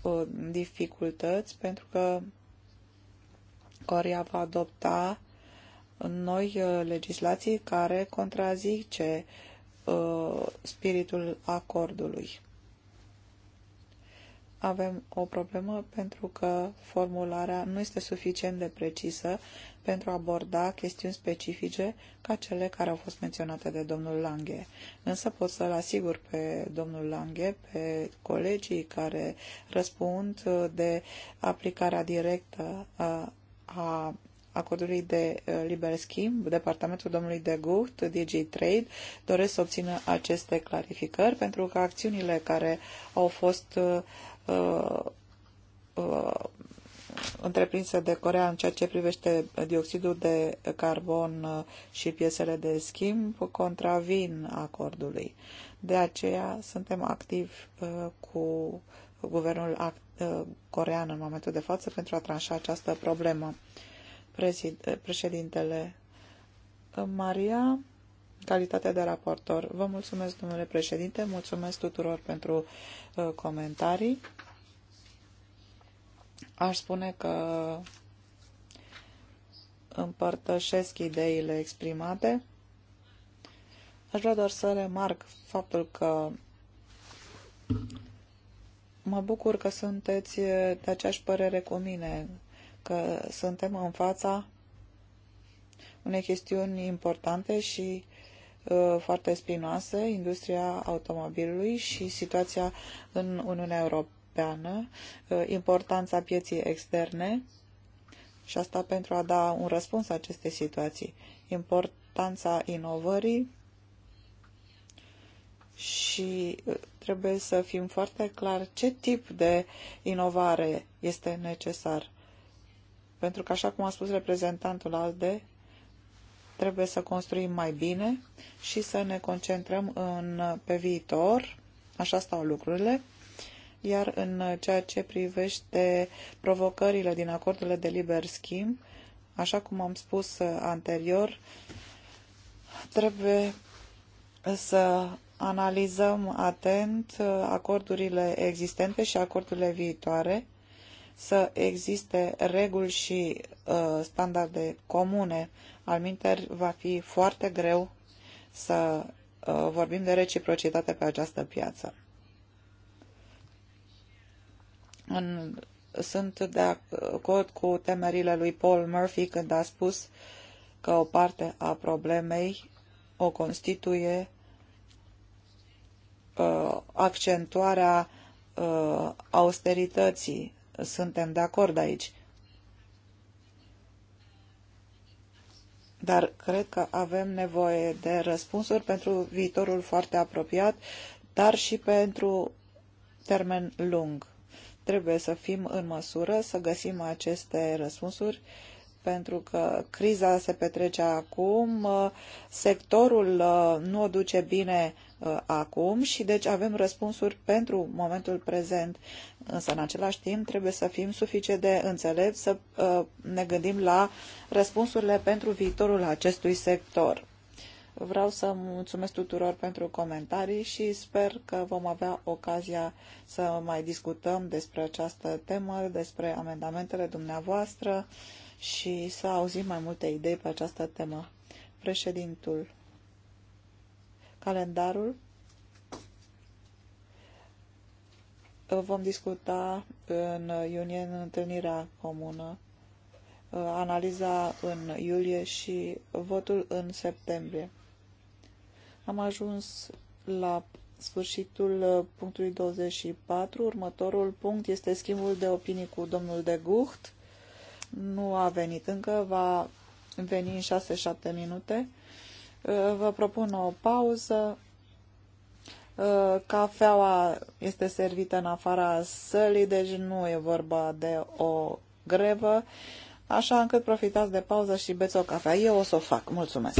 uh, dificultăți pentru că Corea va adopta noi uh, legislații care contrazice uh, spiritul acordului. Avem o problemă pentru că formularea nu este suficient de precisă pentru a aborda chestiuni specifice ca cele care au fost menționate de domnul Lange. Însă pot să-l asigur pe domnul Lange, pe colegii care răspund uh, de aplicarea directă uh, a acordului de uh, liber schimb, departamentul domnului de Gucht, DG Trade, doresc să obțină aceste clarificări pentru că acțiunile care au fost uh, uh, întreprinsă de Corea în ceea ce privește dioxidul de carbon și piesele de schimb contravin acordului. De aceea suntem activi uh, cu guvernul uh, corean în momentul de față pentru a tranșa această problemă. Uh, președintele Maria, calitatea de raportor. Vă mulțumesc, domnule președinte, mulțumesc tuturor pentru comentarii. Aș spune că împărtășesc ideile exprimate. Aș vrea doar să remarc faptul că mă bucur că sunteți de aceeași părere cu mine, că suntem în fața unei chestiuni importante și uh, foarte spinoase, industria automobilului și situația în Uniunea Europeană Europeană, uh, importanța pieții externe și asta pentru a da un răspuns acestei situații, importanța inovării și uh, trebuie să fim foarte clar ce tip de inovare este necesar. Pentru că, așa cum a spus reprezentantul ALDE, trebuie să construim mai bine și să ne concentrăm în, pe viitor, așa stau lucrurile, iar în ceea ce privește provocările din acordurile de liber schimb, așa cum am spus anterior, trebuie să analizăm atent acordurile existente și acordurile viitoare, să existe reguli și uh, standarde comune. Alminter va fi foarte greu să uh, vorbim de reciprocitate pe această piață. În, sunt de acord cu temerile lui Paul Murphy când a spus că o parte a problemei o constituie uh, accentuarea uh, austerității. Suntem de acord aici. Dar cred că avem nevoie de răspunsuri pentru viitorul foarte apropiat, dar și pentru termen lung. Trebuie să fim în măsură să găsim aceste răspunsuri pentru că criza se petrece acum, sectorul uh, nu o duce bine uh, acum și deci avem răspunsuri pentru momentul prezent. Însă, în același timp, trebuie să fim suficient de înțelepți să uh, ne gândim la răspunsurile pentru viitorul acestui sector. Vreau să mulțumesc tuturor pentru comentarii și sper că vom avea ocazia să mai discutăm despre această temă, despre amendamentele dumneavoastră și să auzim mai multe idei pe această temă. Președintul, calendarul vom discuta în iunie în întâlnirea comună, analiza în iulie și votul în septembrie. Am ajuns la sfârșitul punctului 24. Următorul punct este schimbul de opinii cu domnul de Gucht. Nu a venit încă, va veni în 6-7 minute. Uh, vă propun o pauză. Uh, cafeaua este servită în afara sălii, deci nu e vorba de o grevă, așa încât profitați de pauză și beți o cafea. Eu o să o fac. Mulțumesc!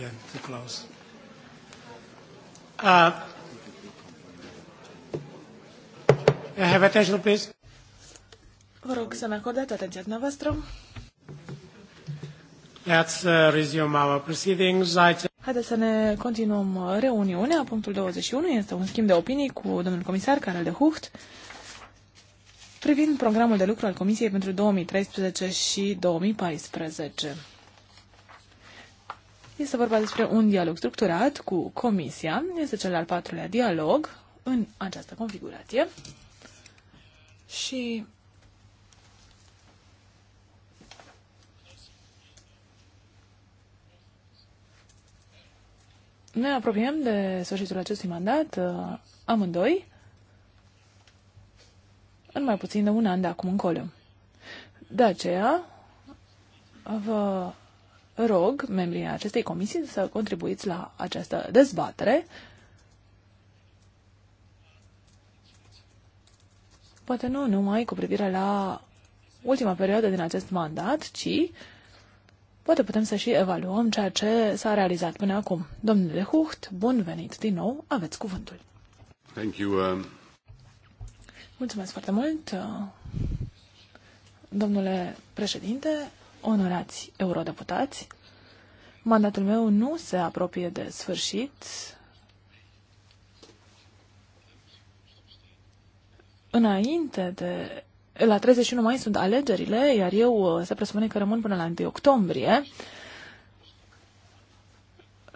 yeah, to close. Uh, have attention, please. Vă rog să mi acordați atenția dumneavoastră. Let's uh, resume our proceedings. Haideți să ne continuăm reuniunea. Punctul 21 este un schimb de opinii cu domnul comisar Karel de Hucht privind programul de lucru al Comisiei pentru 2013 și 2014. Este vorba despre un dialog structurat cu Comisia. Este cel al patrulea dialog în această configurație. Și ne apropiem de sfârșitul acestui mandat uh, amândoi în mai puțin de un an de acum încolo. De aceea vă rog membrii acestei comisii să contribuiți la această dezbatere. Poate nu numai cu privire la ultima perioadă din acest mandat, ci poate putem să și evaluăm ceea ce s-a realizat până acum. Domnule Hucht, bun venit din nou, aveți cuvântul. Thank you, um... Mulțumesc foarte mult, uh, domnule președinte, onorați eurodeputați, mandatul meu nu se apropie de sfârșit. Înainte de... La 31 mai sunt alegerile, iar eu uh, se presupune că rămân până la 1 octombrie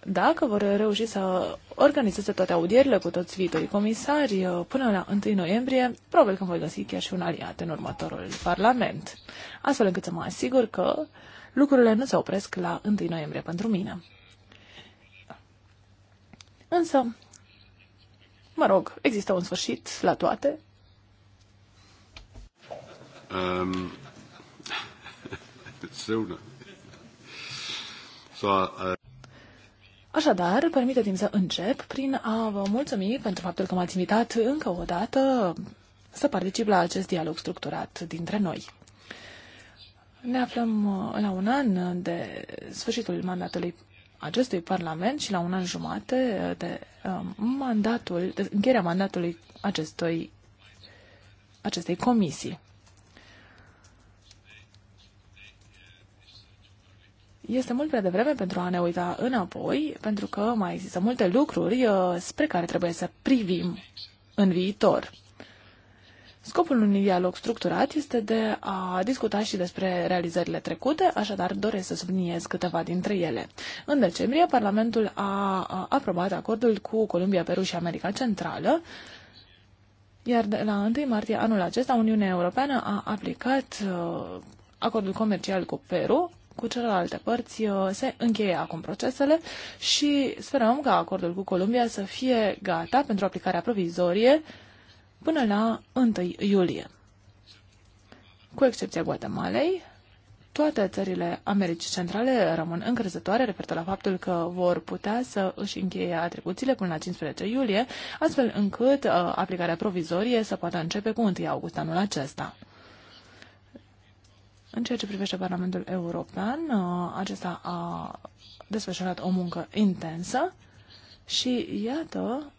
dacă vor reuși să organizeze toate audierile cu toți viitorii comisari uh, până la 1 noiembrie, probabil că voi găsi chiar și un aliat în următorul Parlament, astfel încât să mă asigur că lucrurile nu se opresc la 1 noiembrie pentru mine. Însă, mă rog, există un sfârșit la toate. Um, so, so, uh... Așadar, permiteți-mi să încep prin a vă mulțumi pentru faptul că m-ați invitat încă o dată să particip la acest dialog structurat dintre noi. Ne aflăm uh, la un an de sfârșitul mandatului acestui Parlament și la un an jumate de uh, mandatul, de încheierea mandatului acestui, acestei comisii. Este mult prea devreme pentru a ne uita înapoi, pentru că mai există multe lucruri uh, spre care trebuie să privim în viitor. Scopul unui dialog structurat este de a discuta și despre realizările trecute, așadar doresc să subliniez câteva dintre ele. În decembrie, Parlamentul a aprobat acordul cu Columbia, Peru și America Centrală, iar de la 1 martie anul acesta, Uniunea Europeană a aplicat uh, acordul comercial cu Peru, cu celelalte părți uh, se încheie acum procesele și sperăm ca acordul cu Columbia să fie gata pentru aplicarea provizorie până la 1 iulie. Cu excepția Guatemalei, toate țările Americii Centrale rămân încrezătoare referitor la faptul că vor putea să își încheie atribuțiile până la 15 iulie, astfel încât uh, aplicarea provizorie să poată începe cu 1 august anul acesta. În ceea ce privește Parlamentul European, uh, acesta a desfășurat o muncă intensă și iată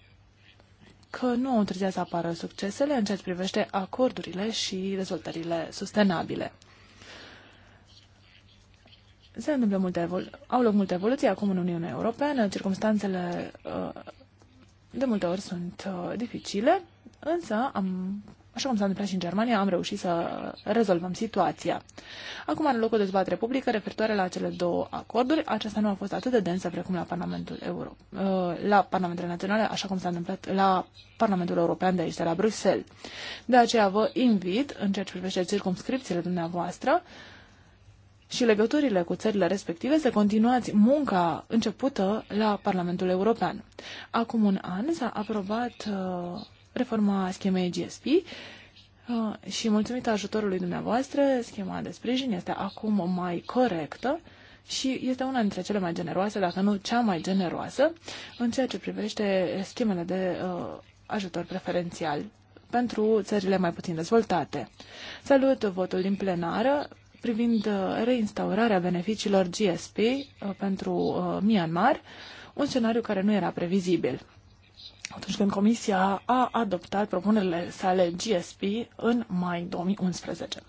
că nu întârziat să apară succesele în ceea ce privește acordurile și dezvoltările sustenabile. Se întâmplă multe au loc multe evoluții acum în Uniunea Europeană, circumstanțele uh, de multe ori sunt uh, dificile, însă am Așa cum s-a întâmplat și în Germania, am reușit să rezolvăm situația. Acum are loc o dezbatere publică referitoare la cele două acorduri. Aceasta nu a fost atât de densă precum la Parlamentul Euro, ă, la Parlamentele Naționale, așa cum s-a întâmplat la Parlamentul European de aici, de la Bruxelles. De aceea vă invit, în ceea ce privește circumscripțiile dumneavoastră, și legăturile cu țările respective să continuați munca începută la Parlamentul European. Acum un an s-a aprobat uh, reforma schemei GSP uh, și mulțumită ajutorului dumneavoastră, schema de sprijin este acum mai corectă și este una dintre cele mai generoase, dacă nu cea mai generoasă, în ceea ce privește schemele de uh, ajutor preferențial pentru țările mai puțin dezvoltate. Salut votul din plenară privind uh, reinstaurarea beneficiilor GSP uh, pentru Myanmar, un scenariu care nu era previzibil atunci când Comisia a adoptat propunerile sale GSP în mai 2011.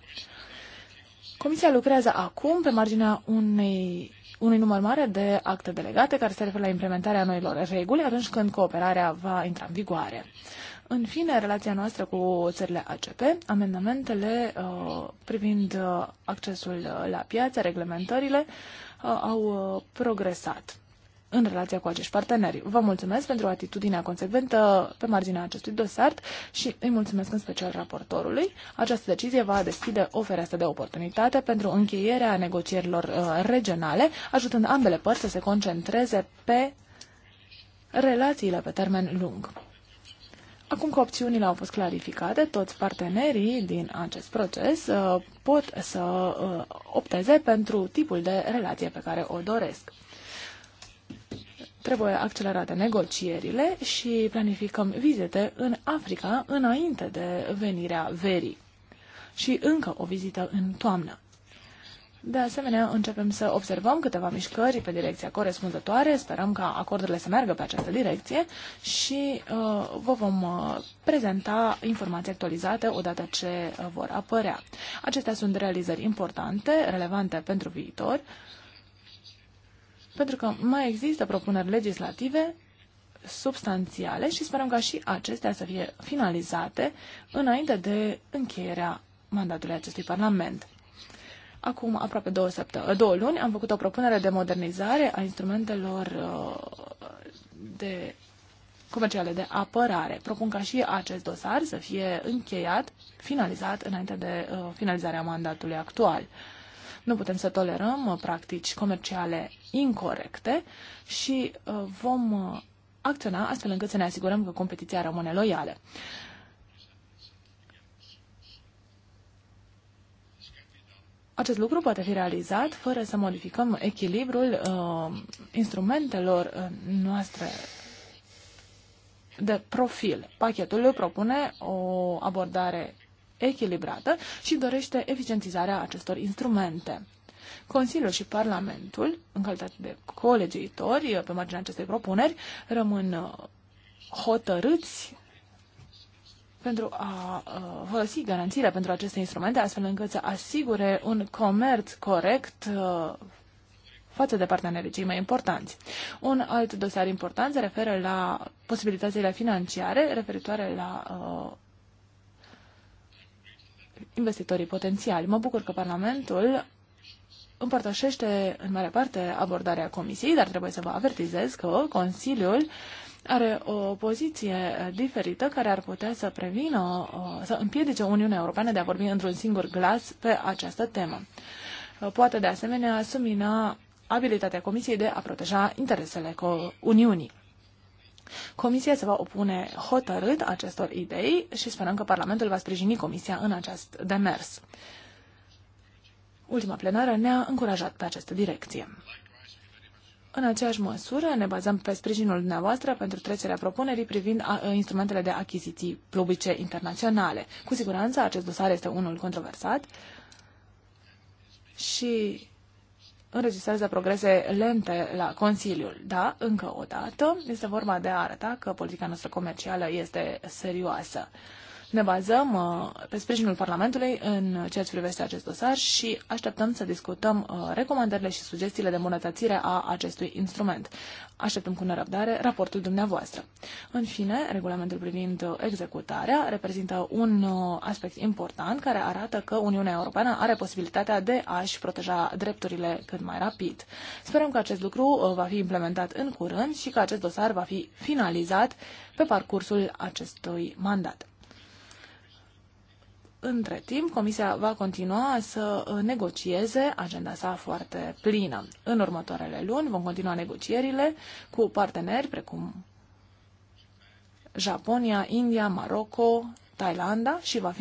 Comisia lucrează acum pe marginea unei, unui număr mare de acte delegate care se referă la implementarea noilor reguli atunci când cooperarea va intra în vigoare. În fine, relația noastră cu țările ACP, amendamentele uh, privind uh, accesul la piață, reglementările, uh, au uh, progresat în relația cu acești parteneri. Vă mulțumesc pentru atitudinea consecventă pe marginea acestui dosar și îi mulțumesc în special raportorului. Această decizie va deschide o fereastră de oportunitate pentru încheierea negocierilor uh, regionale, ajutând ambele părți să se concentreze pe relațiile pe termen lung. Acum că opțiunile au fost clarificate, toți partenerii din acest proces uh, pot să uh, opteze pentru tipul de relație pe care o doresc trebuie accelerate negocierile și planificăm vizite în Africa înainte de venirea verii și încă o vizită în toamnă. De asemenea, începem să observăm câteva mișcări pe direcția corespunzătoare, sperăm ca acordurile să meargă pe această direcție și uh, vă vom uh, prezenta informații actualizate odată ce uh, vor apărea. Acestea sunt realizări importante, relevante pentru viitor pentru că mai există propuneri legislative substanțiale și sperăm ca și acestea să fie finalizate înainte de încheierea mandatului acestui Parlament. Acum aproape două, săptă- ă, două luni am făcut o propunere de modernizare a instrumentelor ă, de comerciale de apărare. Propun ca și acest dosar să fie încheiat, finalizat, înainte de uh, finalizarea mandatului actual. Nu putem să tolerăm uh, practici comerciale incorrecte și uh, vom uh, acționa astfel încât să ne asigurăm că competiția rămâne loială. Acest lucru poate fi realizat fără să modificăm echilibrul uh, instrumentelor noastre de profil. Pachetul propune o abordare echilibrată și dorește eficientizarea acestor instrumente. Consiliul și Parlamentul, în calitate de colegiitori pe marginea acestei propuneri, rămân uh, hotărâți pentru a uh, folosi garanțiile pentru aceste instrumente, astfel încât să asigure un comerț corect uh, față de partenerii cei mai importanți. Un alt dosar important se referă la posibilitățile financiare referitoare la uh, investitorii potențiali. Mă bucur că Parlamentul împărtășește în mare parte abordarea Comisiei, dar trebuie să vă avertizez că Consiliul are o poziție diferită care ar putea să prevină, să împiedice Uniunea Europeană de a vorbi într-un singur glas pe această temă. Poate de asemenea sumina abilitatea Comisiei de a proteja interesele Uniunii. Comisia se va opune hotărât acestor idei și sperăm că Parlamentul va sprijini Comisia în acest demers. Ultima plenară ne-a încurajat pe această direcție. În aceeași măsură, ne bazăm pe sprijinul dumneavoastră pentru trecerea propunerii privind a, instrumentele de achiziții publice internaționale. Cu siguranță, acest dosar este unul controversat și înregistrează progrese lente la Consiliul. Da, încă o dată, este vorba de a arăta că politica noastră comercială este serioasă. Ne bazăm uh, pe sprijinul Parlamentului în ceea ce privește acest dosar și așteptăm să discutăm uh, recomandările și sugestiile de monetățire a acestui instrument. Așteptăm cu nerăbdare raportul dumneavoastră. În fine, regulamentul privind executarea reprezintă un uh, aspect important care arată că Uniunea Europeană are posibilitatea de a-și proteja drepturile cât mai rapid. Sperăm că acest lucru va fi implementat în curând și că acest dosar va fi finalizat pe parcursul acestui mandat. Între timp, Comisia va continua să uh, negocieze, agenda sa foarte plină. În următoarele luni vom continua negocierile cu parteneri precum Japonia, India, Maroco, Thailanda și va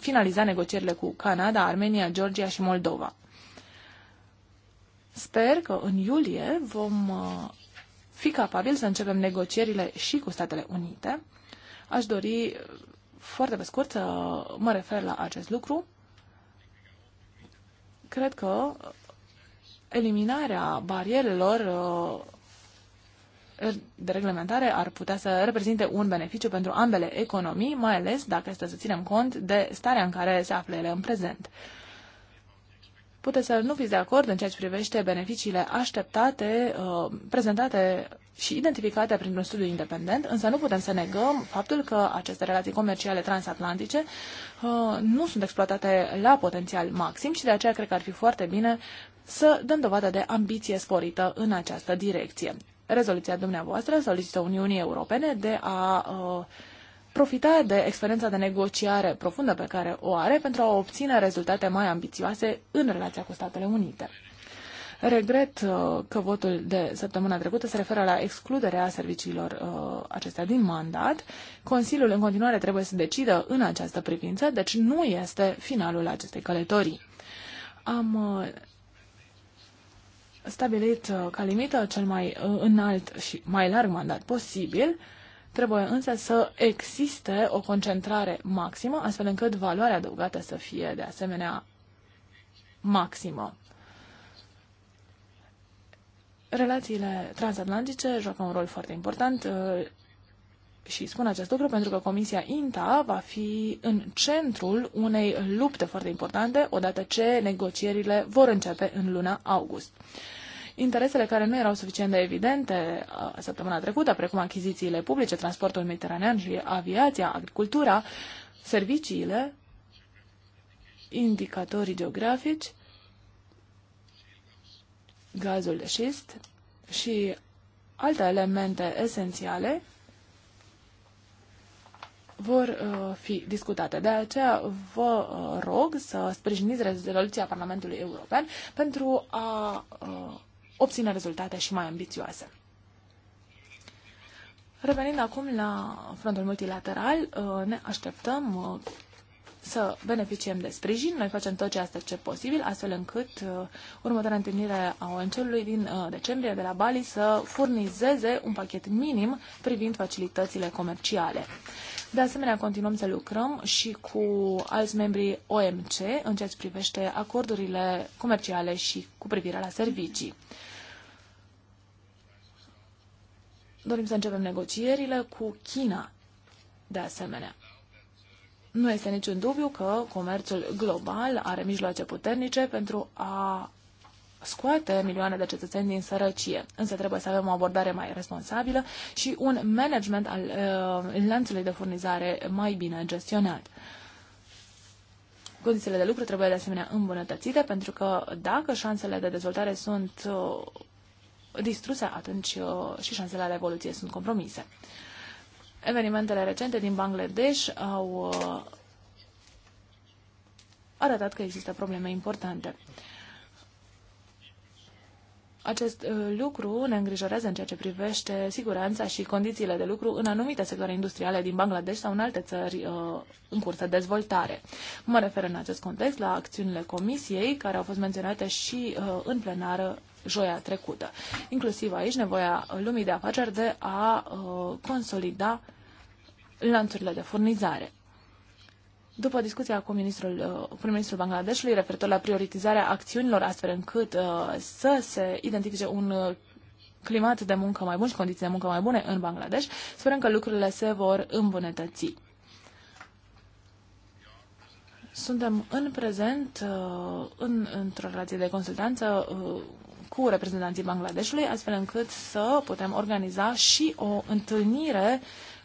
finaliza negocierile cu Canada, Armenia, Georgia și Moldova. Sper că în iulie vom uh, fi capabili să începem negocierile și cu Statele Unite. Aș dori uh, foarte pe scurt, uh, mă refer la acest lucru. Cred că eliminarea barierelor uh, de reglementare ar putea să reprezinte un beneficiu pentru ambele economii, mai ales dacă este să ținem cont de starea în care se află ele în prezent. Puteți să nu fiți de acord în ceea ce privește beneficiile așteptate, uh, prezentate și identificate printr-un studiu independent, însă nu putem să negăm faptul că aceste relații comerciale transatlantice uh, nu sunt exploatate la potențial maxim și de aceea cred că ar fi foarte bine să dăm dovadă de ambiție sporită în această direcție. Rezoluția dumneavoastră solicită Uniunii Europene de a uh, profita de experiența de negociare profundă pe care o are pentru a obține rezultate mai ambițioase în relația cu Statele Unite. Regret uh, că votul de săptămâna trecută se referă la excluderea serviciilor uh, acestea din mandat. Consiliul în continuare trebuie să decidă în această privință, deci nu este finalul acestei călătorii. Am uh, stabilit ca limită cel mai înalt și mai larg mandat posibil, Trebuie însă să existe o concentrare maximă, astfel încât valoarea adăugată să fie de asemenea maximă. Relațiile transatlantice joacă un rol foarte important uh, și spun acest lucru pentru că Comisia INTA va fi în centrul unei lupte foarte importante odată ce negocierile vor începe în luna august. Interesele care nu erau suficient de evidente uh, săptămâna trecută, precum achizițiile publice, transportul mediteranean și aviația, agricultura, serviciile, indicatorii geografici, gazul de șist și alte elemente esențiale vor uh, fi discutate. De aceea vă uh, rog să sprijiniți rezoluția Parlamentului European pentru a uh, obține rezultate și mai ambițioase. Revenind acum la frontul multilateral, uh, ne așteptăm uh, să beneficiem de sprijin. Noi facem tot ceea ce posibil, astfel încât uh, următoarea întâlnire a ONC-ului din uh, decembrie de la Bali să furnizeze un pachet minim privind facilitățile comerciale. De asemenea, continuăm să lucrăm și cu alți membri OMC în ceea ce privește acordurile comerciale și cu privire la servicii. Dorim să începem negocierile cu China, de asemenea. Nu este niciun dubiu că comerțul global are mijloace puternice pentru a scoate milioane de cetățeni din sărăcie. Însă trebuie să avem o abordare mai responsabilă și un management al uh, lanțului de furnizare mai bine gestionat. Condițiile de lucru trebuie de asemenea îmbunătățite pentru că dacă șansele de dezvoltare sunt uh, distruse, atunci uh, și șansele la evoluție sunt compromise. Uh, Evenimentele recente din Bangladesh au uh, arătat că există probleme importante. Acest uh, lucru ne îngrijorează în ceea ce privește siguranța și condițiile de lucru în anumite sectoare industriale din Bangladesh sau în alte țări uh, în curs de dezvoltare. Mă refer în acest context la acțiunile Comisiei, care au fost menționate și în plenară joia trecută. Inclusiv aici nevoia lumii de afaceri de a uh, consolida lanțurile de furnizare. După discuția cu ministrul, prim-ministrul uh, Bangladeshului referitor la prioritizarea acțiunilor astfel încât uh, să se identifice un uh, climat de muncă mai bun și condiții de muncă mai bune în Bangladesh, sperăm că lucrurile se vor îmbunătăți. Suntem în prezent în, într-o relație de consultanță cu reprezentanții Bangladeshului, astfel încât să putem organiza și o întâlnire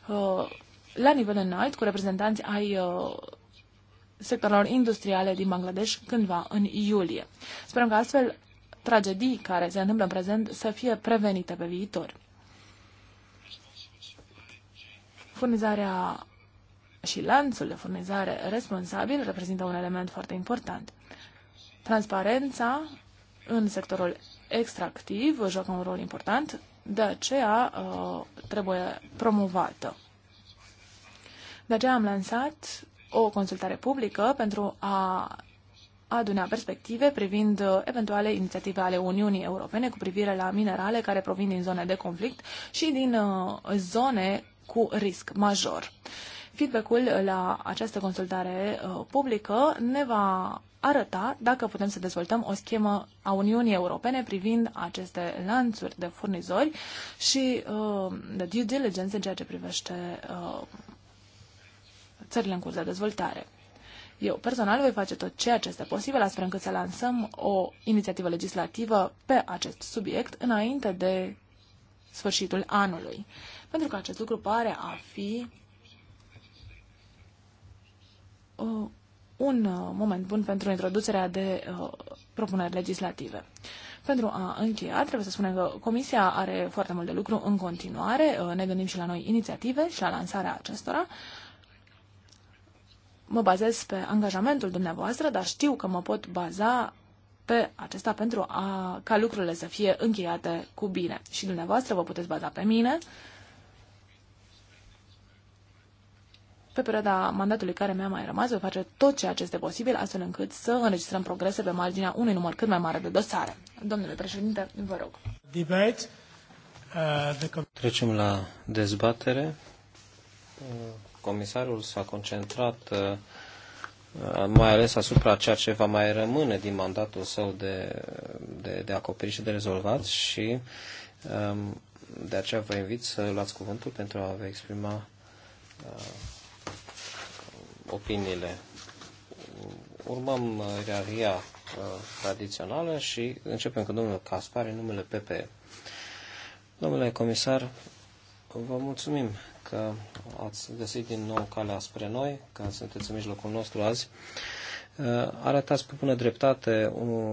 uh, la nivel înalt cu reprezentanți ai uh, sectorilor industriale din Bangladesh cândva în iulie. Sperăm că astfel tragedii care se întâmplă în prezent să fie prevenite pe viitor. Furnizarea și lanțul de furnizare responsabil reprezintă un element foarte important. Transparența în sectorul extractiv joacă un rol important, de aceea uh, trebuie promovată. De aceea am lansat o consultare publică pentru a aduna perspective privind uh, eventuale inițiative ale Uniunii Europene cu privire la minerale care provin din zone de conflict și din uh, zone cu risc major. Feedback-ul la această consultare uh, publică ne va arăta dacă putem să dezvoltăm o schemă a Uniunii Europene privind aceste lanțuri de furnizori și uh, de due diligence în ceea ce privește uh, țările în curs de dezvoltare. Eu personal voi face tot ceea ce este posibil astfel încât să lansăm o inițiativă legislativă pe acest subiect înainte de sfârșitul anului. Pentru că acest lucru pare a fi uh, un uh, moment bun pentru introducerea de uh, propuneri legislative. Pentru a încheia, trebuie să spunem că Comisia are foarte mult de lucru în continuare. Uh, ne gândim și la noi inițiative și la lansarea acestora. Mă bazez pe angajamentul dumneavoastră, dar știu că mă pot baza pe acesta pentru a, ca lucrurile să fie încheiate cu bine. Și dumneavoastră vă puteți baza pe mine. Uh, Pe perioada mandatului care mi-a mai rămas, voi face tot ceea ce este posibil, astfel încât să înregistrăm progrese pe marginea unui număr cât mai mare de dosare. Domnule președinte, vă rog. Uh, Trecem la dezbatere. Uh, comisarul s-a concentrat uh, mai ales asupra ceea ce va mai rămâne din mandatul său de, de, de acoperit și de rezolvat și um, de aceea vă invit să luați cuvântul pentru a vă exprima opiniile. Urmăm uh, uh, tradițională și începem cu domnul Caspar în numele PPE. Domnule comisar, vă mulțumim că ați găsit din nou calea spre noi, că sunteți în mijlocul nostru azi. Uh, arătați pe bună dreptate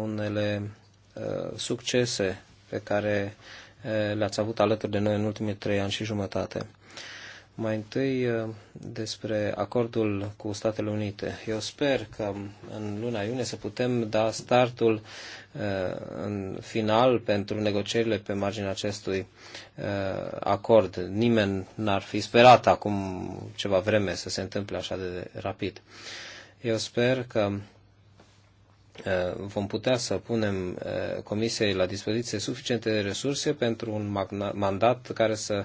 unele uh, succese pe care le-ați avut alături de noi în ultimii trei ani și jumătate. Mai întâi uh, despre acordul cu Statele Unite. Eu sper că în luna iunie să putem da startul uh, în final pentru negocierile pe marginea acestui uh, acord. Nimeni n-ar fi sperat acum ceva vreme să se întâmple așa de rapid. Eu sper că Eh, vom putea să punem eh, Comisiei la dispoziție suficiente resurse pentru un mandat care să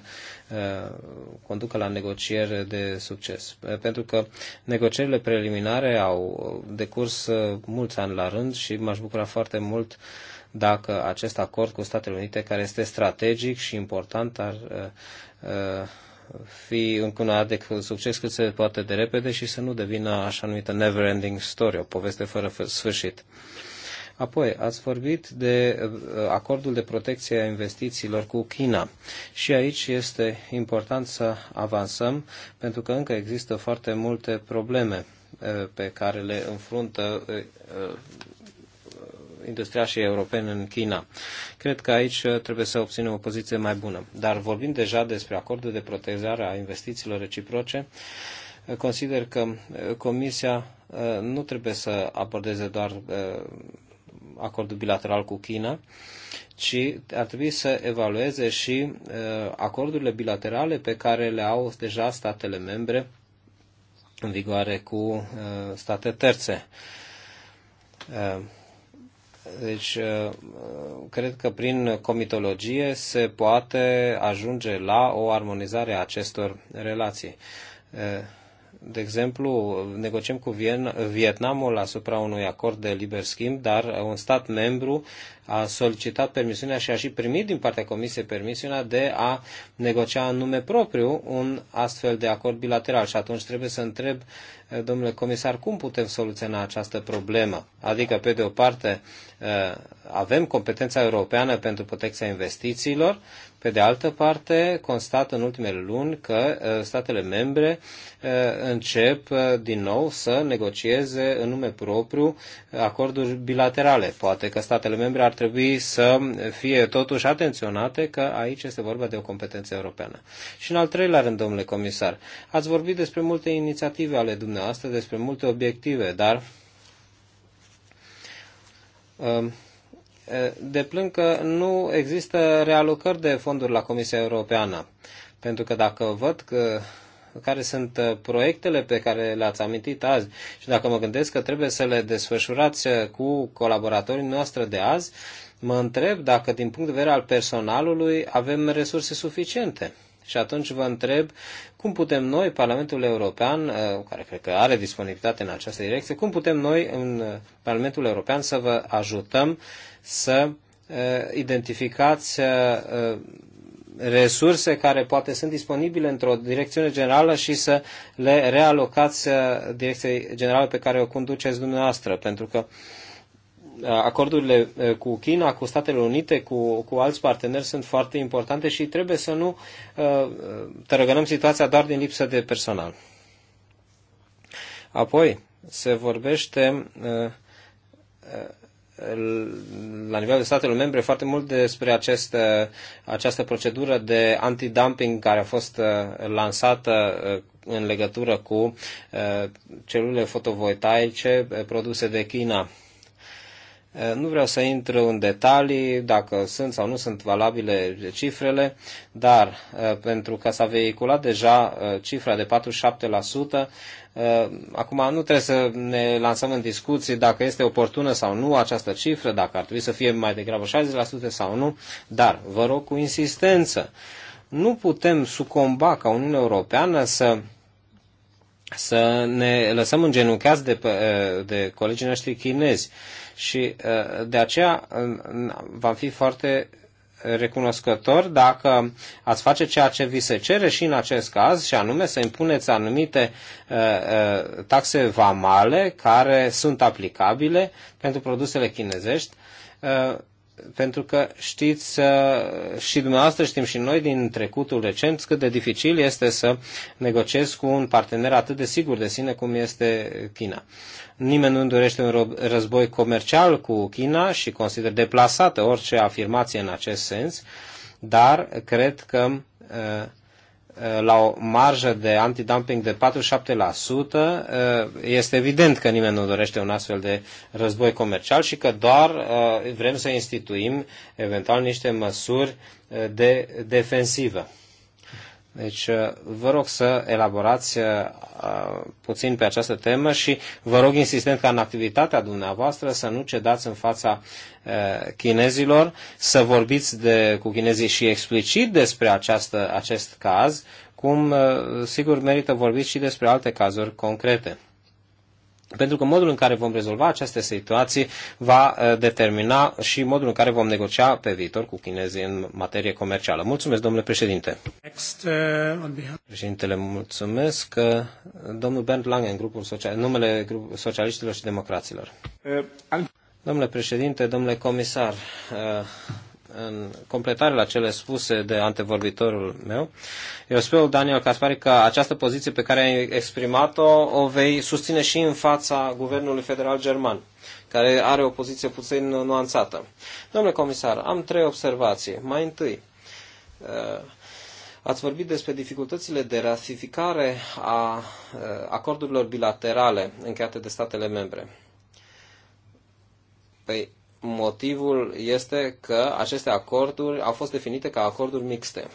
eh, conducă la negocieri de succes. Pentru că negocierile preliminare au decurs mulți ani la rând și m-aș bucura foarte mult dacă acest acord cu Statele Unite, care este strategic și important, ar fi un de succes cât se poate de repede și să nu devină așa numită never-ending story, o poveste fără sfârșit. Apoi, ați vorbit de uh, acordul de protecție a investițiilor cu China. Și aici este important să avansăm, pentru că încă există foarte multe probleme uh, pe care le înfruntă uh, industriașii europeni în China. Cred că aici uh, trebuie să obținem o poziție mai bună. Dar vorbim deja despre acordul de protejare a investițiilor reciproce. Uh, consider că uh, Comisia nu trebuie să abordeze doar acordul bilateral cu China, ci ar trebui să evalueze și acordurile bilaterale pe care le au deja statele membre în vigoare cu state terțe. Deci, uh, uh, cred că prin comitologie se poate ajunge la o armonizare a acestor relații. Uh, de exemplu, negociem cu Vietnamul asupra unui acord de liber schimb, dar un stat membru a solicitat permisiunea și a și primit din partea Comisiei permisiunea de a negocia în nume propriu un astfel de acord bilateral. Și atunci trebuie să întreb, eh, domnule comisar, cum putem soluționa această problemă? Adică, pe de o parte, eh, avem competența europeană pentru protecția investițiilor, pe de altă parte, constat în ultimele luni că uh, statele membre uh, încep uh, din nou să negocieze în nume propriu acorduri bilaterale. Poate că statele membre ar trebui să fie totuși atenționate că aici este vorba de o competență europeană. Și în al treilea rând, domnule comisar, ați vorbit despre multe inițiative ale dumneavoastră, despre multe obiective, dar um, deplâng că nu există realocări de fonduri la Comisia Europeană. Pentru că dacă văd că care sunt uh, proiectele pe care le-ați amintit azi și dacă mă gândesc că trebuie să le desfășurați uh, cu colaboratorii noastre de azi, mă întreb dacă din punct de vedere al personalului avem resurse suficiente. Și atunci vă întreb cum putem noi, Parlamentul European, uh, care cred că are disponibilitate în această direcție, cum putem noi în uh, Parlamentul European să vă ajutăm să uh, identificați resurse care poate sunt disponibile într-o direcțiune generală și să le realocați direcției generale pe care o conduceți dumneavoastră. Pentru că uh, acordurile eh, cu China, cu Statele Unite, cu, cu alți parteneri sunt foarte importante și trebuie să nu eh, tărăgănăm situația doar din lipsă de personal. Apoi, se vorbește eh, la nivelul statelor membre foarte mult despre această, această procedură de antidumping care a fost lansată în legătură cu celulele fotovoltaice produse de China. Nu vreau să intru în detalii dacă sunt sau nu sunt valabile cifrele, dar pentru că s-a vehiculat deja cifra de 47%, acum nu trebuie să ne lansăm în discuții dacă este oportună sau nu această cifră, dacă ar trebui să fie mai degrabă 60% sau nu, dar vă rog cu insistență, nu putem sucomba ca Uniunea Europeană să să ne lăsăm îngenuncheați de, de colegii noștri chinezi și uh, de aceea va fi foarte recunoscător dacă ați face ceea ce vi se cere și în acest caz, și anume să impuneți anumite uh, uh, taxe vamale care sunt aplicabile pentru produsele chinezești pentru că știți uh, și dumneavoastră știm și noi din trecutul recent cât de dificil este să negociezi cu un partener atât de sigur de sine cum este China. Nimeni nu dorește un război comercial cu China și consider deplasată orice afirmație în acest sens, dar cred că uh, Uh, la o marjă de antidumping de 47%, uh, este evident că nimeni nu dorește un astfel de război comercial și că doar uh, vrem să instituim eventual niște măsuri de defensivă. Deci uh, vă rog să elaborați uh, uh, puțin pe această temă și vă rog insistent ca în activitatea dumneavoastră să nu cedați în fața chinezilor, să vorbiți de, cu chinezii și explicit despre această, acest caz, cum sigur merită vorbiți și despre alte cazuri concrete. Pentru că modul în care vom rezolva aceste situații va uh, determina și modul în care vom negocia pe viitor cu chinezii în materie comercială. Mulțumesc, domnule președinte. Next, uh, on behalf... Președintele, mulțumesc. Uh, domnul Bernd Lange, în grupul social... numele grupul socialiștilor și democraților. Uh, Domnule președinte, domnule comisar, uh, în completare la cele spuse de antevorbitorul meu, eu spun Daniel Caspari, că această poziție pe care ai exprimat-o o vei susține și în fața Guvernului Federal German, care are o poziție puțin nuanțată. Domnule comisar, am trei observații. Mai întâi, uh, Ați vorbit despre dificultățile de ratificare a uh, acordurilor bilaterale încheiate de statele membre. Păi, Motivul este că aceste acorduri au fost definite ca acorduri mixte.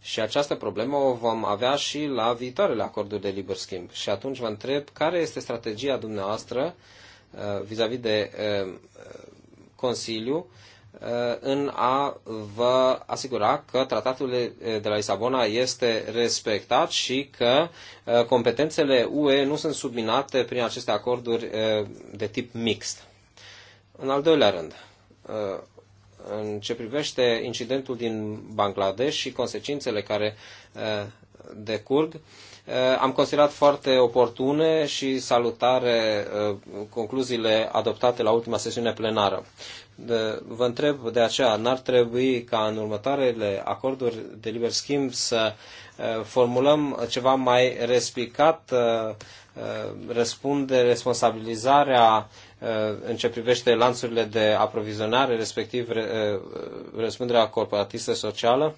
Și această problemă o vom avea și la viitoarele acorduri de liber schimb. Și atunci vă întreb care este strategia dumneavoastră uh, vis-a-vis -vis de uh, uh, Consiliu Uh, în a vă asigura că tratatul de uh, la Lisabona este respectat și că uh, competențele UE nu sunt subminate prin aceste acorduri de tip mixt. În al doilea rând, în ce privește incidentul din Bangladesh și consecințele care decurg, eh, am considerat foarte oportune și salutare eh, concluziile adoptate la ultima sesiune plenară. Vă întreb de aceea, n-ar trebui ca în următoarele acorduri de liber schimb să eh, formulăm ceva mai respicat, răspunde responsabilizarea în ce privește lanțurile de aprovizionare, respectiv răspunderea corporatistă socială?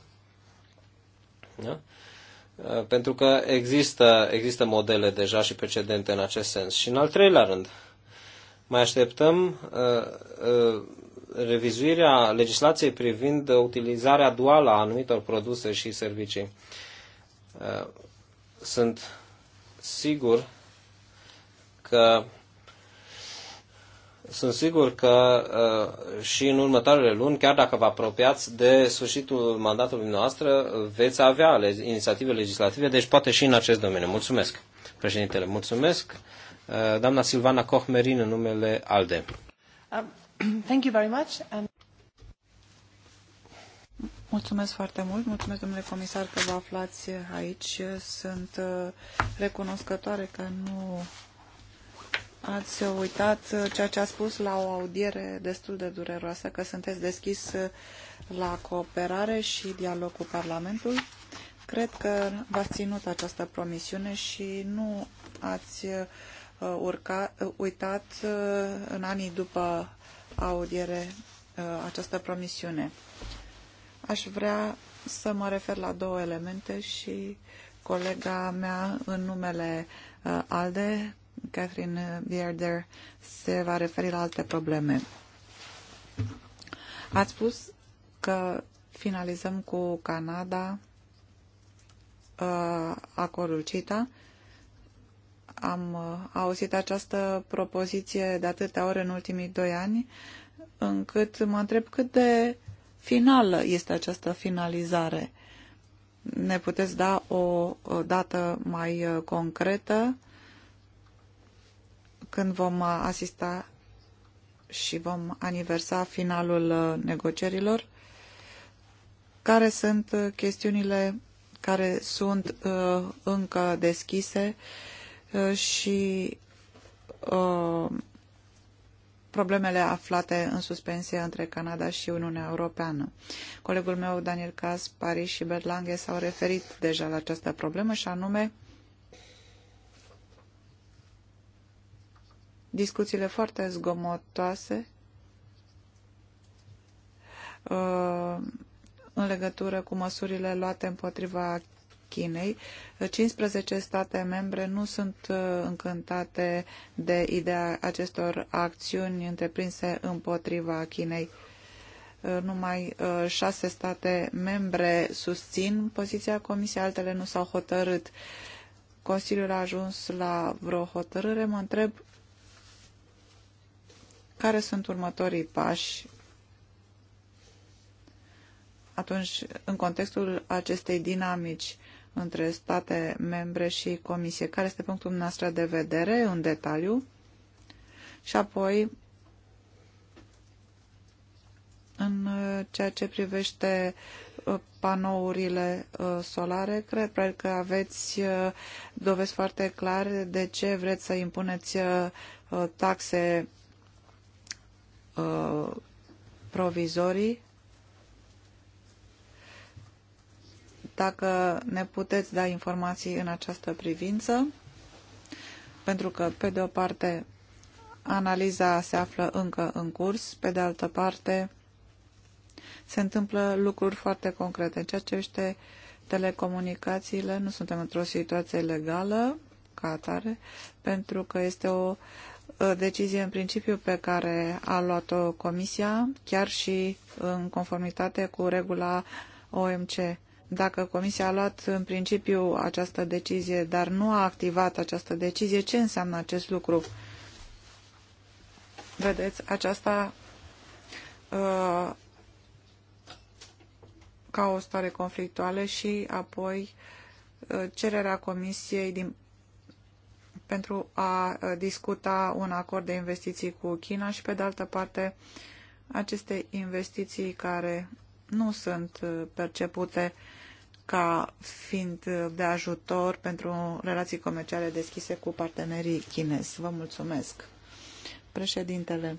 Da? Uh, pentru că există, există modele deja și precedente în acest sens. Și în al treilea rând, mai așteptăm uh, uh, revizuirea legislației privind utilizarea duală a anumitor produse și servicii. Uh, sunt sigur că sunt sigur că uh, și în următoarele luni, chiar dacă vă apropiați de sfârșitul mandatului noastră, veți avea inițiative legislative, deci poate și în acest domeniu. Mulțumesc, președintele. Mulțumesc. Uh, doamna Silvana Cohmerin, în numele ALDE. Um, thank you very much. Mulțumesc foarte mult, mulțumesc domnule comisar că vă aflați aici. Sunt uh, recunoscătoare că nu Ați uitat uh, ceea ce a spus la o audiere destul de dureroasă, că sunteți deschis uh, la cooperare și dialog cu Parlamentul. Cred că v-ați ținut această promisiune și nu ați uh, urca, uitat în anii după audiere această promisiune. Aș vrea să mă refer la două elemente și colega mea în numele ALDE, Catherine Bierder se va referi la alte probleme. Ați spus că finalizăm cu Canada uh, acordul CITA. Am uh, auzit această propoziție de atâtea ori în ultimii doi ani, încât mă întreb cât de finală este această finalizare. Ne puteți da o dată mai uh, concretă când vom uh, asista și vom aniversa finalul uh, negocierilor, care sunt uh, chestiunile care sunt încă deschise și problemele aflate în suspensie între Canada și Uniunea Europeană. Colegul meu, Daniel Cas, Paris și Berlanghe s-au referit deja la această problemă și anume discuțiile foarte zgomotoase uh, în legătură cu măsurile luate împotriva Chinei. 15 state membre nu sunt uh, încântate de ideea acestor acțiuni întreprinse împotriva Chinei. Uh, numai șase state membre susțin poziția Comisiei, altele nu s-au hotărât. Consiliul a ajuns la vreo hotărâre. Mă întreb care sunt următorii pași atunci în contextul acestei dinamici între state membre și comisie. Care este punctul noastră de vedere în detaliu? Și apoi, în ceea ce privește uh, panourile uh, solare, cred, că aveți uh, dovezi foarte clare de ce vreți să impuneți taxe Uh, provizorii. Dacă ne puteți da informații în această privință, pentru că, pe de o parte, analiza se află încă în curs, pe de altă parte, se întâmplă lucruri foarte concrete. În ceea ce este telecomunicațiile, nu suntem într-o situație legală, ca atare, pentru că este o decizie în principiu pe care a luat-o Comisia, chiar și în conformitate cu regula OMC. Dacă Comisia a luat în principiu această decizie, dar nu a activat această decizie, ce înseamnă acest lucru? Vedeți, aceasta uh, ca o stare conflictuală și apoi uh, cererea Comisiei din pentru a discuta un acord de investiții cu China și, pe de altă parte, aceste investiții care nu sunt percepute ca fiind de ajutor pentru relații comerciale deschise cu partenerii chinezi. Vă mulțumesc. Președintele.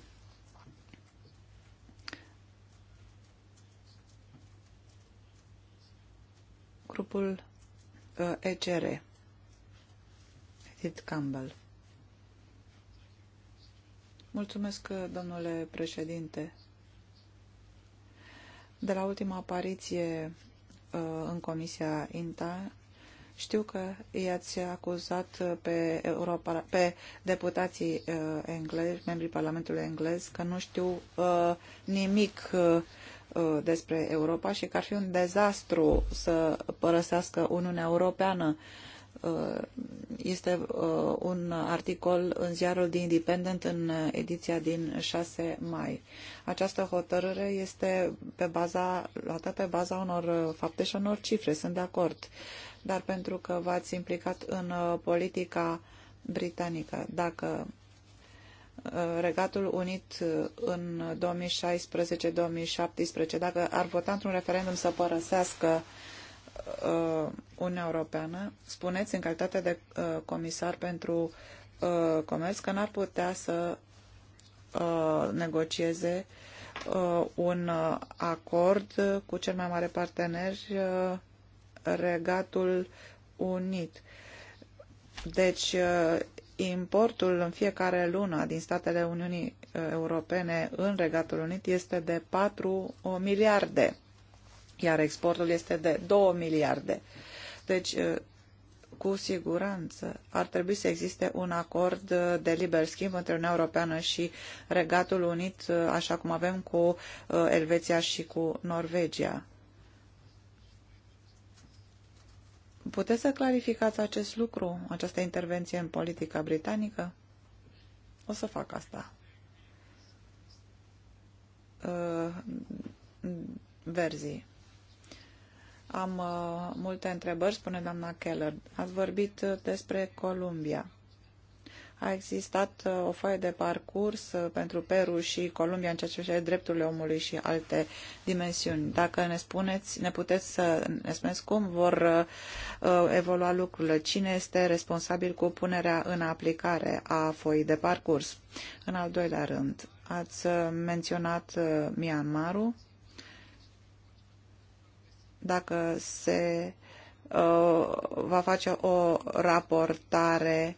Grupul ECR. Astrid Campbell. Mulțumesc, domnule președinte. De la ultima apariție uh, în Comisia INTA, știu că i-ați acuzat pe, Europa, pe deputații uh, englezi, membrii Parlamentului englez, că nu știu uh, nimic despre Europa și că ar fi un dezastru să părăsească Uniunea Europeană. Uh, Uh, este uh, un articol în ziarul The Independent în ediția din 6 mai. Această hotărâre este pe baza, luată pe baza unor uh, fapte și unor cifre, sunt de acord. Dar pentru că v-ați implicat în politica britanică, dacă Regatul Unit în 2016-2017, dacă ar vota într-un referendum să părăsească uh, Uniunea Europeană, spuneți în calitate de uh, comisar pentru uh, comerț că n-ar putea să uh, negocieze uh, un uh, acord cu cel mai mare partener, uh, Regatul Unit. Deci, uh, importul în fiecare lună din statele Uniunii uh, Europene în Regatul Unit este de 4 uh, miliarde iar exportul este de 2 miliarde. Deci, eh, cu siguranță ar trebui să existe un acord eh, de liber schimb între Uniunea Europeană și Regatul Unit, eh, așa cum avem cu Elveția și cu Norvegia. Puteți să clarificați acest lucru, această intervenție în politica britanică? O să fac asta. Verzii. Am uh, multe întrebări, spune doamna Keller. Ați vorbit uh, despre Columbia. A existat uh, o foaie de parcurs uh, pentru Peru și Columbia în ceea ce privește drepturile omului și alte dimensiuni. Dacă ne spuneți, ne puteți să ne spuneți cum vor uh, uh evolua lucrurile, cine este responsabil cu punerea în aplicare a foii de parcurs. În al doilea rând, ați uh, menționat Myanmarul dacă se uh, va face o raportare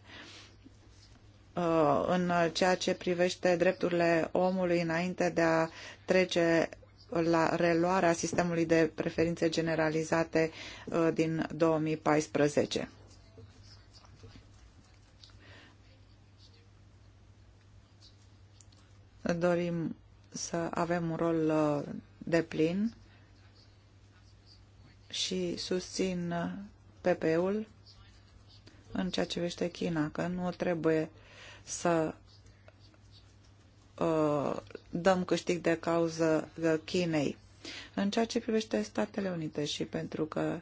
uh, în ceea ce privește drepturile omului înainte de a trece la reluarea sistemului de preferințe generalizate uh, din 2014. Dorim să avem un rol uh, de plin și susțin uh, PP-ul în ceea ce privește China, că nu trebuie să uh, dăm câștig de cauză uh, Chinei. În ceea ce privește Statele Unite și pentru că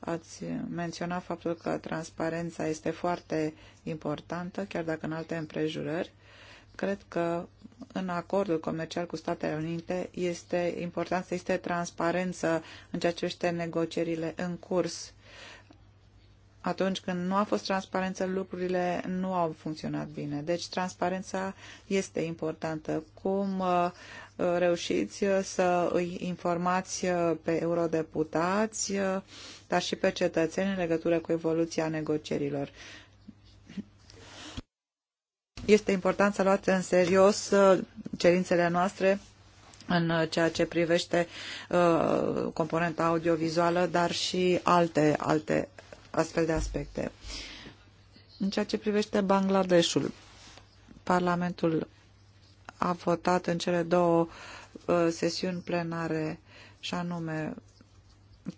ați menționat faptul că transparența este foarte importantă, chiar dacă în alte împrejurări, cred că în acordul comercial cu Statele Unite este important să existe transparență în ceea ce este negocierile în curs. Atunci când nu a fost transparență, lucrurile nu au funcționat bine. Deci transparența este importantă. Cum uh, uh, reușiți uh, să îi informați pe eurodeputați, dar și pe cetățeni în legătură cu evoluția negocierilor. Este important să luați în serios uh, cerințele noastre în uh, ceea ce privește uh, componenta audiovizuală, dar și alte, alte astfel de aspecte. În ceea ce privește Bangladeshul, Parlamentul a votat în cele două sesiuni plenare și anume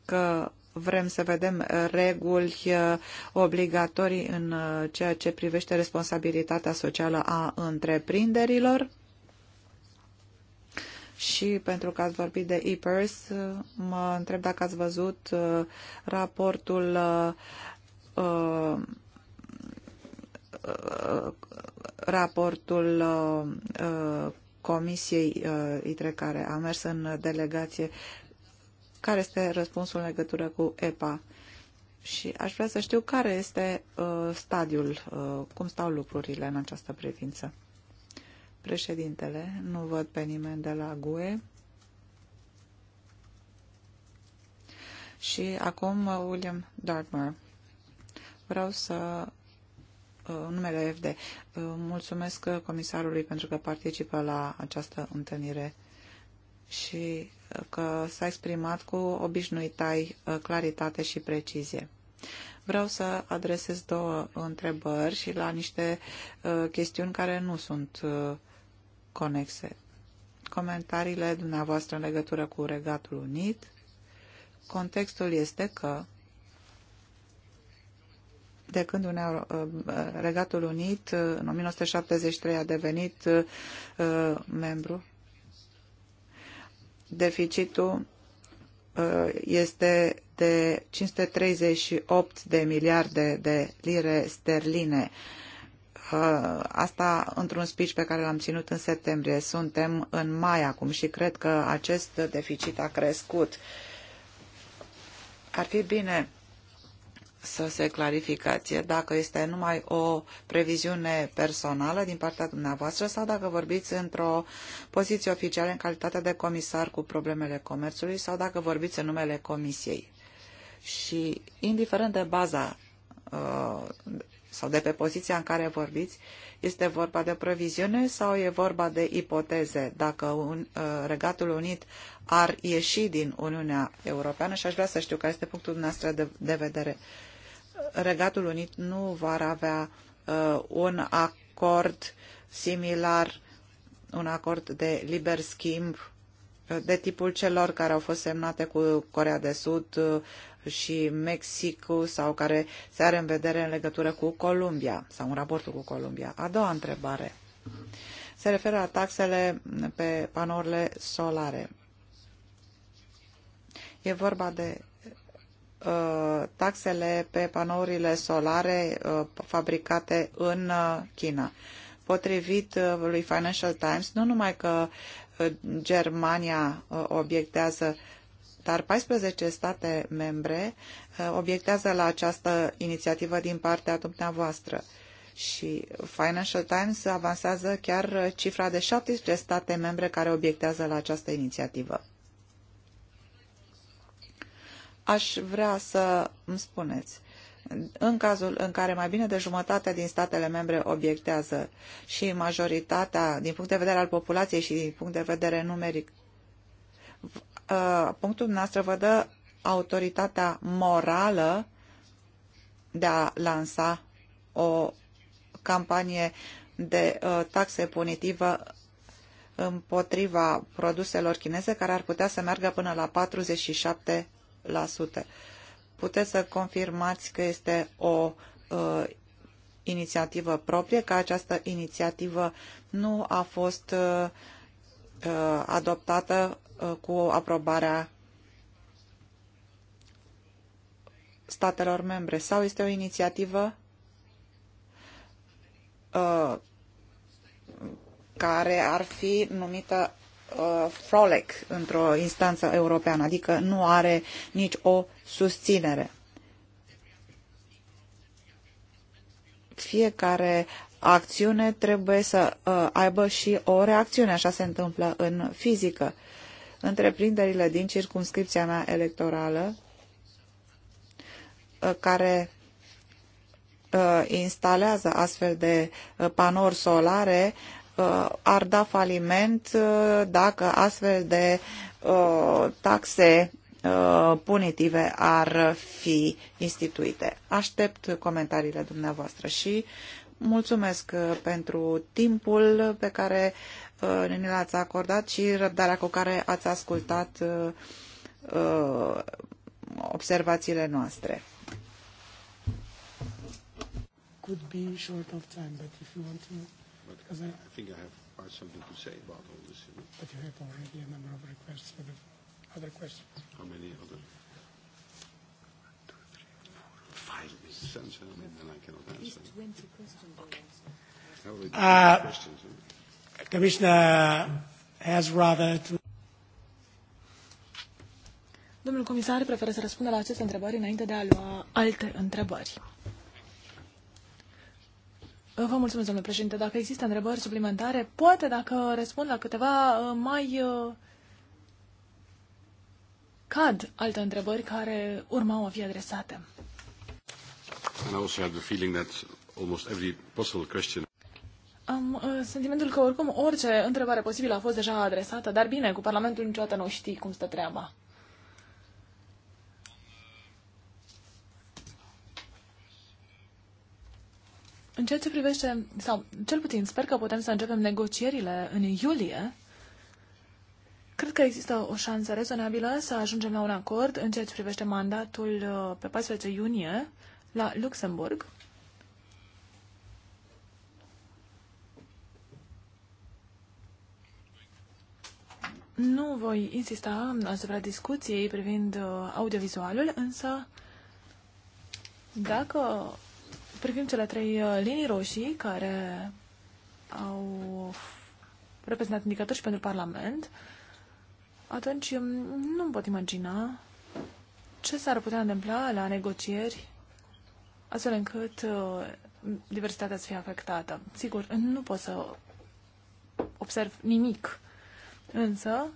că vrem să vedem uh, reguli uh, obligatorii în uh, ceea ce privește responsabilitatea socială a întreprinderilor. Și pentru că ați vorbit de e-purse, mă întreb dacă ați văzut raportul raportul uh, Comisiei ITRE care a mers în delegație care este răspunsul în legătură cu EPA. Și aș vrea să știu care este uh, stadiul, uh, cum stau lucrurile în această privință. Președintele, nu văd pe nimeni de la GUE. Și acum uh, William Dartmer. Vreau să uh, numele FD. Uh, mulțumesc comisarului pentru că participă la această întâlnire și că s-a exprimat cu obișnuitai uh, claritate și precizie. Vreau să adresez două întrebări și la niște uh, chestiuni care nu sunt uh, conexe. Comentariile dumneavoastră în legătură cu Regatul Unit. Contextul este că de când Uniunea, Regatul Unit în 1973 a devenit membru deficitul uh, este de 538 de miliarde de lire sterline. Uh, asta într-un speech pe care l-am ținut în septembrie. Suntem în mai acum și cred că acest deficit a crescut. Ar fi bine să se clarificați dacă este numai o previziune personală din partea dumneavoastră sau dacă vorbiți într-o poziție oficială în calitate de comisar cu problemele comerțului sau dacă vorbiți în numele comisiei. Și indiferent de baza uh, sau de pe poziția în care vorbiți, este vorba de previziune sau e vorba de ipoteze? Dacă un, uh, Regatul Unit ar ieși din Uniunea Europeană și aș vrea să știu care este punctul dumneavoastră de, de vedere. Regatul Unit nu va avea uh, un acord similar, un acord de liber schimb uh, de tipul celor care au fost semnate cu Corea de Sud uh, și Mexicul sau care se are în vedere în legătură cu Columbia sau în raportul cu Columbia. A doua întrebare se referă la taxele pe panourile solare. E vorba de Uh, taxele pe panourile solare uh, fabricate în uh, China. Potrivit lui Financial Times, nu numai că Germania obiectează, dar 14 state membre obiectează la această inițiativă din partea dumneavoastră. Și Financial Times avansează chiar cifra de 17 state membre care obiectează la această inițiativă aș vrea să îmi spuneți în cazul în care mai bine de jumătate din statele membre obiectează și majoritatea, din punct de vedere al populației și din punct de vedere numeric, uh, punctul noastră vă dă autoritatea morală de a lansa o campanie de uh, taxe punitivă împotriva produselor chineze care ar putea să meargă până la 47 Puteți să confirmați că este o uh, inițiativă proprie, că această inițiativă nu a fost uh, uh adoptată uh, cu aprobarea statelor membre sau este o inițiativă uh, care ar fi numită Uh, Frolec într-o instanță europeană, adică nu are nici o susținere. Fiecare acțiune trebuie să uh, aibă și o reacțiune, așa se întâmplă în fizică. Întreprinderile din circumscripția mea electorală uh, care instalează astfel de panouri solare Uh, ar da faliment uh, dacă astfel de uh, taxe punitive ar fi instituite. Aștept comentariile dumneavoastră și mulțumesc pentru timpul pe care ne l-ați acordat și răbdarea cu care ați ascultat observațiile noastre. Could be short of time, but if you want to... But I, I think I have quite something to say about all this. You know? But you have already a number of requests for the other questions. How many other? Five, Mrs. Sanchez, and then I cannot answer. At least 20 questions. Okay. Uh, questions, huh? Commissioner has rather to... Domnul comisar preferă să răspundă la aceste întrebări înainte de a lua alte întrebări. Vă mulțumesc, domnule președinte. Dacă există întrebări suplimentare, poate dacă răspund la câteva uh, mai uh, cad alte întrebări care urmau a fi adresate. Am uh, sentimentul că oricum orice întrebare posibilă a fost deja adresată, dar bine, cu Parlamentul niciodată nu știi cum stă treaba. În ceea ce privește, sau cel puțin sper că putem să începem negocierile în iulie, cred că există o șansă rezonabilă să ajungem la un acord în ceea ce privește mandatul uh, pe 14 iunie la Luxemburg. Nu voi insista asupra discuției privind uh, audiovizualul, însă dacă privim cele trei uh, linii roșii care au reprezentat indicatori și pentru Parlament, atunci um, nu pot imagina ce s-ar putea întâmpla la negocieri astfel încât uh, diversitatea să fie afectată. Sigur, nu pot să observ nimic, însă,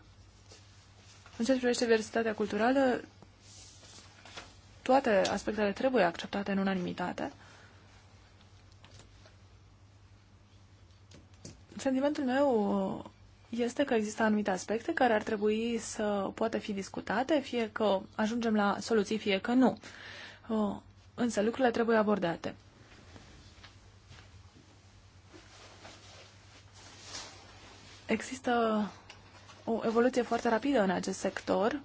în ce privește diversitatea culturală, toate aspectele trebuie acceptate în unanimitate Sentimentul meu este că există anumite aspecte care ar trebui să poată fi discutate, fie că ajungem la soluții, fie că nu. Uh, însă lucrurile trebuie abordate. Există o evoluție foarte rapidă în acest sector,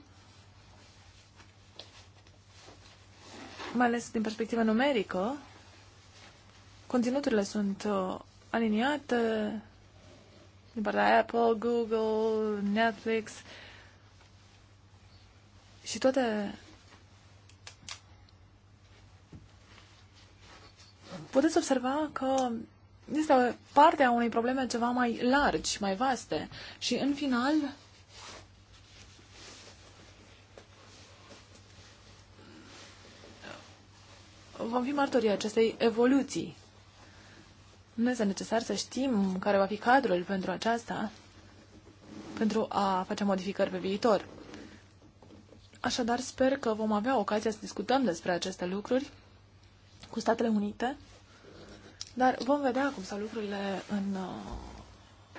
mai ales din perspectiva numerică. Conținuturile sunt uh, aliniate but Apple, Google, Netflix și toate puteți observa că este a unei probleme ceva mai largi, mai vaste și în final vom fi martorii acestei evoluții. Nu este necesar să știm care va fi cadrul pentru aceasta, pentru a face modificări pe viitor. Așadar, sper că vom avea ocazia să discutăm despre aceste lucruri cu Statele Unite, dar vom vedea cum stau lucrurile în, uh,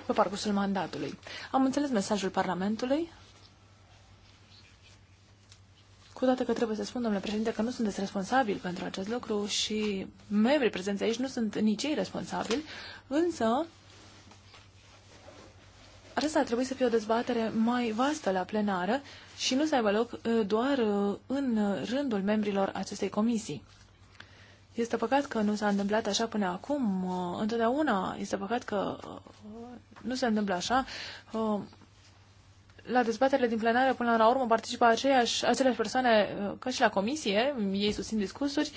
pe parcursul mandatului. Am înțeles mesajul Parlamentului, cu toate că trebuie să spun, domnule președinte, că nu sunteți responsabil pentru acest lucru și membrii prezenți aici nu sunt nici ei responsabili, însă acesta ar trebui să fie o dezbatere mai vastă la plenară și nu să aibă loc uh, doar uh, în rândul membrilor acestei comisii. Este păcat că nu s-a întâmplat așa până acum. Uh, întotdeauna este păcat că nu se întâmplă așa la dezbaterile din plenară până la urmă participă aceiași, aceleași persoane uh, ca și la comisie, ei susțin discursuri,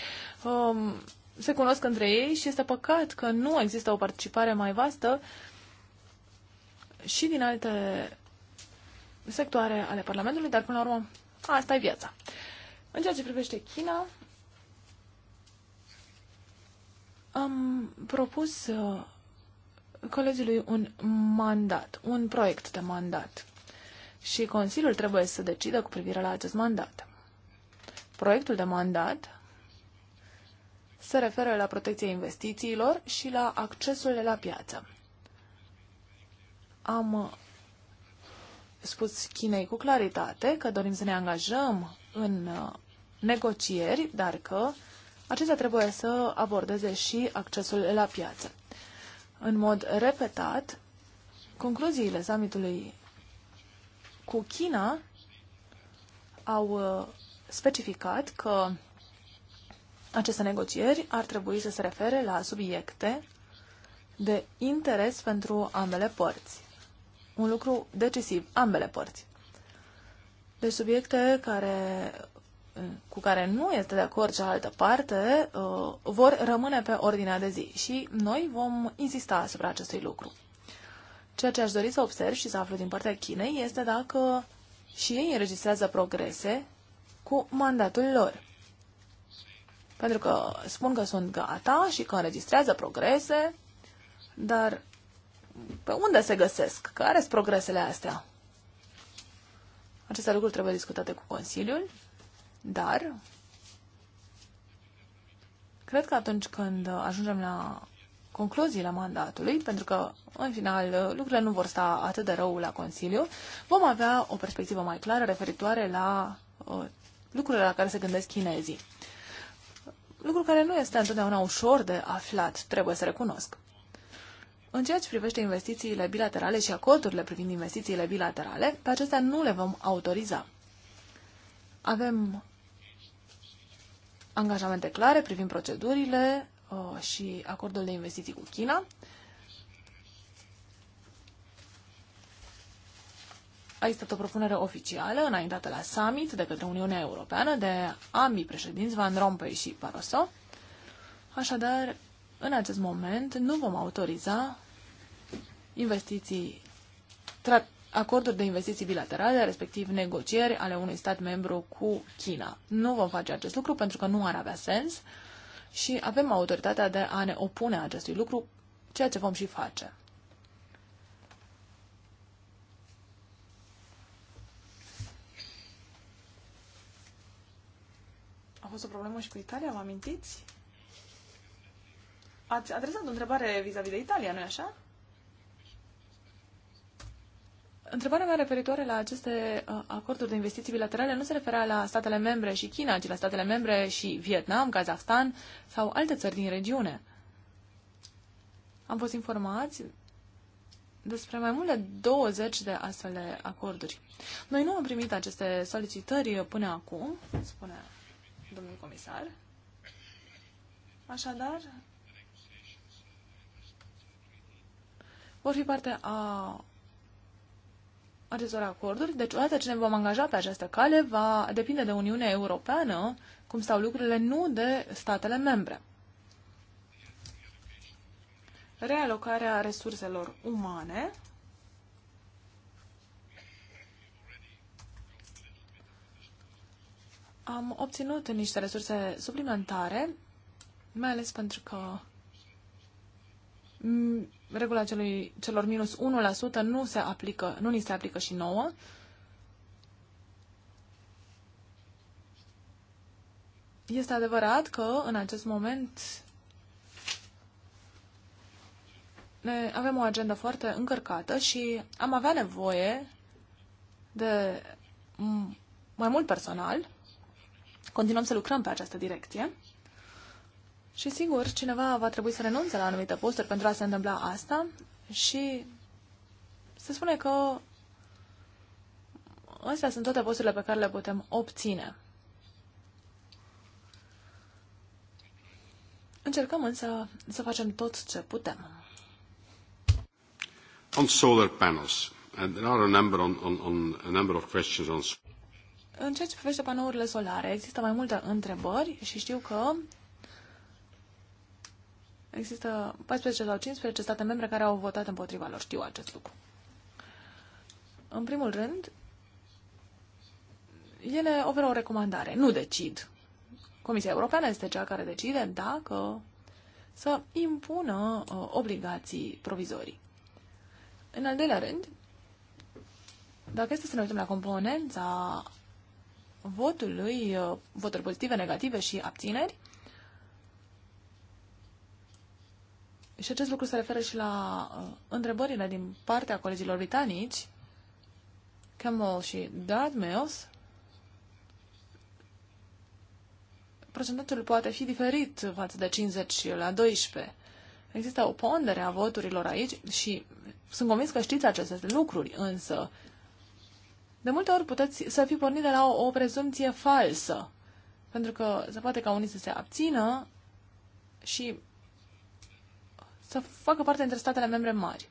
um, se cunosc între ei și este păcat că nu există o participare mai vastă și din alte sectoare ale Parlamentului, dar până la urmă asta e viața. În ceea ce privește China, am propus uh, colegiului un mandat, un proiect de mandat și Consiliul trebuie să decidă cu privire la acest mandat. Proiectul de mandat se referă la protecția investițiilor și la accesul la piață. Am spus Chinei cu claritate că dorim să ne angajăm în negocieri, dar că acestea trebuie să abordeze și accesul la piață. În mod repetat, concluziile summitului cu China au uh, specificat că aceste negocieri ar trebui să se refere la subiecte de interes pentru ambele părți. Un lucru decisiv, ambele părți. De deci subiecte care, cu care nu este de acord cealaltă parte uh, vor rămâne pe ordinea de zi și noi vom insista asupra acestui lucru. Ceea ce aș dori să observ și să aflu din partea Chinei este dacă și ei înregistrează progrese cu mandatul lor. Pentru că spun că sunt gata și că înregistrează progrese, dar pe unde se găsesc? Care sunt progresele astea? Aceste lucruri trebuie discutate cu Consiliul, dar cred că atunci când ajungem la concluziile mandatului, pentru că, în final, lucrurile nu vor sta atât de rău la Consiliu, vom avea o perspectivă mai clară referitoare la uh, lucrurile la care se gândesc chinezii. Lucru care nu este întotdeauna ușor de aflat, trebuie să recunosc. În ceea ce privește investițiile bilaterale și acordurile privind investițiile bilaterale, pe acestea nu le vom autoriza. Avem angajamente clare privind procedurile Uh, și acordul de investiții cu China. A existat o propunere oficială înaintată la summit de către Uniunea Europeană de ambii președinți Van Rompuy și Barroso. Așadar, în acest moment nu vom autoriza investiții, acorduri de investiții bilaterale, respectiv negocieri ale unui stat membru cu China. Nu vom face acest lucru pentru că nu ar avea sens. Uh, și avem autoritatea de a ne opune acestui lucru, ceea ce vom și face. A fost o problemă și cu Italia, vă amintiți? Ați adresat o întrebare vis-a-vis -vis de Italia, nu-i așa? Întrebarea mea referitoare la aceste uh, acorduri de investiții bilaterale nu se referea la statele membre și China, ci la statele membre și Vietnam, Kazahstan sau alte țări din regiune. Am fost informați despre mai mult de 20 de astfel de acorduri. Noi nu am primit aceste solicitări până acum, spune domnul comisar. Așadar, vor fi parte a acestor acorduri. Deci, odată ce ne vom angaja pe această cale, va depinde de Uniunea Europeană cum stau lucrurile, nu de statele membre. Realocarea resurselor umane. Am obținut niște resurse suplimentare, mai ales pentru că regula celui, celor minus 1% nu se aplică, nu ni se aplică și nouă. Este adevărat că în acest moment ne avem o agendă foarte încărcată și am avea nevoie de mai mult personal. Continuăm să lucrăm pe această direcție. Și sigur, cineva va trebui să renunțe la anumite posturi pentru a se întâmpla asta și se spune că astea sunt toate posturile pe care le putem obține. Încercăm însă să facem tot ce putem. On solar panels, and there are a number on, on, on a number of questions on. În ceea ce privește panourile solare, există mai multe întrebări și știu că Există 14 sau 15 state membre care au votat împotriva lor. Știu acest lucru. În primul rând, ele oferă o recomandare, nu decid. Comisia Europeană este cea care decide dacă să impună uh, obligații provizorii. În al doilea rând, dacă este să ne uităm la componența votului, uh, voturi pozitive, negative și abțineri, Și acest lucru se referă și la uh, întrebările din partea colegilor britanici, Campbell și Dartmouth. Procentajul poate fi diferit față de 50 la 12. Există o pondere a voturilor aici și sunt convins că știți aceste lucruri, însă de multe ori puteți să fi pornit de la o, o prezumție falsă, pentru că se poate ca unii să se abțină și să facă parte dintre statele membre mari.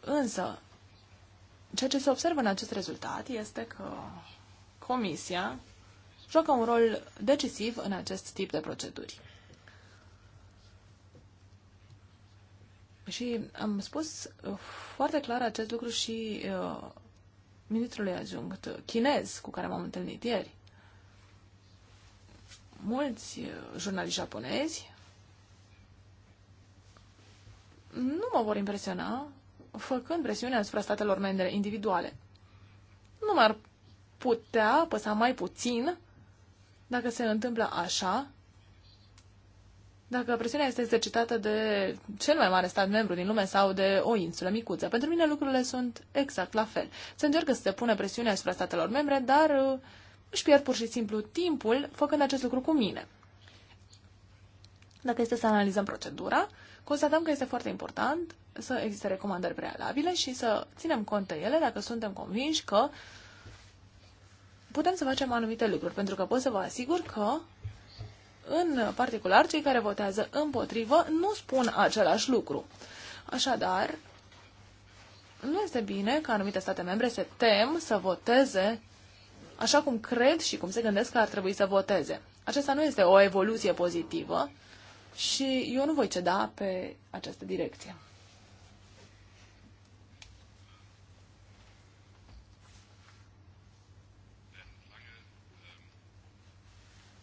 Însă, ceea ce se observă în acest rezultat este că Comisia joacă un rol decisiv în acest tip de proceduri. Și am spus uh, foarte clar acest lucru și uh, ministrului adjunct chinez cu care m-am întâlnit ieri. Mulți uh, jurnaliști japonezi nu mă vor impresiona făcând presiune asupra statelor membre individuale. Nu m-ar putea păsa mai puțin dacă se întâmplă așa, dacă presiunea este exercitată de cel mai mare stat membru din lume sau de o insulă micuță. Pentru mine lucrurile sunt exact la fel. Se încearcă să se pune presiune asupra statelor membre, dar uh, își pierd pur și simplu timpul făcând acest lucru cu mine. Dacă este să analizăm procedura, Constatăm că este foarte important să existe recomandări prealabile și să ținem cont de ele dacă suntem convinși că putem să facem anumite lucruri, pentru că pot să vă asigur că în particular, cei care votează împotrivă nu spun același lucru. Așadar, nu este bine că anumite state membre se tem să voteze așa cum cred și cum se gândesc că ar trebui să voteze. Aceasta nu este o evoluție pozitivă și eu nu voi ceda pe această direcție.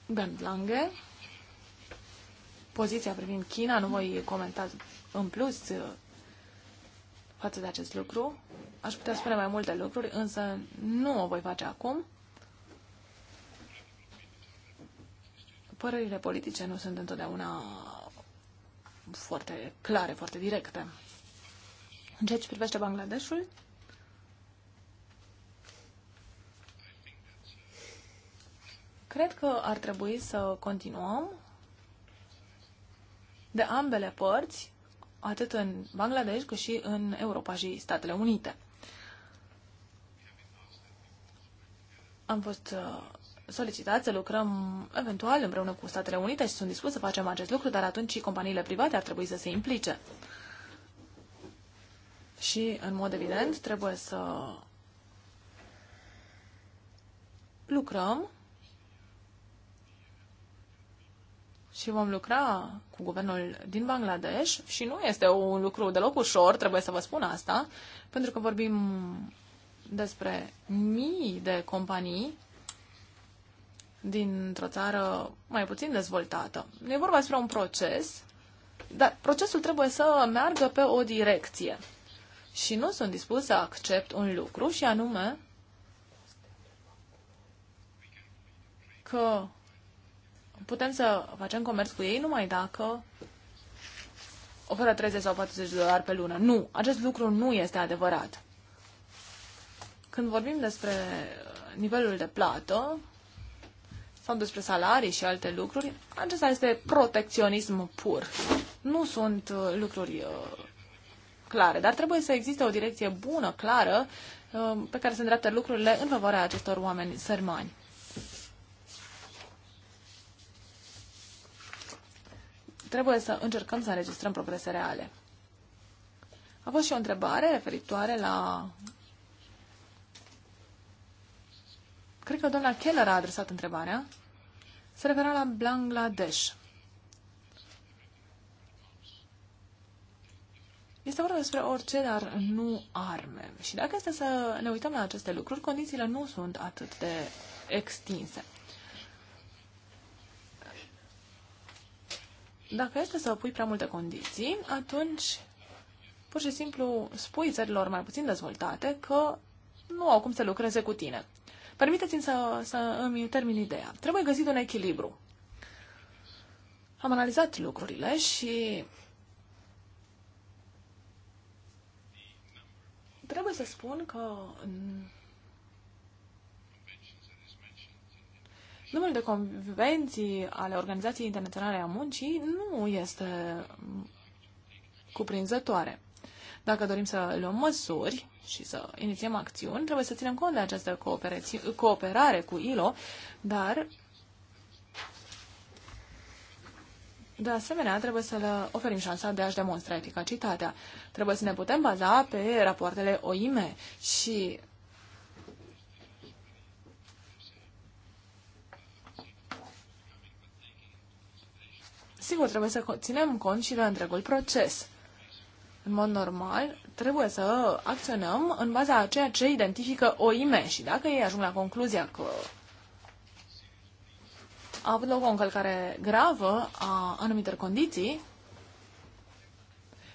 Bernd Lange, poziția privind China, nu voi comenta în plus uh, față de acest lucru. Aș putea spune mai multe lucruri, însă nu o voi face acum. părerile politice nu sunt întotdeauna foarte clare, foarte directe. În ceea ce privește Bangladeshul, cred că ar trebui să continuăm de ambele părți, atât în Bangladesh cât și în Europa și Statele Unite. Am fost uh, solicitat să lucrăm eventual împreună cu Statele Unite și sunt dispus să facem acest lucru, dar atunci și companiile private ar trebui să se implice. Și, în mod evident, trebuie să lucrăm și vom lucra cu guvernul din Bangladesh și nu este un lucru deloc ușor, trebuie să vă spun asta, pentru că vorbim despre mii de companii dintr-o țară mai puțin dezvoltată. E vorba despre un proces, dar procesul trebuie să meargă pe o direcție. Și nu sunt dispus să accept un lucru, și anume că putem să facem comerț cu ei numai dacă oferă 30 sau 40 de dolari pe lună. Nu, acest lucru nu este adevărat. Când vorbim despre nivelul de plată, sau despre salarii și alte lucruri, acesta este protecționism pur. Nu sunt uh, lucruri uh, clare, dar trebuie să existe o direcție bună, clară, uh, pe care se îndreaptă lucrurile în favoarea acestor oameni sărmani. Trebuie să încercăm să înregistrăm progrese reale. A fost și o întrebare referitoare la cred că doamna Keller a adresat întrebarea, se refera la Bangladesh. Este vorba despre orice, dar nu arme. Și dacă este să ne uităm la aceste lucruri, condițiile nu sunt atât de extinse. Dacă este să pui prea multe condiții, atunci pur și simplu spui țărilor mai puțin dezvoltate că nu au cum să lucreze cu tine. Permiteți-mi să, să îmi termin ideea. Trebuie găsit un echilibru. Am analizat lucrurile și trebuie să spun că numărul de convenții ale Organizației Internaționale a Muncii nu este cuprinzătoare. Dacă dorim să luăm măsuri și să inițiem acțiuni, trebuie să ținem cont de această cooperare cu ILO, dar De asemenea, trebuie să le oferim șansa de a-și demonstra eficacitatea. Trebuie să ne putem baza pe rapoartele OIM și Sigur, trebuie să ținem cont și de întregul proces în mod normal, trebuie să acționăm în baza a ceea ce identifică OIM și dacă ei ajung la concluzia că a avut loc o încălcare gravă a anumitor condiții,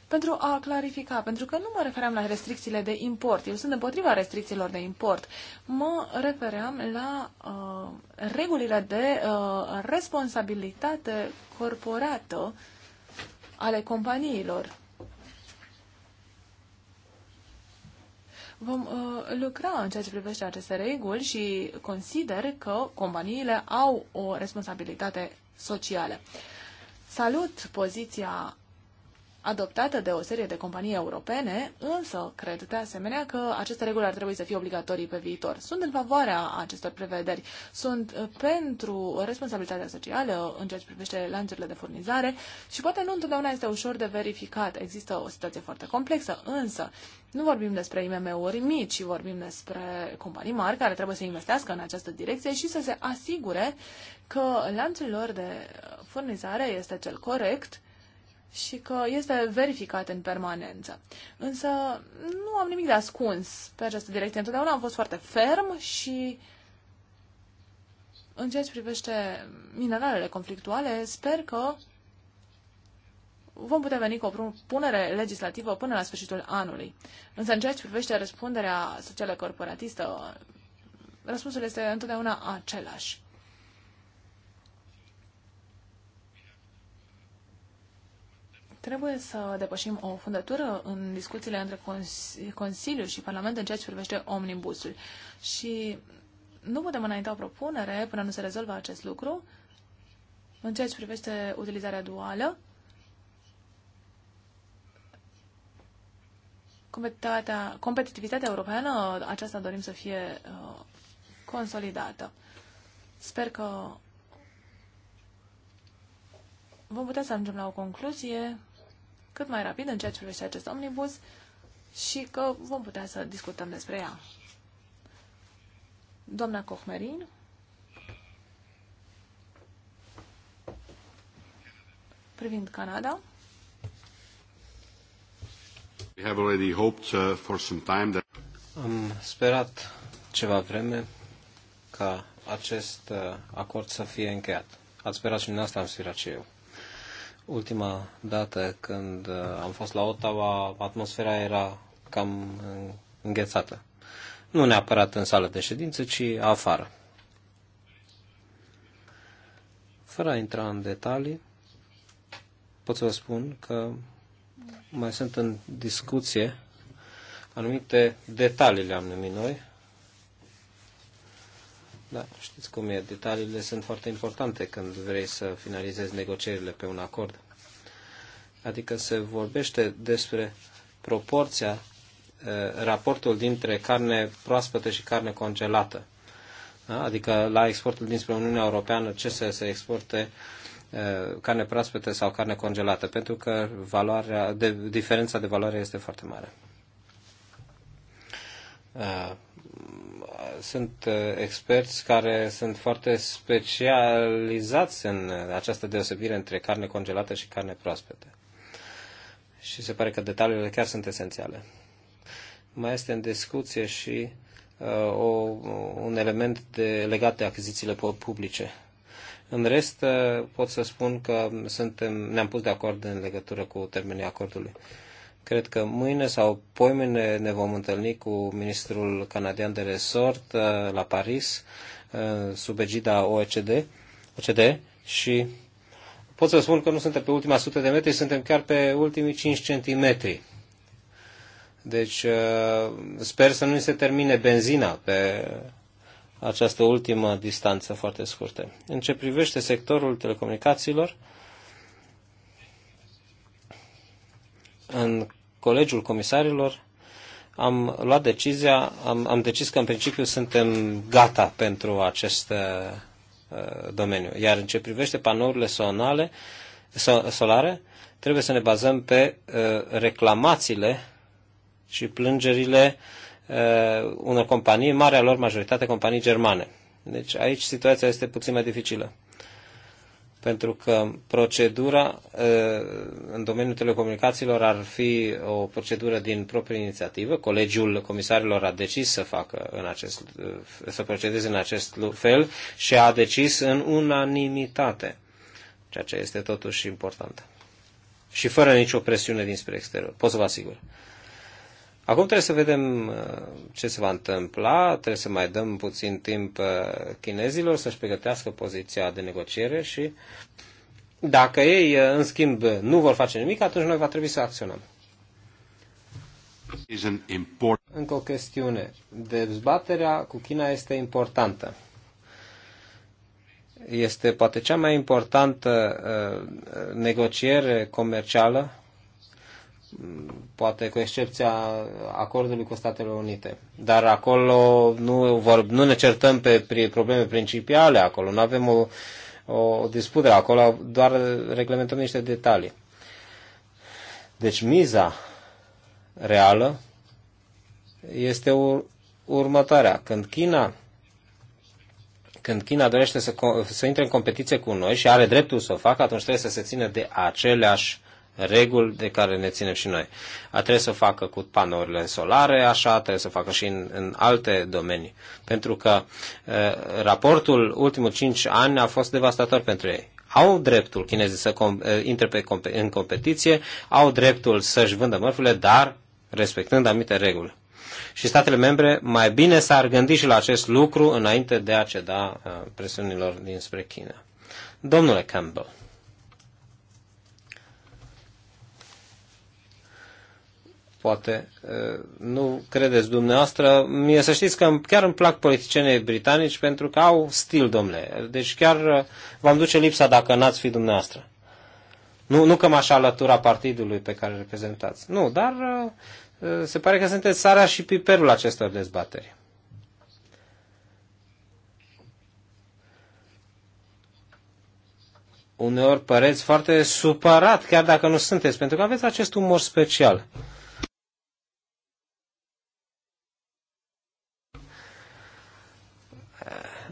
pentru a clarifica, pentru că nu mă refeream la restricțiile de import. Eu sunt împotriva restricțiilor de import. Mă refeream la uh, regulile de uh, responsabilitate corporată ale companiilor. vom uh, lucra în ceea ce privește aceste reguli și consider că companiile au o responsabilitate socială. Salut poziția adoptată de o serie de companii europene, însă cred de asemenea că aceste reguli ar trebui să fie obligatorii pe viitor. Sunt în favoarea acestor prevederi, sunt uh, pentru responsabilitatea socială în ceea ce privește lanțurile de furnizare și poate nu întotdeauna este ușor de verificat. Există o situație foarte complexă, însă nu vorbim despre IMM-uri mici, ci vorbim despre companii mari care trebuie să investească în această direcție și să se asigure că lanțul lor de furnizare este cel corect și că este verificat în permanență. Însă nu am nimic de ascuns pe această direcție. Întotdeauna am fost foarte ferm și în ceea ce privește mineralele conflictuale, sper că vom putea veni cu o propunere legislativă până la sfârșitul anului. Însă în ceea ce privește răspunderea socială corporatistă, răspunsul este întotdeauna același. Trebuie să depășim o fundătură în discuțiile între cons Consiliu și Parlament în ceea ce privește omnibusul. Și nu putem înainta o propunere până nu se rezolvă acest lucru în ceea ce privește utilizarea duală. competitivitatea europeană, aceasta dorim să fie uh, consolidată. Sper că vom putea să ajungem la o concluzie cât mai rapid în ceea ce privește acest omnibus și că vom putea să discutăm despre ea. Doamna Cochmerin, Privind Canada. We have already hoped uh, for some time that... Am sperat ceva vreme ca acest uh, acord să fie încheiat. Ați sperat și dumneavoastră, am sperat și eu. Ultima dată când uh, am fost la Ottawa, atmosfera era cam înghețată. Nu neapărat în sală de ședință, ci afară. Fără a intra în detalii, pot să vă spun că mai sunt în discuție anumite detalii, le-am numit noi, da, știți cum e. Detaliile sunt foarte importante când vrei să finalizezi negocierile pe un acord. Adică se vorbește despre proporția, raportul dintre carne proaspătă și carne congelată. Da? Adică la exportul dinspre Uniunea Europeană ce să se exporte carne proaspătă sau carne congelată, pentru că valoarea, de, diferența de valoare este foarte mare sunt uh, experți care sunt foarte specializați în această deosebire între carne congelată și carne proaspete. Și se pare că detaliile chiar sunt esențiale. Mai este în discuție și uh, o, un element de, legat de achizițiile publice. În rest, uh, pot să spun că suntem, ne-am pus de acord în legătură cu termenii acordului. Uh, Cred că mâine sau poimâine ne vom întâlni cu ministrul canadian de resort uh, la Paris, uh, sub egida OECD, OCD și pot să spun că nu suntem pe ultima sută de metri, suntem chiar pe ultimii 5 centimetri. Deci uh, sper să nu se termine benzina pe această ultimă distanță foarte scurtă. În ce privește sectorul telecomunicațiilor, în Colegiul Comisarilor am luat decizia, am, am decis că în principiu suntem gata pentru acest uh, domeniu. Iar în ce privește panourile sonale, so, solare, trebuie să ne bazăm pe uh, reclamațiile și plângerile uh, unor companii, marea lor majoritate companii germane. Deci aici situația este puțin mai dificilă pentru că procedura în domeniul telecomunicațiilor ar fi o procedură din proprie inițiativă. Colegiul comisarilor a decis să facă în acest, să procedeze în acest fel și a decis în unanimitate, ceea ce este totuși important. Și fără nicio presiune dinspre exterior, pot să vă asigur. Acum trebuie să vedem uh, ce se va întâmpla, trebuie să mai dăm puțin timp uh, chinezilor să-și pregătească poziția de negociere și dacă ei, uh, în schimb, nu vor face nimic, atunci noi va trebui să acționăm. Încă o chestiune. Dezbaterea cu China este importantă. Este poate cea mai importantă negociere comercială poate cu excepția acordului cu Statele Unite. Dar acolo nu, vor, nu ne certăm pe probleme principiale, acolo nu avem o, o dispută, acolo doar reglementăm niște detalii. Deci miza reală este ur- următoarea. Când China când China dorește să, să intre în competiție cu noi și are dreptul să o facă, atunci trebuie să se țină de aceleași reguli de care ne ținem și noi. A trebuie să o facă cu panourile solare, așa, trebuie să o facă și în, în alte domenii. Pentru că e, uh, raportul ultimul 5 ani a fost devastator pentru ei. Au dreptul chinezii să com- uh, intre pe în competiție, au dreptul să-și vândă mărfurile, dar respectând anumite reguli. Și statele membre mai bine s-ar gândi și la acest lucru înainte de a ceda uh, presiunilor dinspre China. Domnule Campbell. poate eh, nu credeți dumneavoastră. Mie să știți că chiar îmi plac politicienii britanici pentru că au stil, domnule. Deci chiar eh, v-am duce lipsa dacă n-ați fi dumneavoastră. Nu, nu că m-aș alătura partidului pe care îl reprezentați. Nu, dar eh, se pare că sunteți sarea și piperul acestor dezbateri. uneori păreți foarte supărat, chiar dacă nu sunteți, pentru că aveți acest umor special.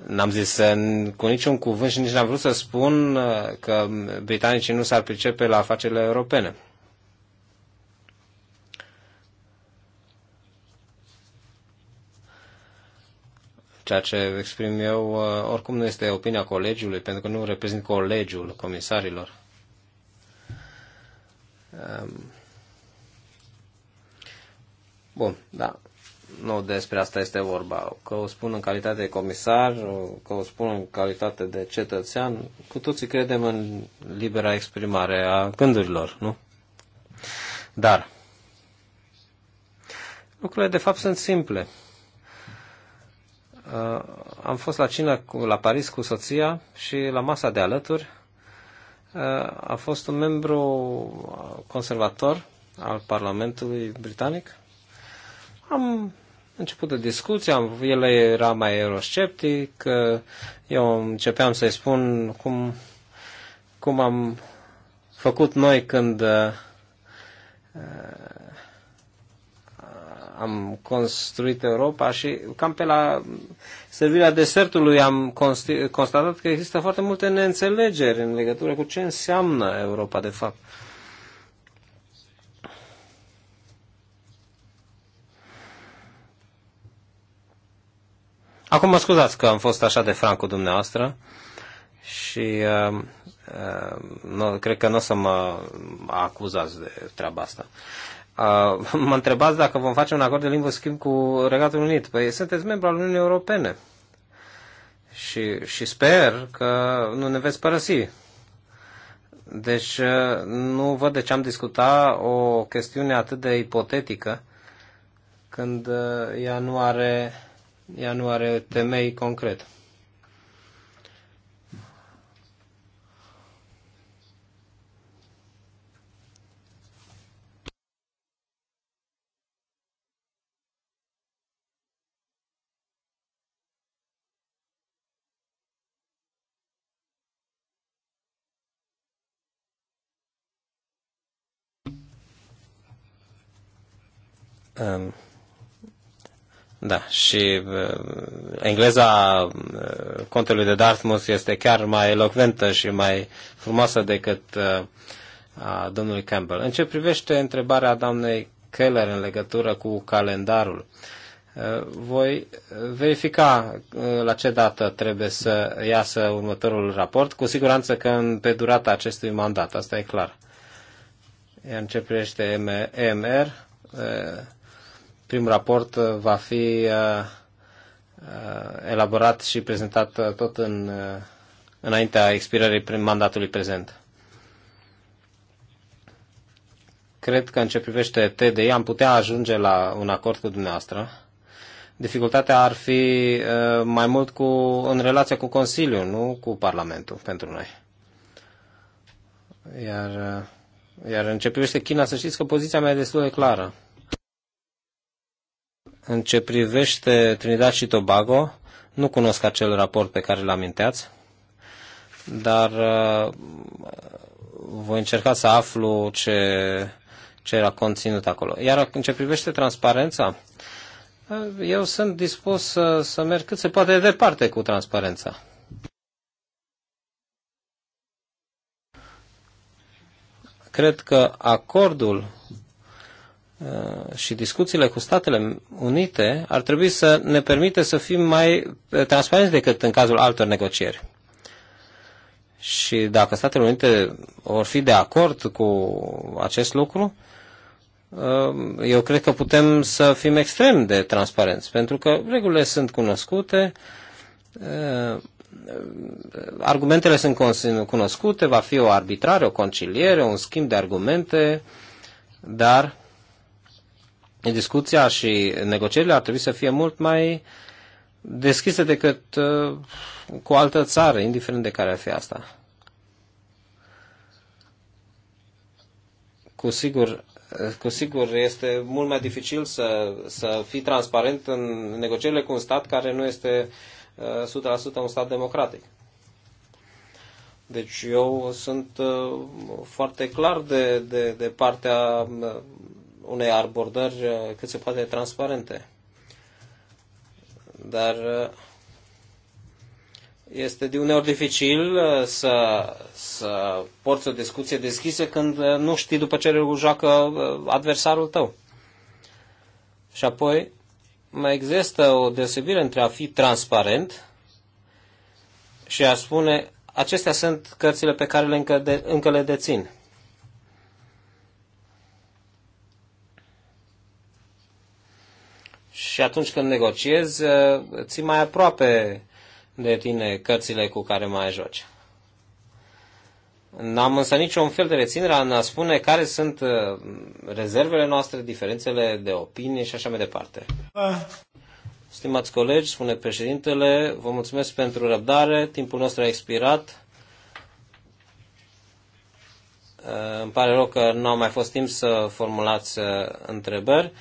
N-am zis cu niciun cuvânt și nici n-am vrut să spun uh, că britanicii nu s-ar pricepe la afacerile europene. Ceea ce exprim eu uh, oricum nu este opinia colegiului, pentru că nu reprezint colegiul comisarilor. Um. Bun, da nu despre asta este vorba. Că o spun în calitate de comisar, că o spun în calitate de cetățean, cu toții credem în libera exprimare a gândurilor, nu? Dar lucrurile de fapt sunt simple. Uh, am fost la cină cu, la Paris cu soția și la masa de alături uh, a fost un membru conservator al Parlamentului Britanic. Am începutul discuția, el era mai eurosceptic, eu începeam să-i spun cum, cum am făcut noi când uh, am construit Europa și cam pe la servirea desertului am constatat că există foarte multe neînțelegeri în legătură cu ce înseamnă Europa de fapt. Acum mă scuzați că am fost așa de franc cu dumneavoastră și uh, uh, nu, cred că nu o să mă acuzați de treaba asta. Uh, mă întrebați dacă vom face un acord de limbă schimb cu Regatul Unit. Păi sunteți membru al Uniunii Europene și, și sper că nu ne veți părăsi. Deci uh, nu văd de ce am discutat o chestiune atât de ipotetică când uh, ea nu are ea nu are temei concret. Um, da, și uh, engleza uh, contelui de Dartmouth este chiar mai elocventă și mai frumoasă decât uh, a domnului Campbell. În ce privește întrebarea doamnei Keller în legătură cu calendarul, uh, voi verifica uh, la ce dată trebuie să iasă următorul raport, cu siguranță că în, pe durata acestui mandat, asta e clar. Iar în ce privește MR, uh, primul raport uh, va fi uh, uh, elaborat și prezentat tot în, înaintea expirării mandatului prezent. Cred că în ce privește TDI am putea ajunge la un acord cu dumneavoastră. Dificultatea ar fi mai mult cu, în relația cu Consiliul, nu cu Parlamentul pentru noi. Iar, iar în ce privește China, să știți că poziția mea e destul de clară în ce privește Trinidad și Tobago, nu cunosc acel raport pe care îl aminteați, dar uh, voi încerca să aflu ce, ce era conținut acolo. Iar în ce privește transparența, uh, eu sunt dispus să, să merg cât se poate de departe cu transparența. Cred că acordul Uh, și discuțiile cu Statele Unite ar trebui să ne permite să fim mai uh, transparenți decât în cazul altor negocieri. Și dacă Statele Unite vor fi de acord cu acest lucru, uh, eu cred că putem să fim extrem de transparenți, pentru că regulile sunt cunoscute, argumentele sunt cunoscute, va fi o arbitrare, o conciliere, un schimb de argumente, dar discuția și negocierile ar trebui să fie mult mai deschise decât uh, cu o altă țară, indiferent de care ar fi asta. Cu sigur, uh, cu sigur este mult mai dificil să, să fii transparent în negocierile cu un stat care nu este uh, 100% un stat democratic. Deci eu sunt foarte clar de, de, de partea unei abordări uh, cât se poate transparente. Dar uh, este de uneori dificil uh, să, să porți o discuție deschisă când nu știi după ce joacă adversarul tău. Și apoi mai există o deosebire între a fi transparent și a spune acestea sunt cărțile pe care le încă, de, încă le dețin. și atunci când negociezi, uh, ții mai aproape de tine cărțile cu care mai joci. N-am însă niciun fel de reținere în a spune care sunt uh, rezervele noastre, diferențele de opinie și așa mai departe. Stimați colegi, spune președintele, vă mulțumesc pentru răbdare, timpul nostru a expirat. Uh, îmi pare rău că nu a mai fost timp să formulați întrebări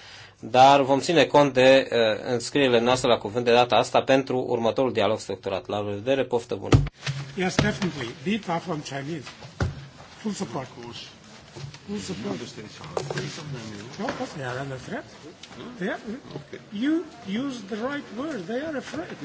dar vom ține cont de uh, înscrierile noastre la cuvânt de data asta pentru următorul dialog structurat. La revedere, poftă bună! Yes, definitely. Be far from Chinese. Full support. Full support. No, they are under threat. They are, hmm? you use the right word. They are afraid.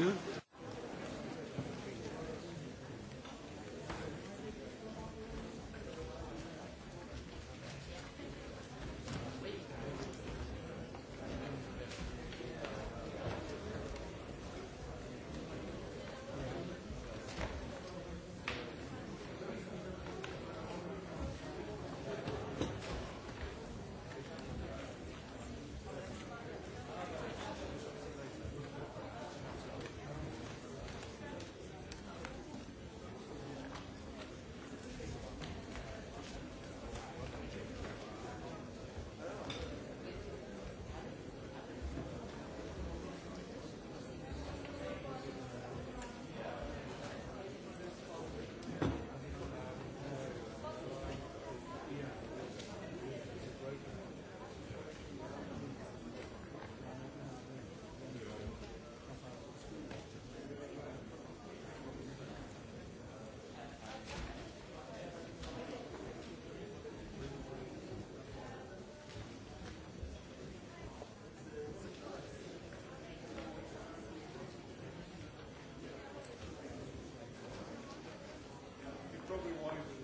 probably wanted to